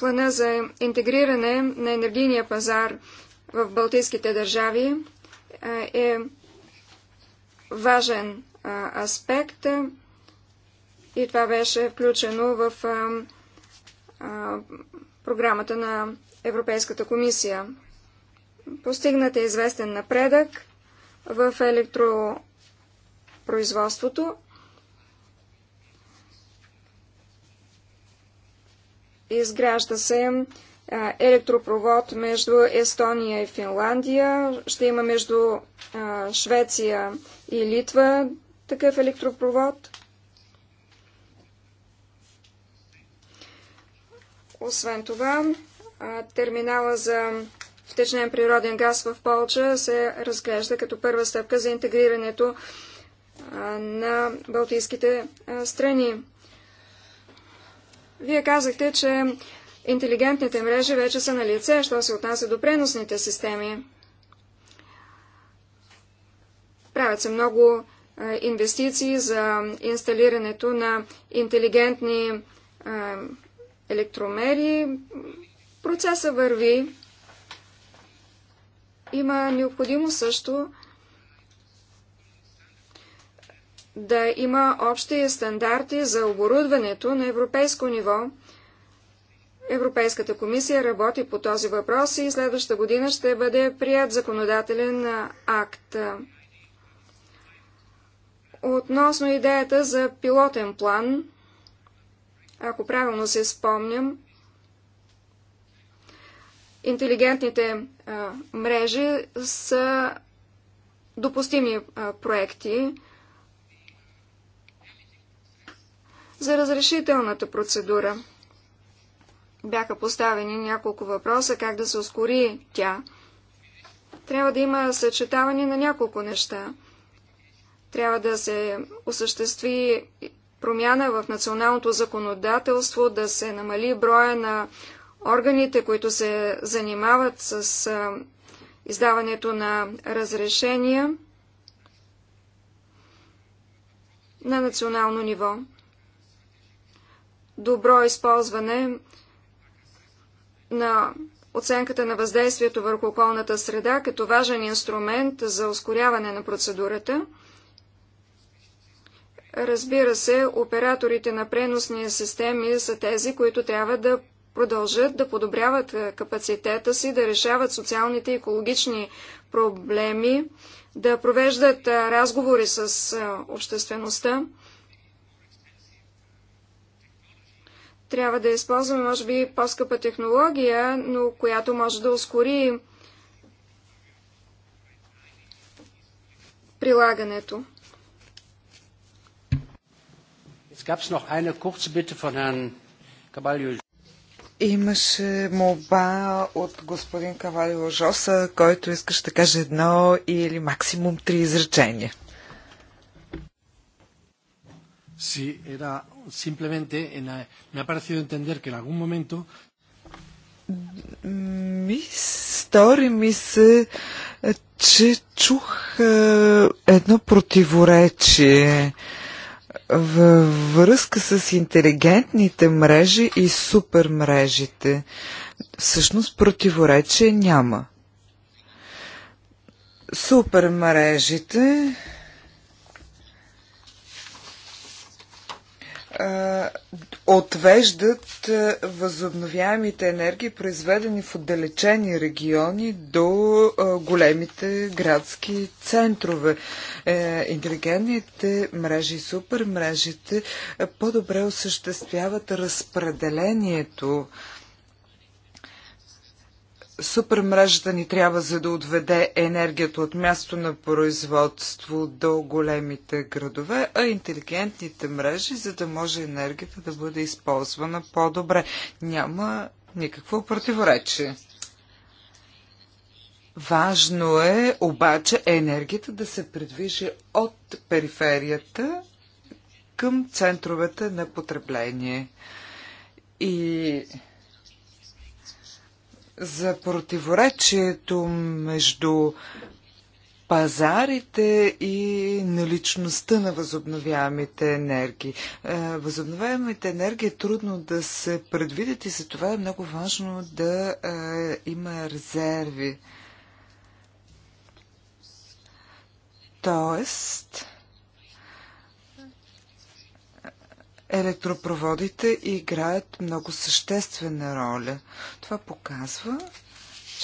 плана за интегриране на енергийния пазар в Балтийските държави е важен аспект и това беше включено в програмата на Европейската комисия. Постигнат е известен напредък в електропроизводството, Изгражда се електропровод между Естония и Финландия. Ще има между Швеция и Литва такъв електропровод. Освен това, терминала за втечнен природен газ в Полча се разглежда като първа стъпка за интегрирането на балтийските страни. Вие казахте, че интелигентните мрежи вече са на лице, що се отнася до преносните системи. Правят се много инвестиции за инсталирането на интелигентни електромери. Процеса върви. Има необходимо също да има общи стандарти за оборудването на европейско ниво. Европейската комисия работи по този въпрос и следващата година ще бъде прият законодателен акт. Относно идеята за пилотен план, ако правилно се спомням, интелигентните а, мрежи са допустими а, проекти, За разрешителната процедура бяха поставени няколко въпроса, как да се ускори тя. Трябва да има съчетаване на няколко неща. Трябва да се осъществи промяна в националното законодателство, да се намали броя на органите, които се занимават с издаването на разрешения на национално ниво добро използване на оценката на въздействието върху околната среда като важен инструмент за ускоряване на процедурата. Разбира се, операторите на преносни системи са тези, които трябва да продължат да подобряват е, капацитета си, да решават социалните и екологични проблеми, да провеждат е, разговори с е, обществеността. Трябва да използваме, може би, по-скъпа технология, но която може да ускори прилагането. Имаше моба от господин Кавалио Жоса, който искаше да каже едно или максимум три изречения. Sí, era simplemente, en la, me ha parecido entender que en algún momento. Ми стори ми се, че чух е, едно противоречие във връзка с интелигентните мрежи и супермрежите. Всъщност противоречие няма. Супермрежите мрежите отвеждат възобновяемите енергии, произведени в отдалечени региони до големите градски центрове. Е, интелигентните мрежи и супермрежите по-добре осъществяват разпределението супермрежата ни трябва за да отведе енергията от място на производство до големите градове, а интелигентните мрежи, за да може енергията да бъде използвана по-добре. Няма никакво противоречие. Важно е обаче енергията да се придвижи от периферията към центровете на потребление. И за противоречието между пазарите и наличността на възобновяемите енергии. Е, възобновяемите енергии е трудно да се предвидят и за това е много важно да е, има резерви. Тоест, електропроводите играят много съществена роля. Това показва,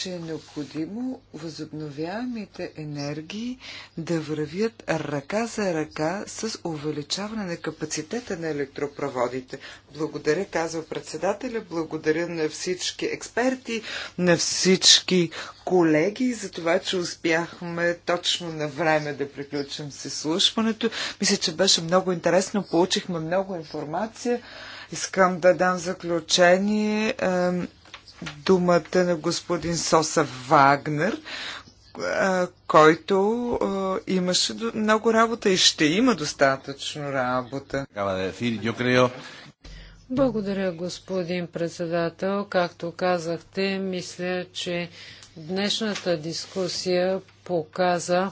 че е необходимо възобновяемите енергии да вървят ръка за ръка с увеличаване на капацитета на електропроводите. Благодаря, казва председателя, благодаря на всички експерти, на всички колеги за това, че успяхме точно на време да приключим с изслушването. Мисля, че беше много интересно, получихме много информация. Искам да дам заключение думата на господин Соса Вагнер, който имаше много работа и ще има достатъчно работа. Благодаря, господин председател. Както казахте, мисля, че днешната дискусия показа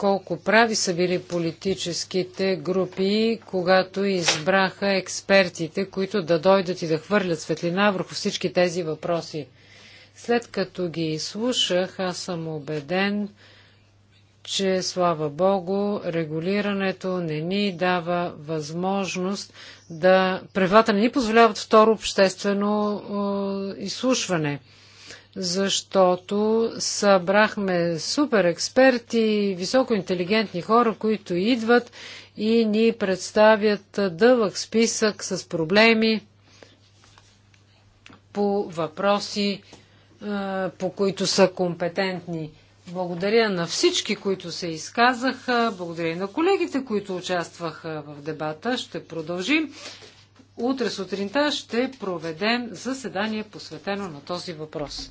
колко прави са били политическите групи, когато избраха експертите, които да дойдат и да хвърлят светлина върху всички тези въпроси. След като ги изслушах, аз съм убеден, че, слава Богу, регулирането не ни дава възможност да... Правилата не ни позволяват второ обществено е, изслушване защото събрахме супер експерти, високо интелигентни хора, които идват и ни представят дълъг списък с проблеми по въпроси, е, по които са компетентни. Благодаря на всички, които се изказаха, благодаря и на колегите, които участваха в дебата. Ще продължим. Утре сутринта ще проведем заседание посветено на този въпрос.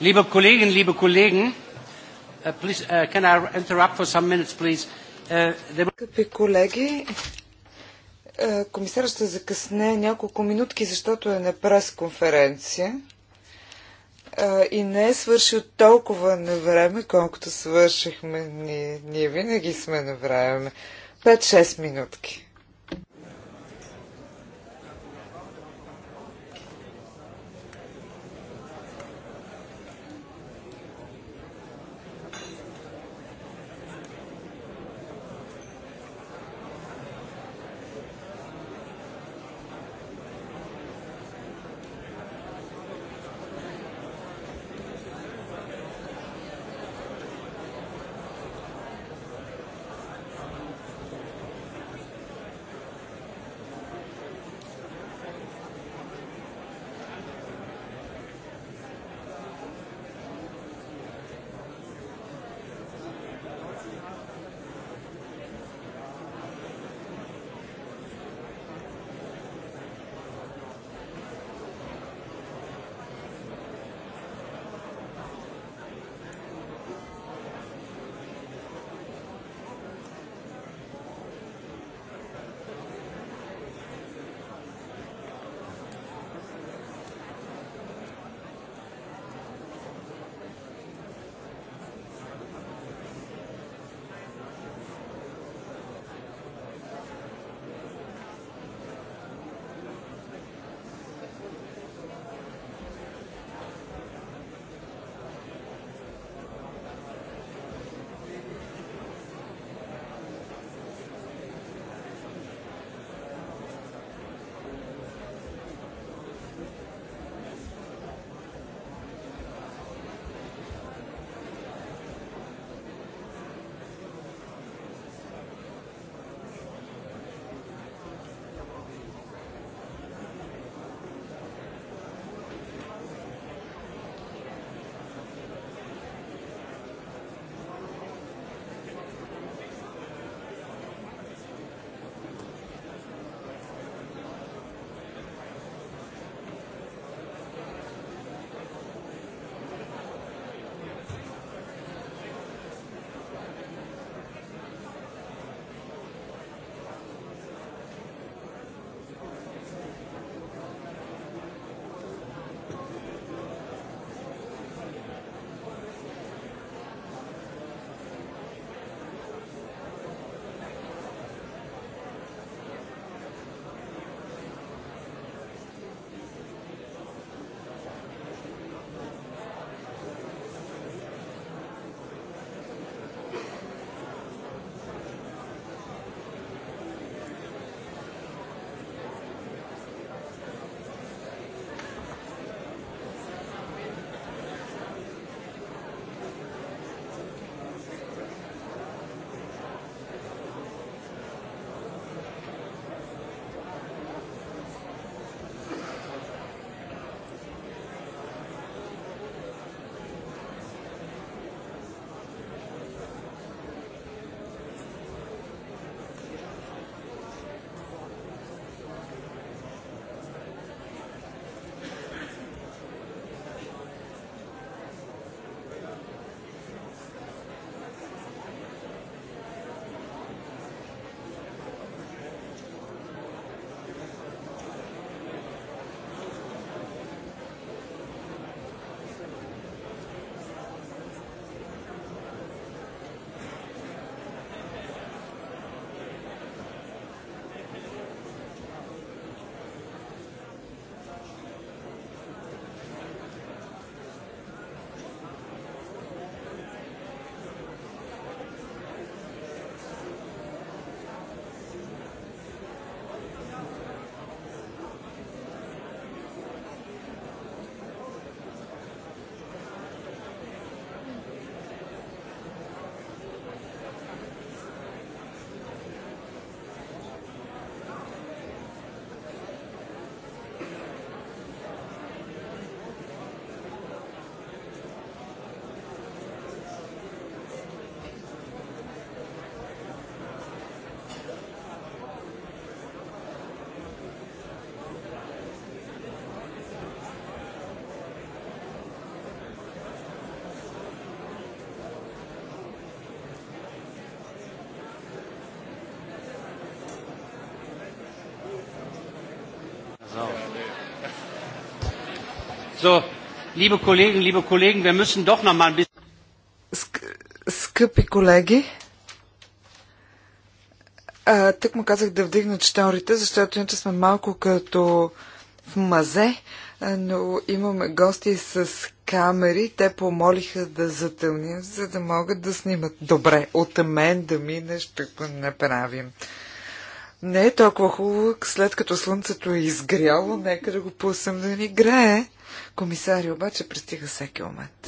Liebe Kolleginnen, liebe Kollegen, uh, please, uh, can I interrupt for some minutes, please? Uh, колеги, е, комисар ще закъсне няколко минутки, защото е на пресконференция е, и не е свършил толкова на време, колкото свършихме. Ние, ние винаги сме на време. 5-6 минутки. Скъпи колеги, тък му казах да вдигна четалрите, защото иначе сме малко като в мазе, но имаме гости с камери. Те помолиха да затълним, за да могат да снимат. Добре, от мен да мине ще го направим. Не е толкова хубаво, след като слънцето е изгряло, нека да го пуснем да ни грее. Комисари обаче пристига всеки момент.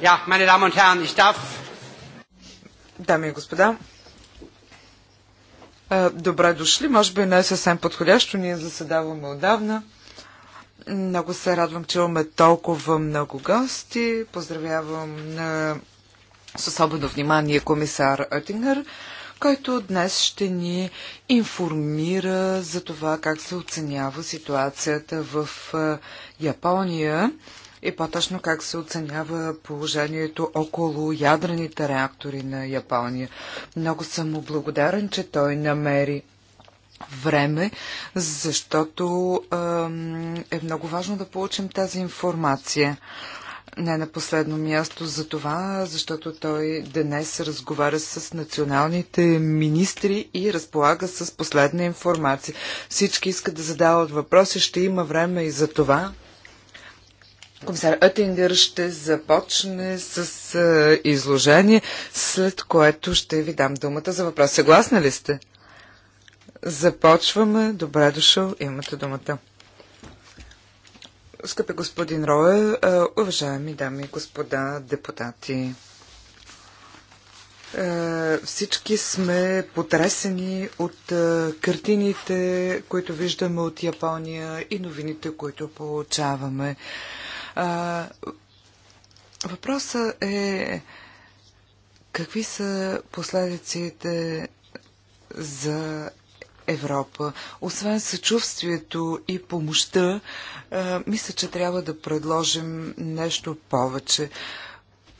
Ja, meine Damen und Herren, ich darf... Дами и господа, е, добре дошли. Може би не е съвсем подходящо. Ние заседаваме отдавна. Много се радвам, че имаме толкова много гости. Поздравявам е, с особено внимание комисар Оттингър, който днес ще ни информира за това как се оценява ситуацията в е, Япония и по-точно как се оценява положението около ядрените реактори на Япония. Много съм му благодарен, че той намери време, защото е много важно да получим тази информация. Не на последно място за това, защото той днес разговаря с националните министри и разполага с последна информация. Всички искат да задават въпроси, ще има време и за това. Комисар Оттингър ще започне с а, е, изложение, след което ще ви дам думата за въпрос. Съгласна ли сте? Започваме. Добре дошъл. Имате думата. Скъпи господин Рое, е, уважаеми дами и господа депутати, е, всички сме потресени от картините, които виждаме от Япония и новините, които получаваме. Въпросът е какви са последиците за Европа. Освен съчувствието и помощта, мисля, че трябва да предложим нещо повече.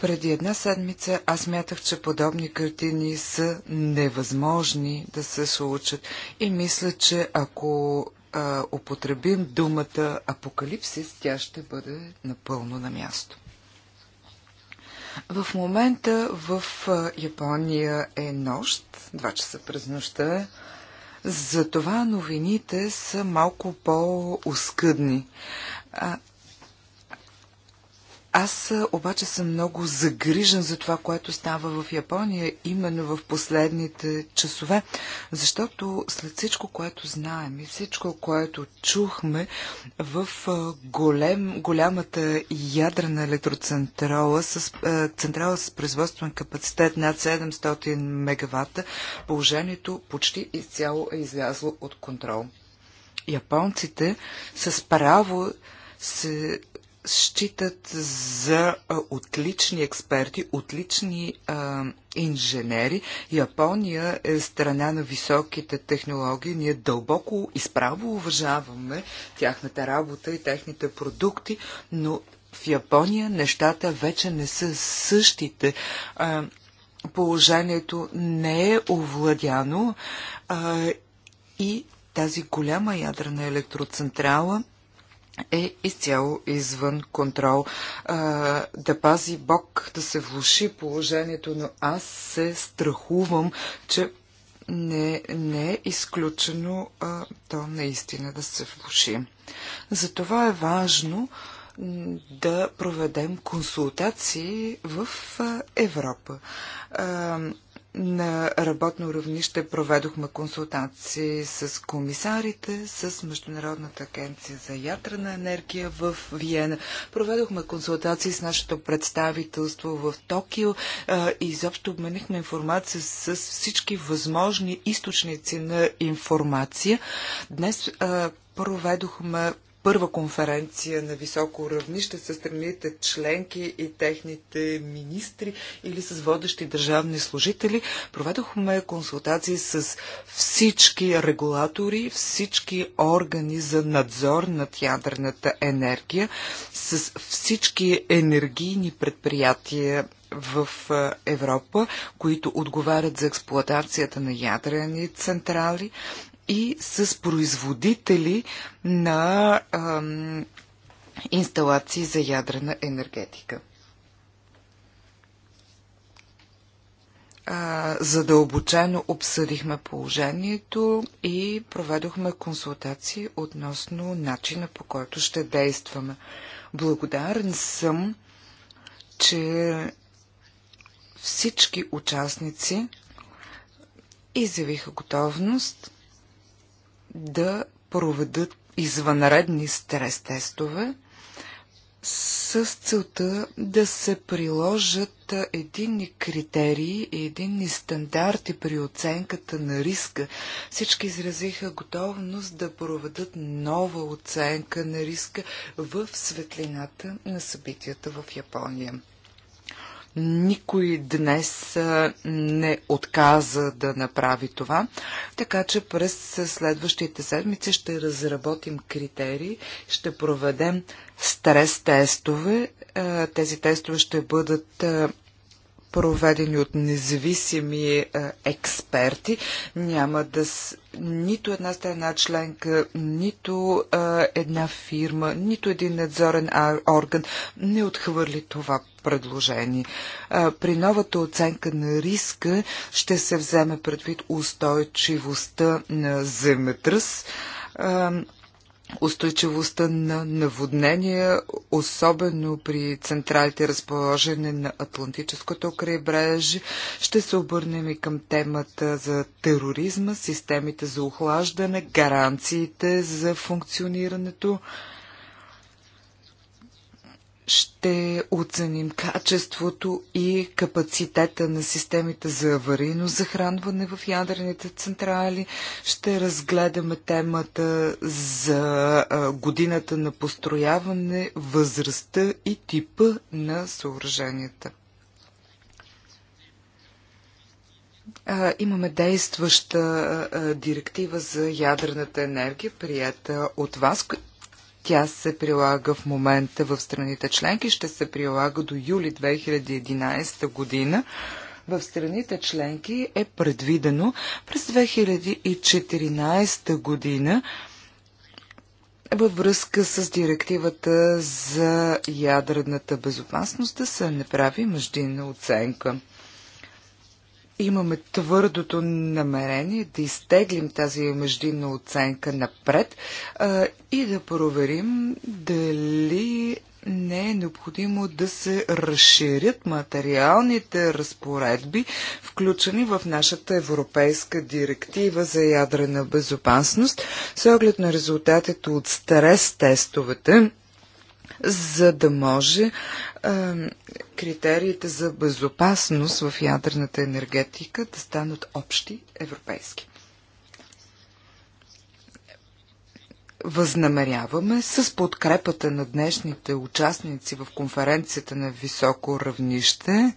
Преди една седмица аз мятах, че подобни картини са невъзможни да се случат. И мисля, че ако а, употребим думата апокалипсис, тя ще бъде напълно на място. В момента в Япония е нощ, 2 часа през нощта. Затова новините са малко по-оскъдни. Аз обаче съм много загрижен за това, което става в Япония именно в последните часове, защото след всичко, което знаем и всичко, което чухме в голем, голямата ядрена електроцентрала с, централа с производствен капацитет над 700 мегаватта, положението почти изцяло е излязло от контрол. Японците с право се считат за отлични експерти, отлични а, инженери. Япония е страна на високите технологии. Ние дълбоко и справо уважаваме тяхната работа и техните продукти, но в Япония нещата вече не са същите. А, положението не е овладяно а, и тази голяма ядрена електроцентрала – е изцяло извън контрол. А, да пази Бог, да се влуши положението, но аз се страхувам, че не, не е изключено а, то наистина да се влуши. Затова е важно да проведем консултации в Европа. А, на работно равнище проведохме консултации с комисарите, с Международната агенция за ядрена енергия в Виена. Проведохме консултации с нашето представителство в Токио и изобщо обменихме информация с всички възможни източници на информация. Днес проведохме първа конференция на високо равнище с страните членки и техните министри или с водещи държавни служители. Проведохме консултации с всички регулатори, всички органи за надзор над ядрената енергия, с всички енергийни предприятия в Европа, които отговарят за експлоатацията на ядрени централи и с производители на а, инсталации за ядрена енергетика. задълбочено обсъдихме положението и проведохме консултации относно начина по който ще действаме. Благодарен съм, че всички участници изявиха готовност да проведат извънредни стрес-тестове с целта да се приложат единни критерии и единни стандарти при оценката на риска. Всички изразиха готовност да проведат нова оценка на риска в светлината на събитията в Япония. Никой днес не отказа да направи това, така че през следващите седмици ще разработим критерии, ще проведем стрес-тестове. Тези тестове ще бъдат проведени от независими експерти. Няма да с... нито една страна членка, нито една фирма, нито един надзорен орган не отхвърли това предложени. При новата оценка на риска ще се вземе предвид устойчивостта на земетръс, устойчивостта на наводнения, особено при централите разположени на Атлантическото крайбрежие. Ще се обърнем и към темата за тероризма, системите за охлаждане, гаранциите за функционирането ще оценим качеството и капацитета на системите за аварийно захранване в ядрените централи. Ще разгледаме темата за годината на построяване, възрастта и типа на съоръженията. Имаме действаща директива за ядрената енергия, прията от вас, тя се прилага в момента в страните членки, ще се прилага до юли 2011 година. В страните членки е предвидено през 2014 година във връзка с директивата за ядрената безопасност да се направи междинна оценка имаме твърдото намерение да изтеглим тази междинна оценка напред а, и да проверим дали не е необходимо да се разширят материалните разпоредби, включени в нашата европейска директива за ядрена безопасност, с оглед на резултатите от стрес-тестовете за да може а, критериите за безопасност в ядрената енергетика да станат общи европейски. Възнамеряваме с подкрепата на днешните участници в конференцията на високо равнище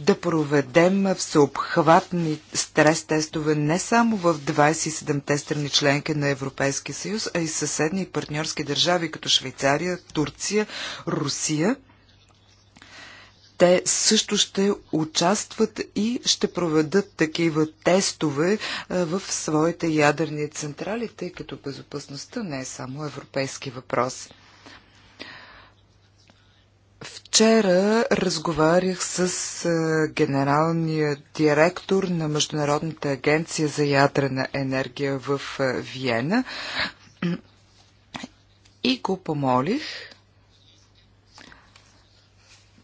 да проведем всеобхватни стрес-тестове не само в 27-те страни членки на Европейския съюз, а и съседни и партньорски държави, като Швейцария, Турция, Русия. Те също ще участват и ще проведат такива тестове е, в своите ядерни централи, тъй като безопасността не е само европейски въпрос. Вчера разговарях с е, генералния директор на Международната агенция за ядрена енергия в е, Виена и го помолих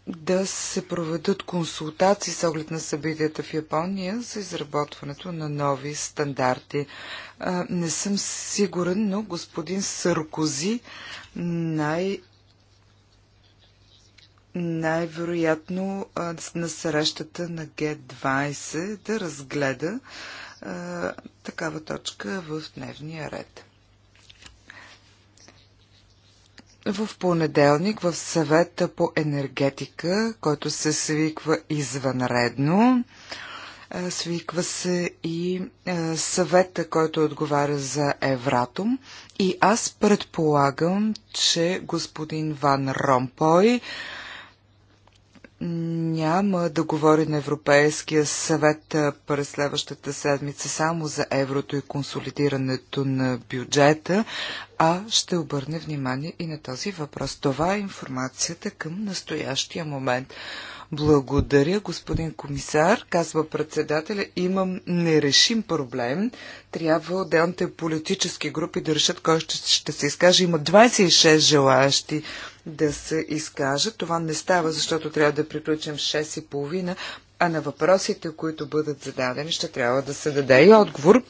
да се проведат консултации с оглед на събитията в Япония за изработването на нови стандарти. Е, не съм сигурен, но господин Саркози най- най-вероятно на срещата на Г-20 да разгледа а, такава точка в дневния ред. В понеделник в съвета по енергетика, който се свиква извънредно, свиква се и съвета, който отговаря за Евратум. И аз предполагам, че господин Ван Ромпой няма да говори на Европейския съвет през следващата седмица само за еврото и консолидирането на бюджета, а ще обърне внимание и на този въпрос. Това е информацията към настоящия момент. Благодаря, господин комисар, казва председателя. Имам нерешим проблем. Трябва отделните политически групи да решат кой ще, ще се изкаже. Има 26 желаящи да се изкажат. Това не става, защото трябва да приключим 6 а на въпросите, които бъдат зададени, ще трябва да се даде и отговор.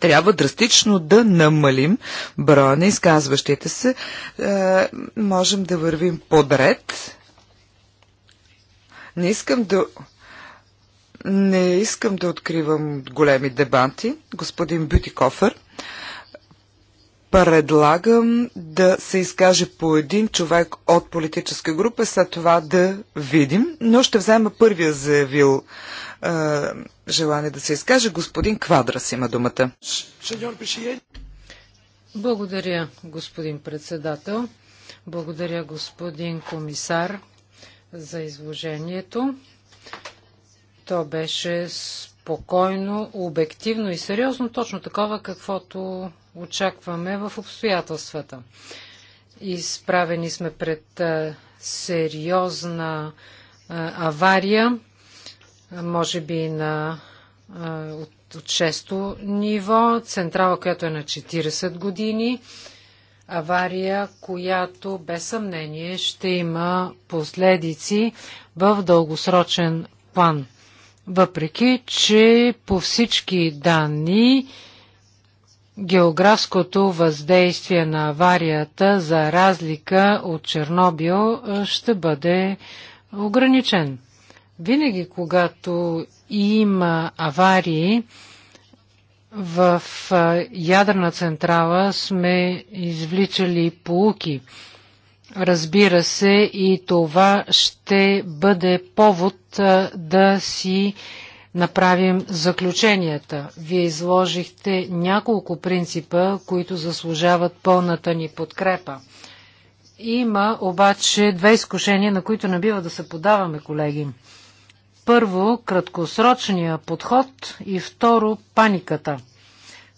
Трябва драстично да намалим броя на изказващите се. Е, можем да вървим подред. Не искам да не искам да откривам големи дебати. Господин Бютикофър. Предлагам да се изкаже по един човек от политическа група, след това да видим, но ще взема първия заявил е, желание да се изкаже. Господин Квадрас има думата. Благодаря, господин председател. Благодаря, господин комисар, за изложението. То беше спокойно, обективно и сериозно, точно такова, каквото очакваме в обстоятелствата. Изправени сме пред сериозна авария, може би на, от, от 6-то ниво, централа, която е на 40 години, авария, която без съмнение ще има последици в дългосрочен план. Въпреки, че по всички данни географското въздействие на аварията, за разлика от Чернобил, ще бъде ограничен. Винаги, когато има аварии, в ядрена централа сме извличали полуки. Разбира се, и това ще бъде повод да си направим заключенията. Вие изложихте няколко принципа, които заслужават пълната ни подкрепа. Има обаче две изкушения, на които не бива да се подаваме, колеги. Първо, краткосрочния подход и второ, паниката.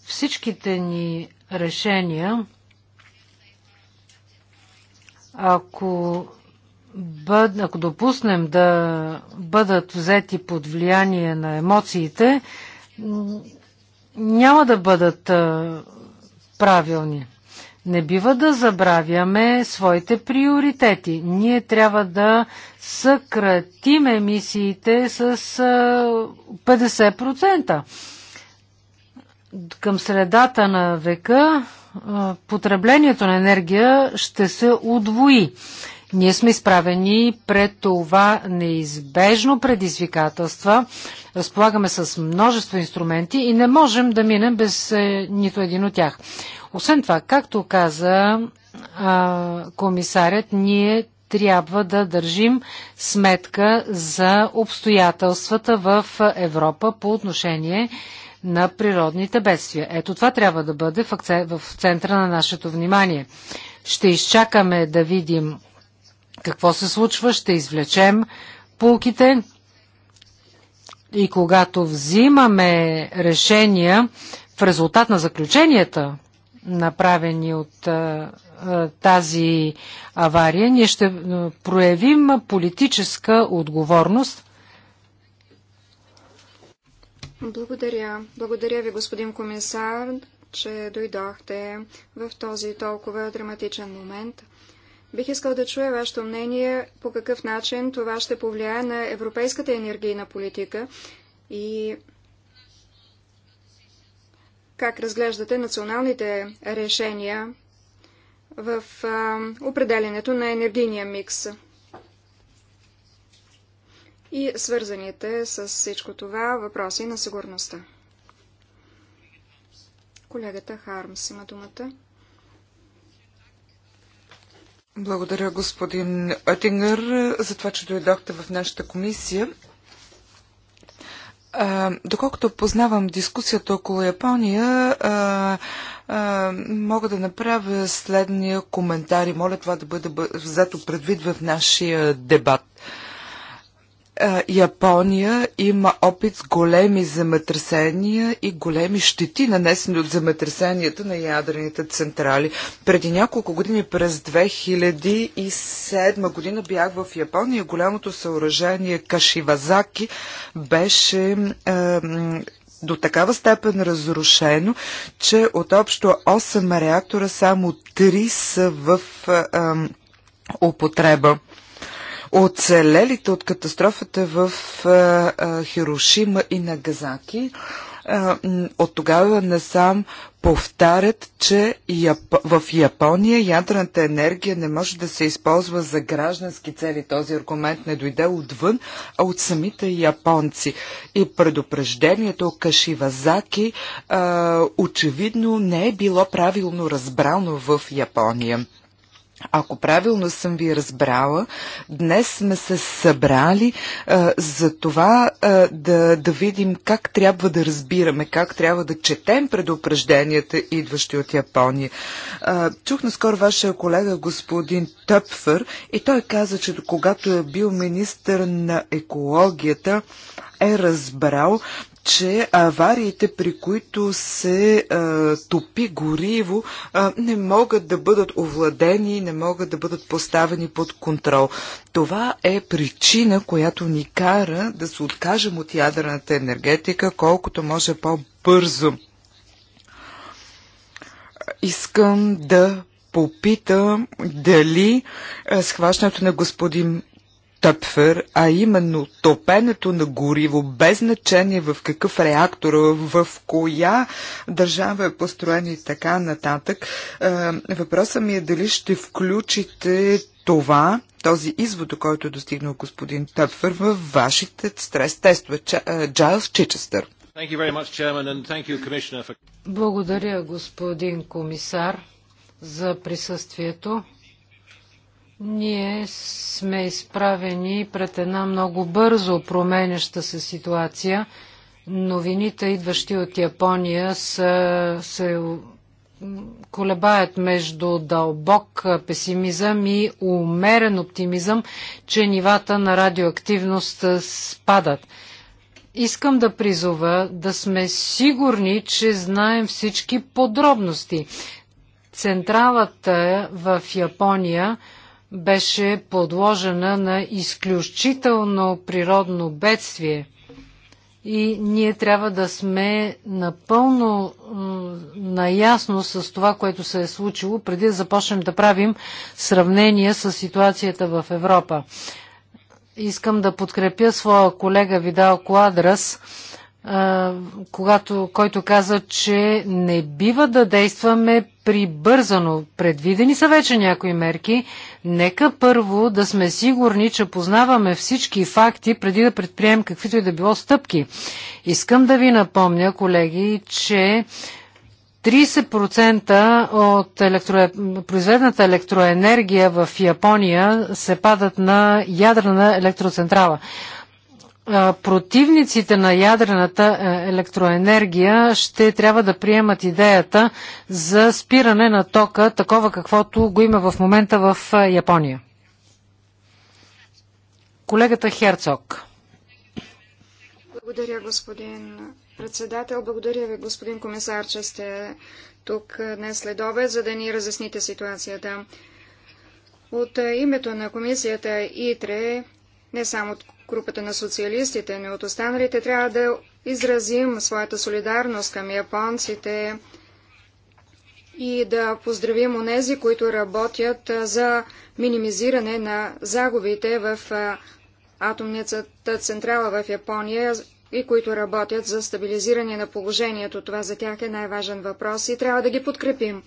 Всичките ни решения, ако бъд, ако допуснем да бъдат взети под влияние на емоциите, няма да бъдат правилни. Не бива да забравяме своите приоритети. Ние трябва да съкратим емисиите с 50%. Към средата на века потреблението на енергия ще се удвои. Ние сме изправени пред това неизбежно предизвикателства. Разполагаме с множество инструменти и не можем да минем без е, нито един от тях. Освен това, както каза а, комисарят, ние трябва да държим сметка за обстоятелствата в Европа по отношение на природните бедствия. Ето това трябва да бъде в центъра на нашето внимание. Ще изчакаме да видим какво се случва, ще извлечем пулките и когато взимаме решения в резултат на заключенията, направени от а, тази авария, ние ще проявим политическа отговорност. Благодаря. Благодаря ви, господин комисар, че дойдохте в този толкова драматичен момент. Бих искал да чуя вашето мнение по какъв начин това ще повлияе на европейската енергийна политика и как разглеждате националните решения в а, определенето на енергийния микс и свързаните с всичко това въпроси на сигурността. Колегата Хармс има думата. Благодаря, господин Атингър, за това, че дойдохте в нашата комисия. А, доколкото познавам дискусията около Япония, а, а, мога да направя следния коментар и моля това да бъде взето предвид в нашия дебат. А, Япония има опит с големи земетресения и големи щети, нанесени от земетресенията на ядрените централи. Преди няколко години, през 2007 година, бях в Япония. Голямото съоръжение Кашивазаки беше е, до такава степен разрушено, че от общо 8 реактора само 3 са в е, употреба оцелелите от катастрофата в Хирошима и Нагазаки от тогава насам повтарят, че в Япония ядрената енергия не може да се използва за граждански цели. Този аргумент не дойде отвън, а от самите японци. И предупреждението Кашивазаки очевидно не е било правилно разбрано в Япония. Ако правилно съм ви разбрала, днес сме се събрали а, за това а, да, да видим как трябва да разбираме, как трябва да четем предупрежденията, идващи от Япония. А, чух наскоро вашия колега господин Тъпфър и той каза, че когато е бил министър на екологията, е разбрал, че авариите, при които се а, топи гориво, а, не могат да бъдат овладени, не могат да бъдат поставени под контрол. Това е причина, която ни кара да се откажем от ядрената енергетика колкото може по-бързо. Искам да попитам дали схващането на господин Тъпфер, а именно топенето на гориво, без значение в какъв реактор, в коя държава е построен и така нататък. Е, въпросът ми е дали ще включите това, този извод, който е достигнал господин Тъпфер във вашите стрес-тестове. Е, Джайлс Чичестър. Благодаря, господин комисар, за присъствието. Ние сме изправени пред една много бързо променяща се ситуация. Новините, идващи от Япония, са, се колебаят между дълбок песимизъм и умерен оптимизъм, че нивата на радиоактивност спадат. Искам да призова да сме сигурни, че знаем всички подробности. Централата в Япония беше подложена на изключително природно бедствие. И ние трябва да сме напълно наясно с това, което се е случило, преди да започнем да правим сравнение с ситуацията в Европа. Искам да подкрепя своя колега Видал Куадрас, когато, който каза, че не бива да действаме прибързано. Предвидени са вече някои мерки, Нека първо да сме сигурни, че познаваме всички факти, преди да предприемем каквито и да било стъпки. Искам да ви напомня, колеги, че 30% от електро... произведената електроенергия в Япония се падат на ядрена електроцентрала противниците на ядрената е, електроенергия ще трябва да приемат идеята за спиране на тока, такова каквото го има в момента в е, Япония. Колегата Херцог. Благодаря, господин председател. Благодаря ви, господин комисар, че сте тук е, днес след обед, за да ни разясните ситуацията. От името на комисията ИТРЕ, не само групата на социалистите, но от останалите трябва да изразим своята солидарност към японците и да поздравим онези, които работят за минимизиране на загубите в атомната централа в Япония и които работят за стабилизиране на положението. Това за тях е най-важен въпрос и трябва да ги подкрепим.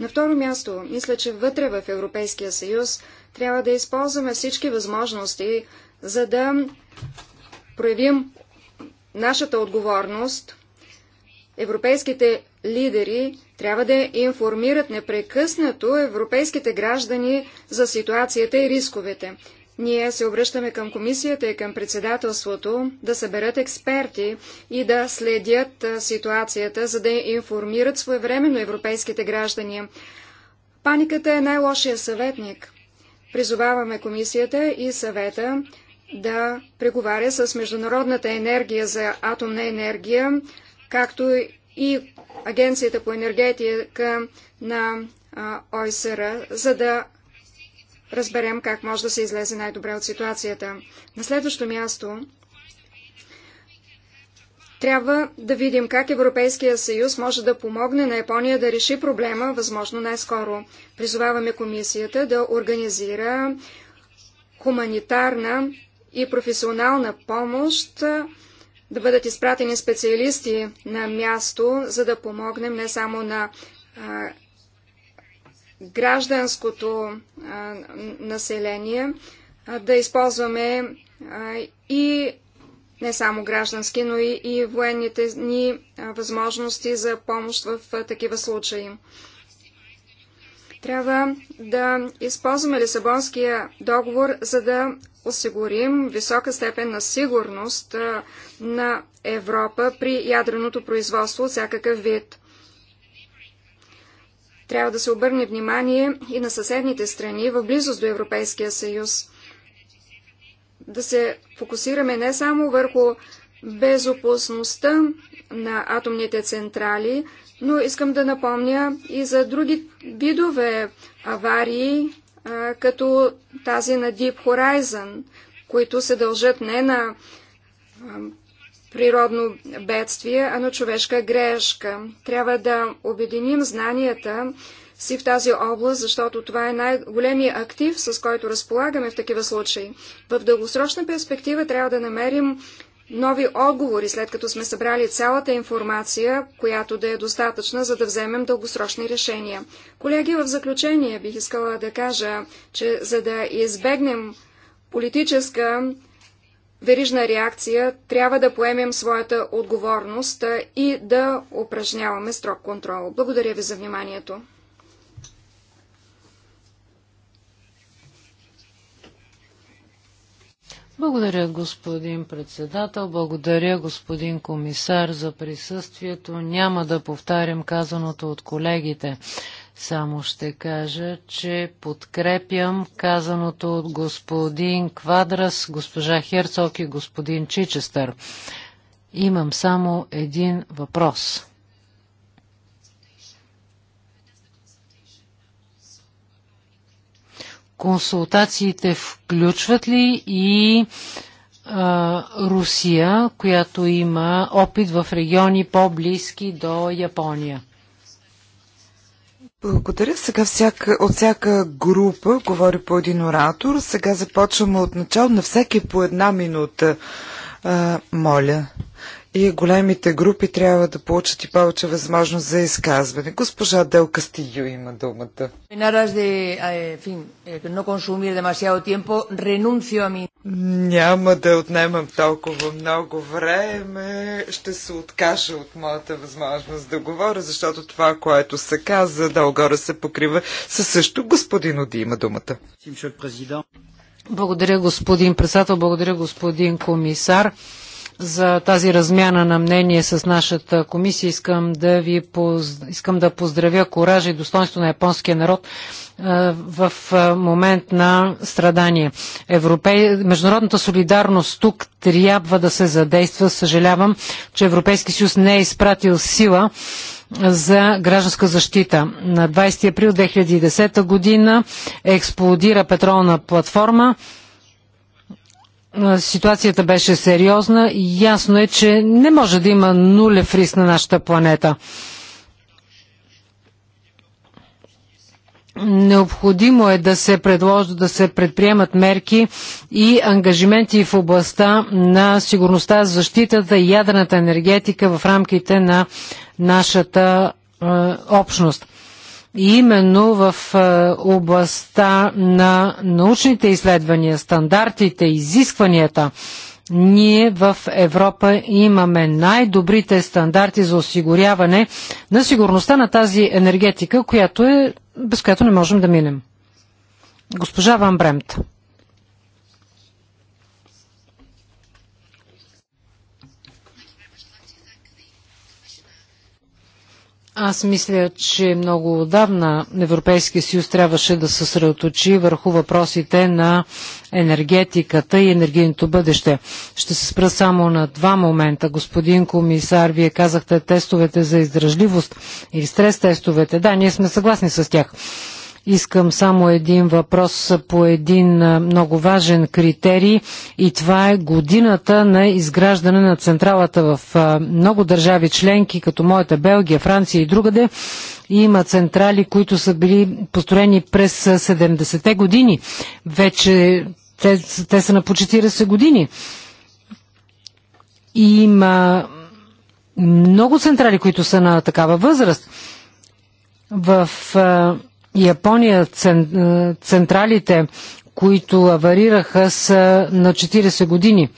На второ място, мисля, че вътре в Европейския съюз трябва да използваме всички възможности, за да проявим нашата отговорност. Европейските лидери трябва да информират непрекъснато европейските граждани за ситуацията и рисковете. Ние се обръщаме към комисията и към председателството да съберат експерти и да следят ситуацията, за да информират своевременно европейските граждани. Паниката е най-лошия съветник. Призоваваме комисията и съвета да преговаря с Международната енергия за атомна енергия, както и Агенцията по енергетика на ОСР, за да разберем как може да се излезе най-добре от ситуацията. На следващо място трябва да видим как Европейския съюз може да помогне на Япония да реши проблема възможно най-скоро. Призоваваме комисията да организира хуманитарна и професионална помощ, да бъдат изпратени специалисти на място, за да помогнем не само на а, гражданското а, население, а, да използваме и не само граждански, но и, и военните ни възможности за помощ в такива случаи. Трябва да използваме Лисабонския договор, за да осигурим висока степен на сигурност на Европа при ядреното производство от всякакъв вид. Трябва да се обърне внимание и на съседните страни в близост до Европейския съюз. Да се фокусираме не само върху безопасността на атомните централи, но искам да напомня и за други видове аварии а, като тази на Deep Horizon, които се дължат не на а, природно бедствие, а на човешка грешка. Трябва да обединим знанията си в тази област, защото това е най-големият актив, с който разполагаме в такива случаи. В дългосрочна перспектива трябва да намерим нови отговори, след като сме събрали цялата информация, която да е достатъчна, за да вземем дългосрочни решения. Колеги, в заключение бих искала да кажа, че за да избегнем политическа верижна реакция, трябва да поемем своята отговорност и да упражняваме строг контрол. Благодаря ви за вниманието. Благодаря, господин председател. Благодаря, господин комисар, за присъствието. Няма да повтарям казаното от колегите. Само ще кажа, че подкрепям казаното от господин Квадрас, госпожа Херцог и господин Чичестър. Имам само един въпрос. Консултациите включват ли и а, Русия, която има опит в региони по-близки до Япония? Благодаря. Сега всяка, от всяка група говори по един оратор. Сега започваме от начало на всеки по една минута. А, моля и големите групи трябва да получат и повече възможност за изказване. Госпожа делка стигио има думата. Eh, eh, Няма да отнемам толкова много време. Ще се откажа от моята възможност да говоря, защото това, което се каза, дългора се покрива със също. Господин Оди има думата. Благодаря, господин председател. Благодаря, господин комисар за тази размяна на мнение с нашата комисия. Искам да ви поз... искам да поздравя коража и достоинство на японския народ в момент на страдание. Европе... Международната солидарност тук трябва да се задейства. Съжалявам, че Европейски съюз не е изпратил сила за гражданска защита. На 20 април 2010 година е експлодира петролна платформа ситуацията беше сериозна. и Ясно е, че не може да има нулев риск на нашата планета. Необходимо е да се предложат, да се предприемат мерки и ангажименти в областта на сигурността, защитата и ядрената енергетика в рамките на нашата е, общност именно в е, областта на научните изследвания, стандартите, изискванията. Ние в Европа имаме най-добрите стандарти за осигуряване на сигурността на тази енергетика, която е, без която не можем да минем. Госпожа Ван Бремт. Аз мисля, че много отдавна Европейския съюз трябваше да се съсредоточи върху въпросите на енергетиката и енергийното бъдеще. Ще се спра само на два момента. Господин комисар, вие казахте тестовете за издръжливост или стрес тестовете. Да, ние сме съгласни с тях. Искам само един въпрос по един много важен критерий и това е годината на изграждане на централата в много държави членки, като моята Белгия, Франция и другаде. Има централи, които са били построени през 70-те години. Вече те, те са на по 40 години. И има много централи, които са на такава възраст. В Япония централите, които аварираха, са на 40 години.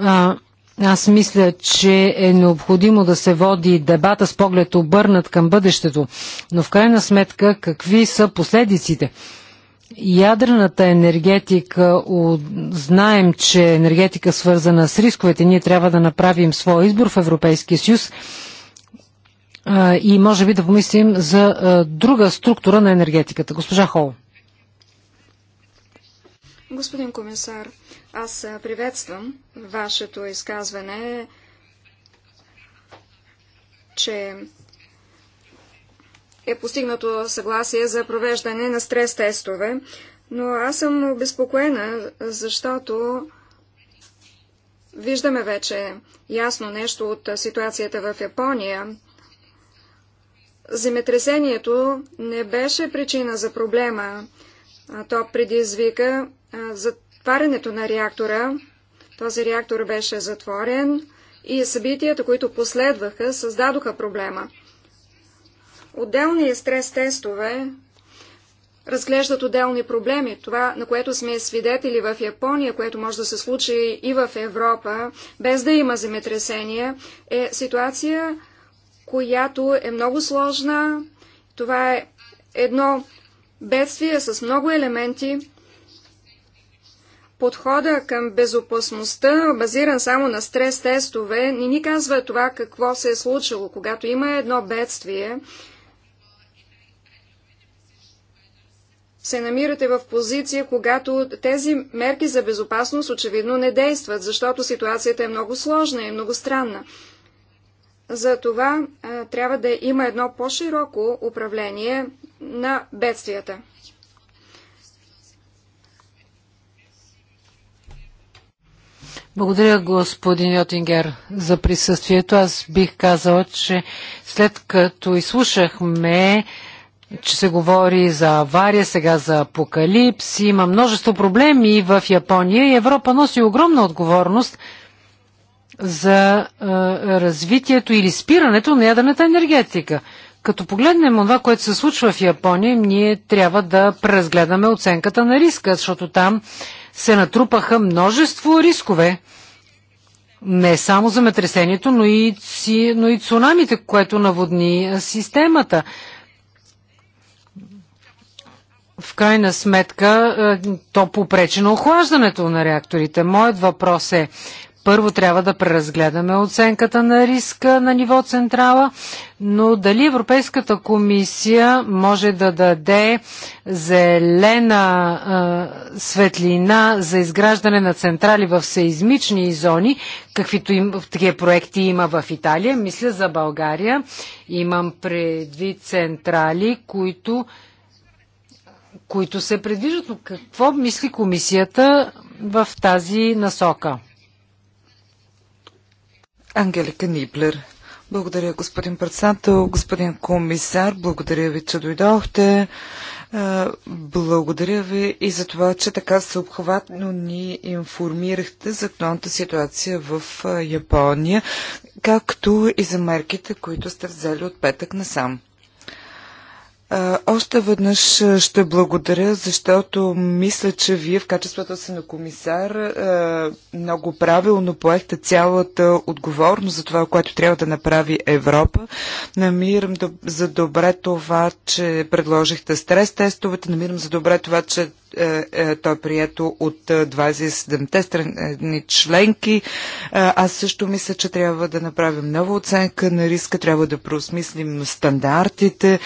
А, аз мисля, че е необходимо да се води дебата с поглед обърнат към бъдещето, но в крайна сметка какви са последиците? Ядрената енергетика, знаем, че енергетика свързана с рисковете, ние трябва да направим своя избор в Европейския съюз и може би да помислим за друга структура на енергетиката. Госпожа Хол. Господин комисар, аз приветствам вашето изказване, че е постигнато съгласие за провеждане на стрес-тестове, но аз съм обезпокоена, защото виждаме вече ясно нещо от ситуацията в Япония земетресението не беше причина за проблема. То предизвика затварянето на реактора. Този реактор беше затворен и събитията, които последваха, създадоха проблема. Отделни стрес-тестове разглеждат отделни проблеми. Това, на което сме свидетели в Япония, което може да се случи и в Европа, без да има земетресения, е ситуация, която е много сложна. Това е едно бедствие с много елементи. Подхода към безопасността, базиран само на стрес-тестове, не ни казва това какво се е случило, когато има едно бедствие. се намирате в позиция, когато тези мерки за безопасност очевидно не действат, защото ситуацията е много сложна и много странна. За това а, трябва да има едно по-широко управление на бедствията. Благодаря, господин Йотингер, за присъствието. Аз бих казала, че след като изслушахме, че се говори за авария, сега за апокалипс, има множество проблеми в Япония и Европа носи огромна отговорност – за е, развитието или спирането на ядрената енергетика. Като погледнем това, което се случва в Япония, ние трябва да преразгледаме оценката на риска, защото там се натрупаха множество рискове. Не само земетресението, но и, но и цунамите, което наводни е, системата. В крайна сметка, е, то попречи на охлаждането на реакторите. Моят въпрос е, първо трябва да преразгледаме оценката на риска на ниво централа, но дали Европейската комисия може да даде зелена а, светлина за изграждане на централи в сейзмични зони, каквито им, такива проекти има в Италия, мисля за България. Имам предвид централи, които които се предвиждат. Какво мисли комисията в тази насока? Ангелика Ниблер. Благодаря, господин председател, господин комисар. Благодаря ви, че дойдохте. Е, благодаря ви и за това, че така съобхватно ни информирахте за актуалната ситуация в е, Япония, както и за мерките, които сте взели от петък насам още веднъж ще благодаря, защото мисля, че вие в качеството си на комисар много правилно поехте цялата отговорност за това, което трябва да направи Европа. Намирам за добре това, че предложихте стрес-тестовете, намирам за добре това, че е, е, той е прието от 27-те е, страни членки. Аз също мисля, че трябва да направим нова оценка на риска, трябва да преосмислим стандартите.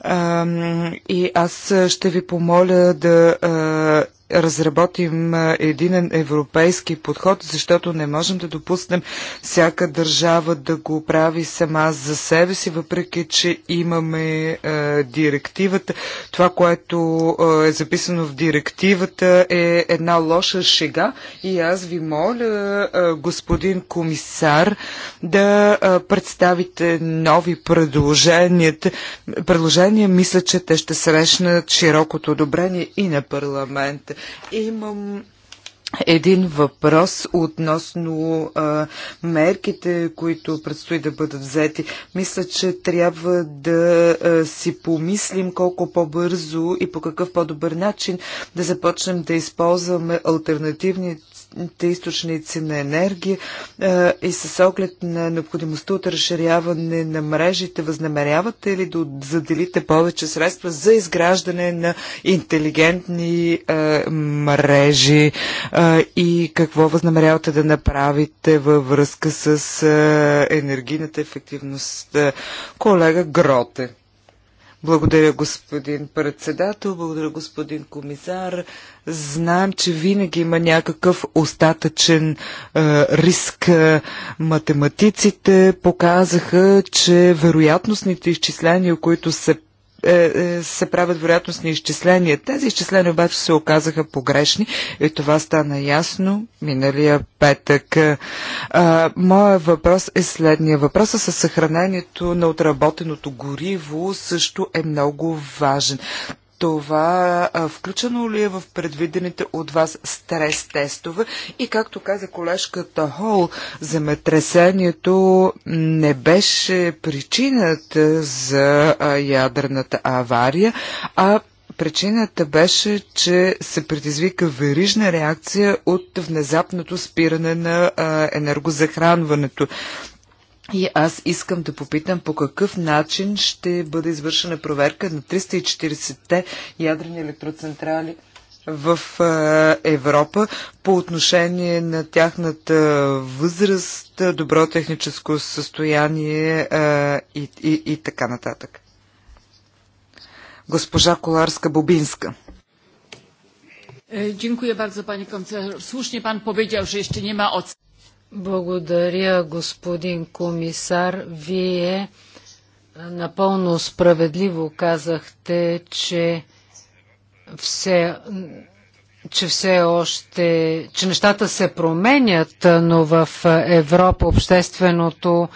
А, и аз ще ви помоля да разработим един европейски подход, защото не можем да допуснем всяка държава да го прави сама за себе си, въпреки че имаме е, директивата. Това, което е записано в директивата е една лоша шега и аз ви моля, е, господин комисар, да е, представите нови предложения. Предложения мисля, че те ще срещнат широкото одобрение и на парламента. Имам един въпрос относно а, мерките, които предстои да бъдат взети. Мисля, че трябва да а, си помислим колко по-бързо и по какъв по-добър начин да започнем да използваме альтернативни местните източници на енергия е, и с оглед на необходимостта от разширяване на мрежите, възнамерявате ли да заделите повече средства за изграждане на интелигентни е, мрежи е, и какво възнамерявате да направите във връзка с енергийната ефективност? Колега Гроте. Благодаря, господин председател, благодаря, господин комисар. Знаем, че винаги има някакъв остатъчен е, риск. Математиците показаха, че вероятностните изчисления, които се е, е, се правят вероятностни изчисления. Тези изчисления обаче се оказаха погрешни и това стана ясно миналия петък. Моят е, моя въпрос е следния. Въпросът със съхранението на отработеното гориво също е много важен това а, включено ли е в предвидените от вас стрес тестове? И както каза колежката Хол, земетресението не беше причината за а, ядрената авария, а Причината беше, че се предизвика верижна реакция от внезапното спиране на енергозахранването. И аз искам да попитам по какъв начин ще бъде извършена проверка на 340-те ядрени електроцентрали в Европа по отношение на тяхната възраст, добро техническо състояние и, и, и така нататък. Госпожа Коларска-Бобинска. Е, дякую, пани panie komisarzu. Słusznie pan powiedział, że jeszcze благодаря, господин комисар. Вие напълно справедливо казахте, че все, че все още, че нещата се променят, но в Европа общественото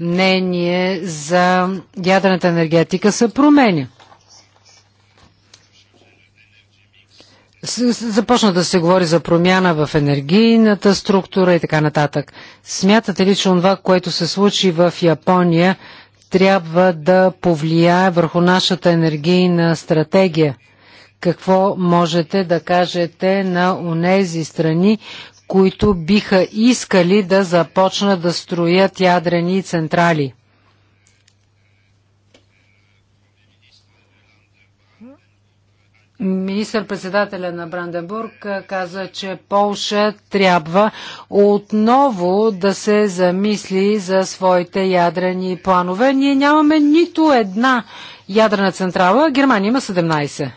мнение за ядрената енергетика се променя. започна да се говори за промяна в енергийната структура и така нататък. Смятате ли, че това, което се случи в Япония, трябва да повлияе върху нашата енергийна стратегия? Какво можете да кажете на онези страни, които биха искали да започнат да строят ядрени централи? Министър-председателя на Бранденбург каза, че Полша трябва отново да се замисли за своите ядрени планове. Ние нямаме нито една ядрена централа, Германия има 17.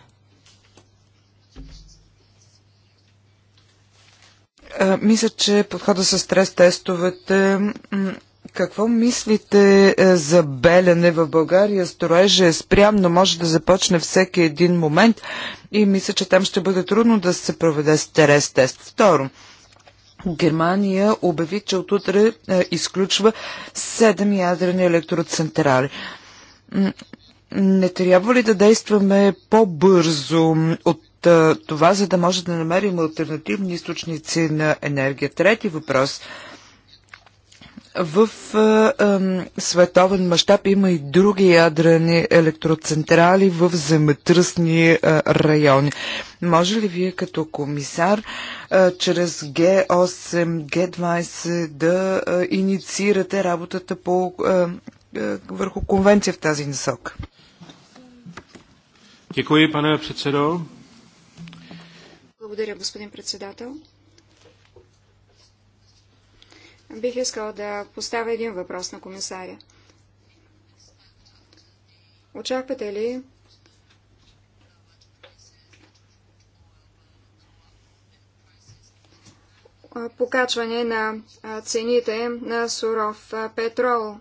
Е, мисля, че подхода с стрес тестовете какво мислите е, за Белене в България? Строежа е спрям, но може да започне всеки един момент и мисля, че там ще бъде трудно да се проведе стерес тест. Второ, Германия обяви, че отутре утре е, изключва 7 ядрени електроцентрали. Не трябва ли да действаме по-бързо от е, това, за да може да намерим альтернативни източници на енергия? Трети въпрос – в световен мащаб има и други ядрени електроцентрали в земетръсни райони. Може ли вие като комисар чрез Г8, Г20 да инициирате работата по, върху конвенция в тази насока? Děkuji, pane předsedo. Благодаря, господин председател. Бих искал да поставя един въпрос на комисаря. Очаквате ли покачване на цените на суров петрол,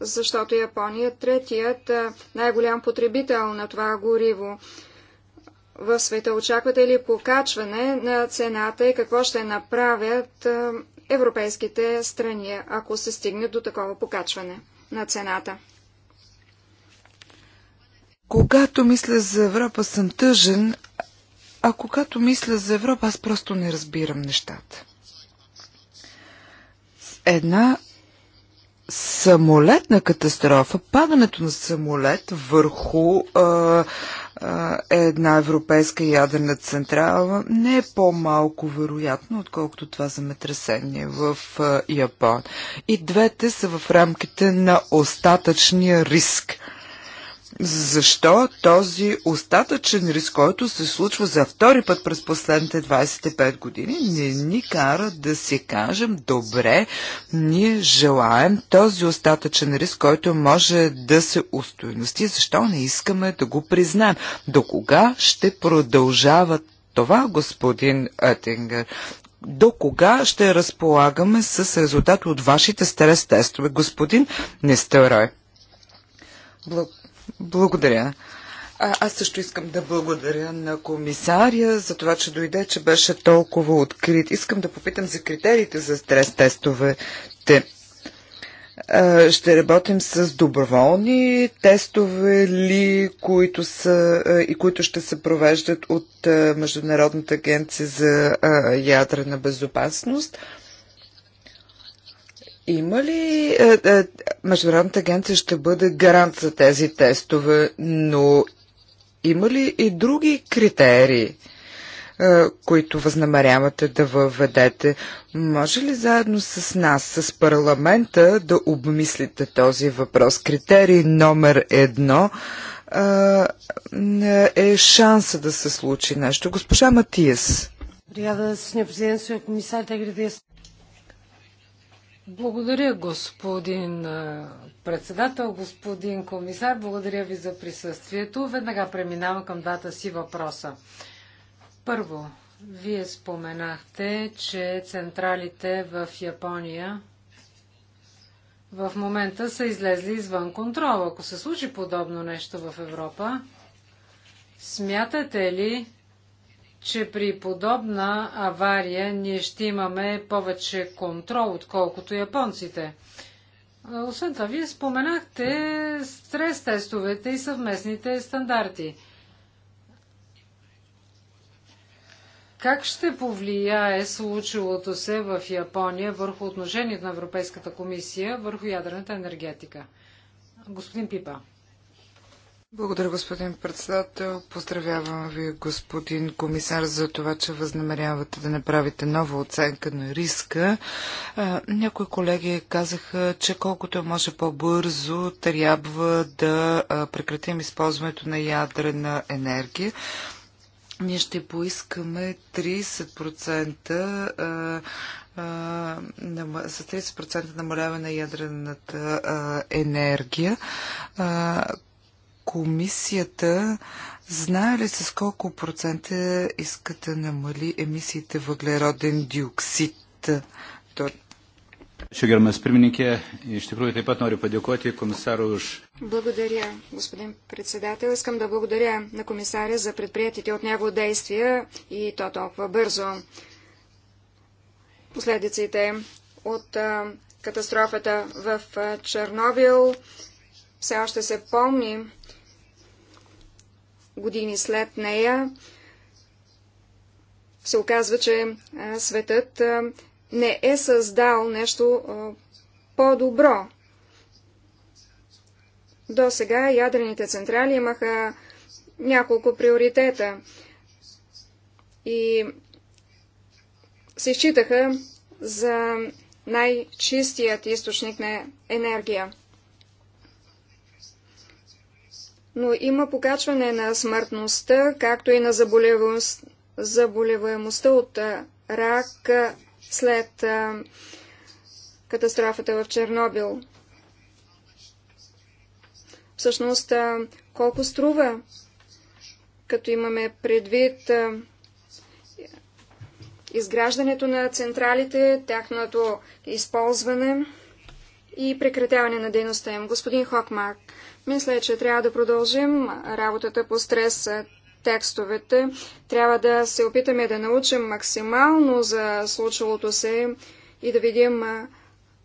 защото Япония е третият най-голям потребител на това гориво в света. Очаквате ли покачване на цената и какво ще направят европейските страни, ако се стигне до такова покачване на цената. Когато мисля за Европа, съм тъжен, а когато мисля за Европа, аз просто не разбирам нещата. Една самолетна катастрофа, падането на самолет върху а, а, една европейска ядрена централа не е по-малко вероятно, отколкото това земетресение в а, Япон. И двете са в рамките на остатъчния риск защо този остатъчен риск, който се случва за втори път през последните 25 години, не ни кара да си кажем, добре, ние желаем този остатъчен риск, който може да се устойности, защо не искаме да го признаем? До кога ще продължава това, господин Етингер? до кога ще разполагаме с резултат от вашите стрес тестове, господин Нестерой? Благодаря. Благодаря. А, аз също искам да благодаря на комисаря за това, че дойде, че беше толкова открит. Искам да попитам за критериите за стрес-тестовете. Ще работим с доброволни тестове ли, които са и които ще се провеждат от Международната агенция за ядрена безопасност. Има ли е, е, Международната агенция ще бъде гарант за тези тестове, но има ли и други критерии, е, които възнамерявате да въведете? Може ли заедно с нас, с парламента, да обмислите този въпрос? Критерий номер едно е, е шанса да се случи нещо. Госпожа Матиас. Приятел, благодаря, господин председател, господин комисар. Благодаря ви за присъствието. Веднага преминавам към двата си въпроса. Първо, вие споменахте, че централите в Япония в момента са излезли извън контрол. Ако се случи подобно нещо в Европа, смятате ли, че при подобна авария ние ще имаме повече контрол, отколкото японците. Освен това, вие споменахте стрес-тестовете и съвместните стандарти. Как ще повлияе случилото се в Япония върху отношението на Европейската комисия върху ядрената енергетика? Господин Пипа. Благодаря, господин председател. Поздравявам ви, господин комисар, за това, че възнамерявате да направите нова оценка на риска. Някои колеги казаха, че колкото е може по-бързо трябва да прекратим използването на ядрена енергия ние ще поискаме 30% с 30% намаляване на ядрената енергия, комисията знае ли с колко процента иска да намали емисиите въглероден диоксид? Благодаря, господин председател. Искам да благодаря на комисаря за предприятите от него действия и то толкова бързо. Последиците от а, катастрофата в а, Чернобил все още се помни години след нея се оказва, че светът не е създал нещо по-добро. До сега ядрените централи имаха няколко приоритета и се считаха за най-чистият източник на енергия. но има покачване на смъртността, както и на заболеваемостта от рак след катастрофата в Чернобил. Всъщност, колко струва, като имаме предвид изграждането на централите, тяхното използване и прекратяване на дейността им. Господин Хокмарк, мисля, че трябва да продължим работата по стрес текстовете. Трябва да се опитаме да научим максимално за случилото се и да видим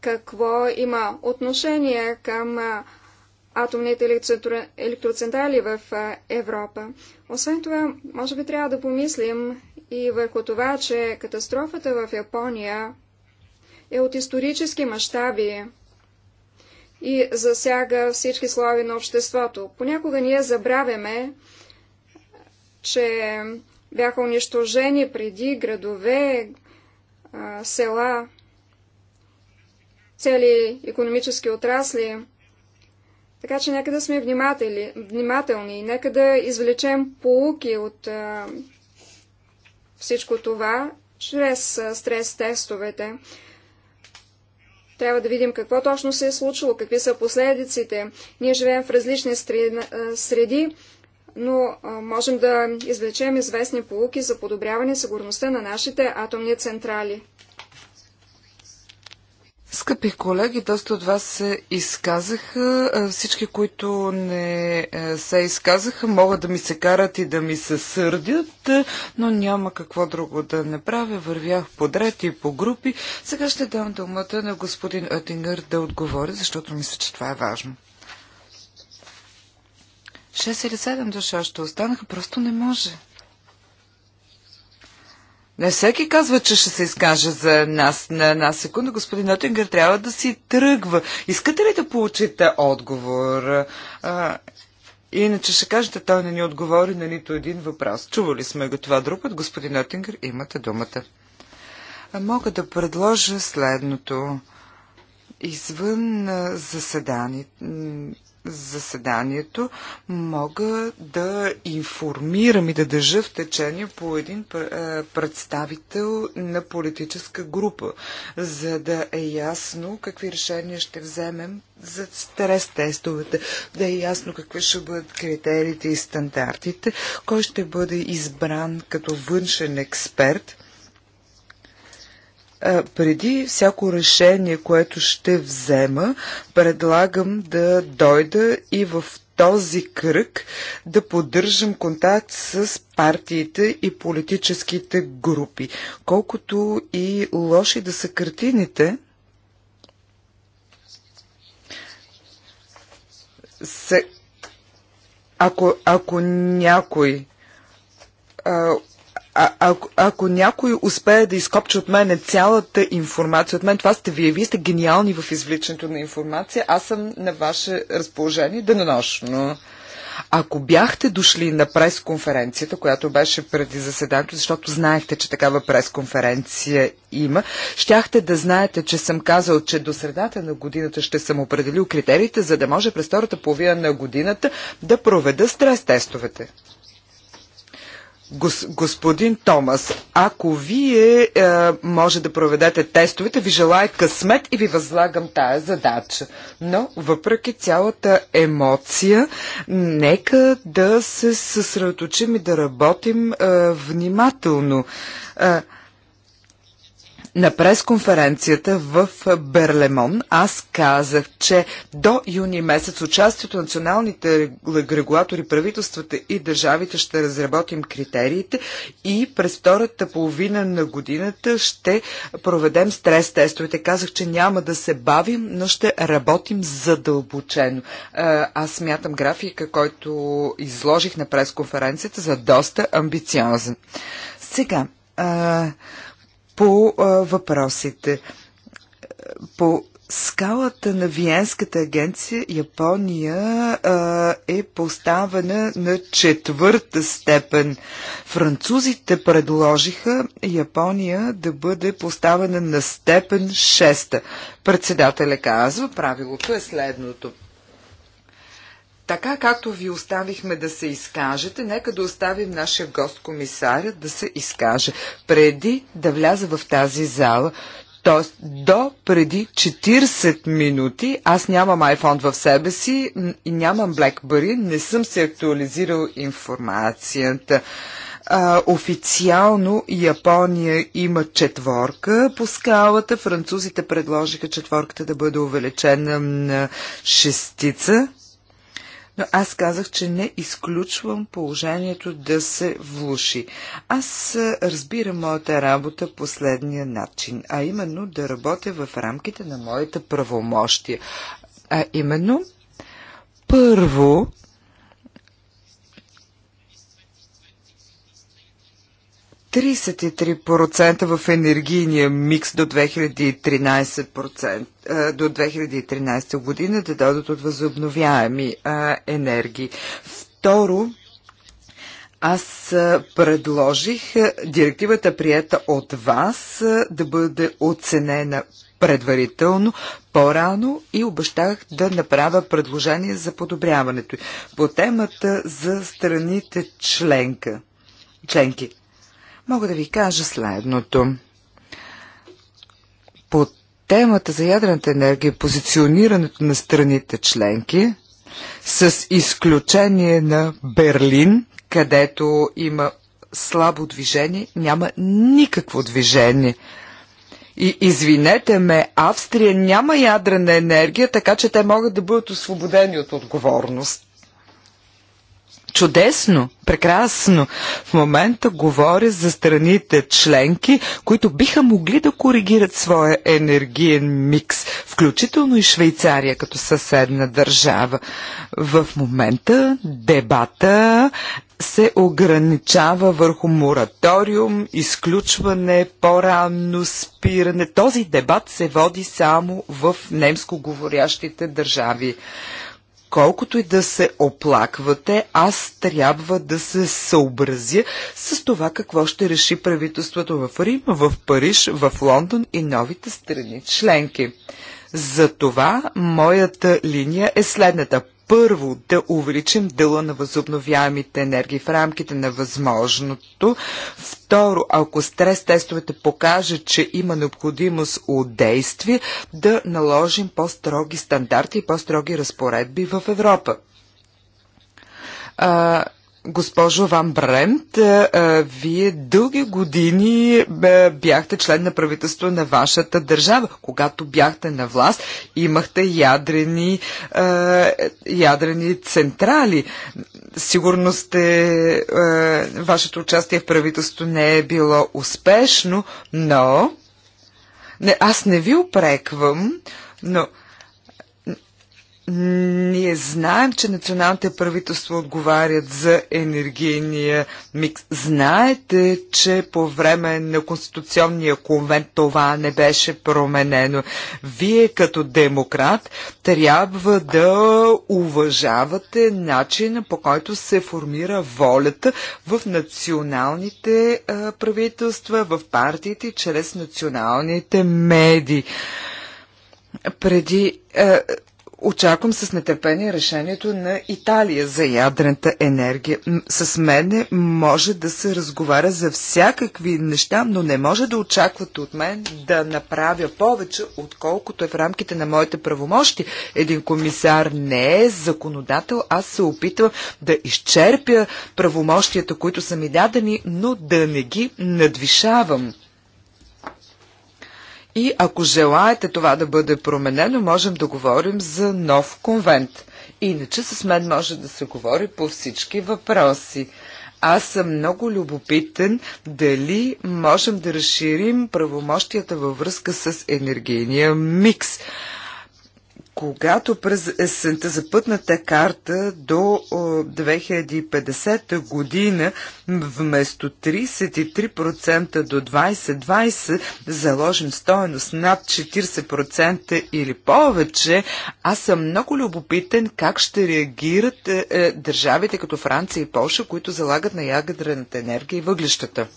какво има отношение към атомните електроцентрали в Европа. Освен това, може би трябва да помислим и върху това, че катастрофата в Япония е от исторически мащаби и засяга всички слави на обществото. Понякога ние забравяме, че бяха унищожени преди градове, села, цели економически отрасли. Така че нека да сме внимателни и нека да извлечем полуки от а, всичко това чрез стрес-тестовете. Трябва да видим какво точно се е случило, какви са последиците. Ние живеем в различни среди, но можем да извлечем известни полуки за подобряване сигурността на нашите атомни централи. Скъпи колеги, доста от вас се изказаха. Е, всички, които не е, се изказаха, могат да ми се карат и да ми се сърдят, е, но няма какво друго да направя. Вървях подред и по групи. Сега ще дам думата на господин Оттингър да отговори, защото мисля, че това е важно. Шест или седем души още останаха, просто не може. Не всеки казва, че ще се изкаже за нас на една секунда. Господин Нотингър трябва да си тръгва. Искате ли да получите отговор? А, иначе ще кажете, той не ни отговори на нито един въпрос. Чували сме го това друг път. Господин Нотингър, имате думата. А мога да предложа следното. Извън заседанието заседанието, мога да информирам и да държа в течение по един представител на политическа група, за да е ясно какви решения ще вземем за стрес тестовете, да е ясно какви ще бъдат критериите и стандартите, кой ще бъде избран като външен експерт преди всяко решение, което ще взема, предлагам да дойда и в този кръг да поддържам контакт с партиите и политическите групи. Колкото и лоши да са картините, се, ако, ако някой а, а, ако, ако някой успее да изкопче от мене цялата информация, от мен това сте вие, вие сте гениални в извличането на информация, аз съм на ваше разположение денонощно. Ако бяхте дошли на пресконференцията, която беше преди заседанието, защото знаехте, че такава пресконференция има, щяхте да знаете, че съм казал, че до средата на годината ще съм определил критериите, за да може през втората половина на годината да проведа стрес-тестовете. Гос, господин Томас, ако вие е, може да проведете тестовете, ви желая късмет и ви възлагам тая задача. Но, въпреки цялата емоция, нека да се съсредоточим и да работим е, внимателно. Е, на пресконференцията в Берлемон аз казах, че до юни месец участието на националните регулатори, правителствата и държавите ще разработим критериите и през втората половина на годината ще проведем стрес тестовете. Казах, че няма да се бавим, но ще работим задълбочено. Аз смятам графика, който изложих на пресконференцията за доста амбициозен. Сега, а, по а, въпросите. По скалата на Виенската агенция Япония а, е поставена на четвърта степен. Французите предложиха Япония да бъде поставена на степен шеста. Председателя казва, правилото е следното – така както ви оставихме да се изкажете, нека да оставим нашия гост комисаря да се изкаже преди да вляза в тази зала. Тоест, до преди 40 минути аз нямам iPhone в себе си и нямам BlackBerry, не съм се актуализирал информацията. А, официално Япония има четворка по скалата. Французите предложиха четворката да бъде увеличена на шестица но аз казах, че не изключвам положението да се влуши. Аз разбирам моята работа последния начин, а именно да работя в рамките на моите правомощия. А именно, първо, 33% в енергийния микс до 2013%, до 2013 година да дойдат от възобновяеми енергии. Второ, аз предложих директивата прията от вас да бъде оценена предварително, по-рано и обещах да направя предложение за подобряването. По темата за страните членка, членки мога да ви кажа следното. По темата за ядрената енергия позиционирането на страните членки, с изключение на Берлин, където има слабо движение, няма никакво движение. И извинете ме, Австрия няма ядрена енергия, така че те могат да бъдат освободени от отговорност. Чудесно, прекрасно. В момента говоря за страните членки, които биха могли да коригират своя енергиен микс, включително и Швейцария като съседна държава. В момента дебата се ограничава върху мораториум, изключване, по рано спиране. Този дебат се води само в немско говорящите държави колкото и да се оплаквате, аз трябва да се съобразя с това какво ще реши правителството в Рим, в Париж, в Лондон и новите страни членки. За това моята линия е следната първо да увеличим дела на възобновяемите енергии в рамките на възможното. Второ, ако стрес тестовете покажат, че има необходимост от действие, да наложим по-строги стандарти и по-строги разпоредби в Европа. А, Госпожо Ван Бремт, е, е, вие дълги години е, бяхте член на правителство на вашата държава. Когато бяхте на власт, имахте ядрени, ядрени централи. Сигурно сте, вашето участие в правителство не е било успешно, но... Не, аз не ви опреквам, но ние знаем, че националните правителства отговарят за енергийния микс. Знаете, че по време на Конституционния конвент това не беше променено. Вие като демократ трябва да уважавате начина по който се формира волята в националните правителства, в партиите, чрез националните медии. Преди Очаквам с нетърпение решението на Италия за ядрената енергия. С мене може да се разговаря за всякакви неща, но не може да очаквате от мен да направя повече, отколкото е в рамките на моите правомощи. Един комисар не е законодател, аз се опитвам да изчерпя правомощията, които са ми дадени, но да не ги надвишавам. И ако желаете това да бъде променено, можем да говорим за нов конвент. Иначе с мен може да се говори по всички въпроси. Аз съм много любопитен дали можем да разширим правомощията във връзка с енергийния микс. Когато през есента за пътната карта до 2050 година вместо 33% до 2020 заложим стоеност над 40% или повече, аз съм много любопитен как ще реагират е, е, държавите като Франция и Польша, които залагат на ядрената енергия и въглищата.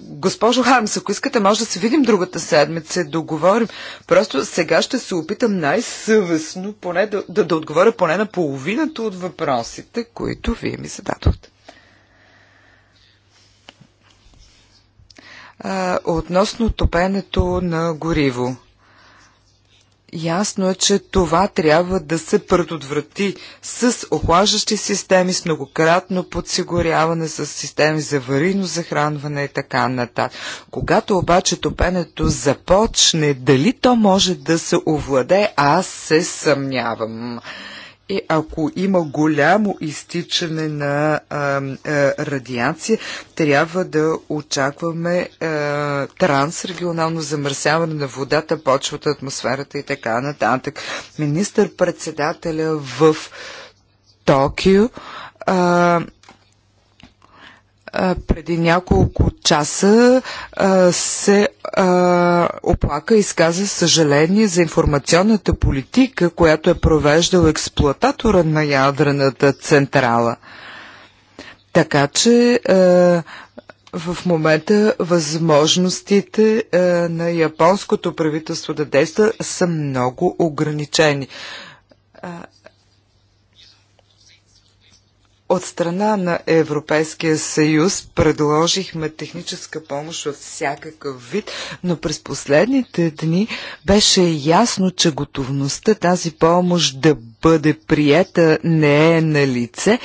Госпожо Хармс, ако искате, може да се видим другата седмица, да говорим. Просто сега ще се опитам най-съвестно поне да, да, да отговоря поне на половината от въпросите, които вие ми зададохте. А, относно топенето на гориво. Ясно е, че това трябва да се предотврати с охлаждащи системи, с многократно подсигуряване, с системи за аварийно захранване и така нататък. Когато обаче топенето започне, дали то може да се овладе, аз се съмнявам е ако има голямо изтичане на а, а, радиация, трябва да очакваме а, трансрегионално замърсяване на водата, почвата, атмосферата и така нататък. Министър-председателя в Токио а, преди няколко часа се а, оплака изказа съжаление за информационната политика, която е провеждал експлуататора на ядрената централа. Така че а, в момента възможностите а, на японското правителство да действа са много ограничени. От страна на Европейския съюз предложихме техническа помощ от всякакъв вид, но през последните дни беше ясно, че готовността тази помощ да бъде приета не е на лице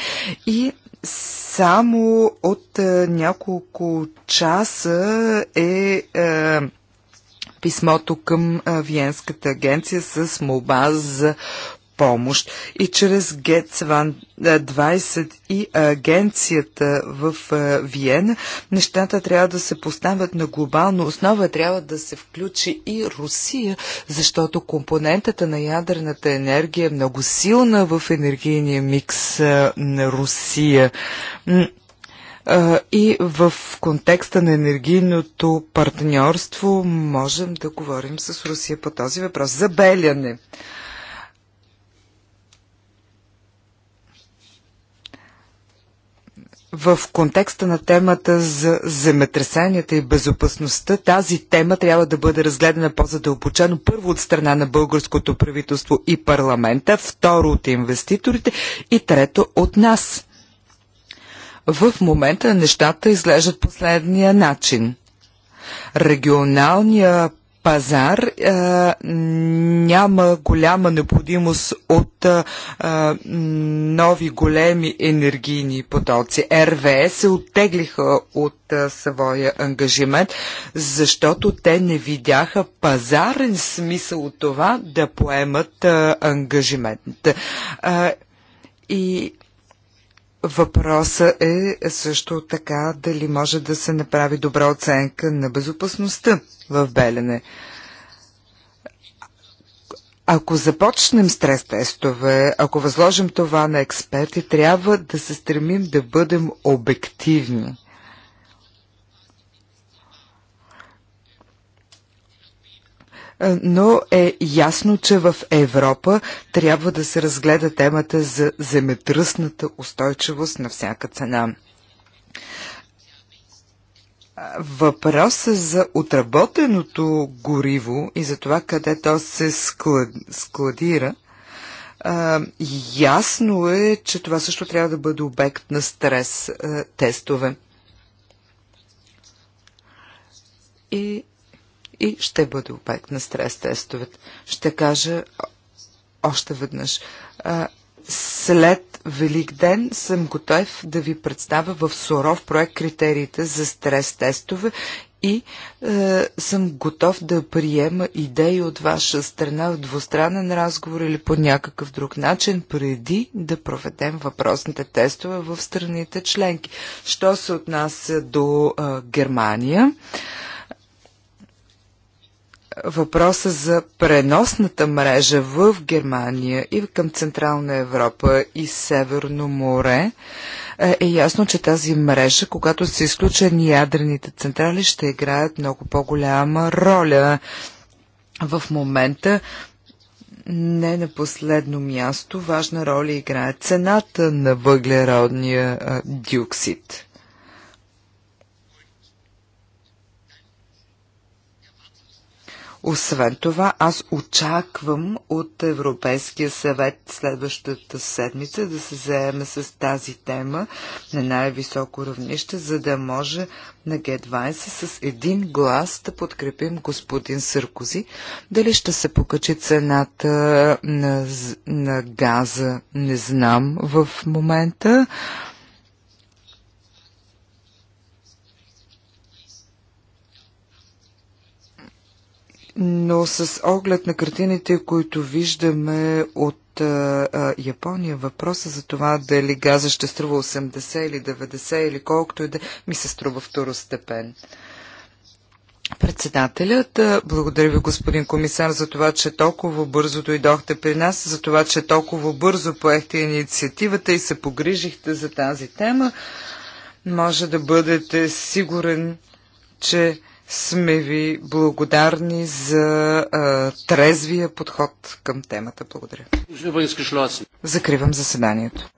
и само от е, няколко часа е, е писмото към е, Виенската агенция с молба за помощ и чрез ГЕЦ-20 и агенцията в Виена, нещата трябва да се поставят на глобална основа, трябва да се включи и Русия, защото компонентата на ядрената енергия е много силна в енергийния микс на Русия и в контекста на енергийното партньорство можем да говорим с Русия по този въпрос. Забеляне. в контекста на темата за земетресенията и безопасността, тази тема трябва да бъде разгледана по-задълбочено първо от страна на българското правителство и парламента, второ от инвеститорите и трето от нас. В момента нещата изглеждат последния начин. Регионалния пазар а, е, няма голяма необходимост от а, е, е, нови големи енергийни потоци. РВС се оттеглиха от а, своя ангажимент, защото те не видяха пазарен смисъл от това да поемат а, ангажимент. А, и Въпроса е също така дали може да се направи добра оценка на безопасността в Белене. Ако започнем стрес тестове, ако възложим това на експерти, трябва да се стремим да бъдем обективни. Е, но е ясно, че в Европа трябва да се разгледа темата за земетръсната устойчивост на всяка цена. Въпросът за отработеното гориво и за това къде то се склад, складира, а, ясно е, че това също трябва да бъде обект на стрес а, тестове. И и ще бъде обект на стрес тестовете. Ще кажа още веднъж. След Велик ден съм готов да ви представя в суров проект критериите за стрес тестове и е, съм готов да приема идеи от ваша страна в двустранен разговор или по някакъв друг начин, преди да проведем въпросните тестове в страните членки. Що се отнася до е, Германия? Е, въпроса за преносната мрежа в Германия и към Централна Европа и Северно море, е, е ясно, че тази мрежа, когато са изключени ядрените централи, ще играят много по-голяма роля. В момента не на последно място важна роля играе цената на въглеродния диоксид. Освен това, аз очаквам от Европейския съвет следващата седмица да се заеме с тази тема на най-високо равнище, за да може на Г-20 с един глас да подкрепим господин Съркози. Дали ще се покачи цената на, на газа, не знам в момента. Но с оглед на картините, които виждаме от а, а, Япония, въпроса за това дали газа ще струва 80 или 90 или колкото и да ми се струва второстепен. Председателят, благодаря ви господин комисар за това, че толкова бързо дойдохте при нас, за това, че толкова бързо поехте инициативата и се погрижихте за тази тема. Може да бъдете сигурен, че сме ви благодарни за а, трезвия подход към темата. Благодаря. Закривам заседанието.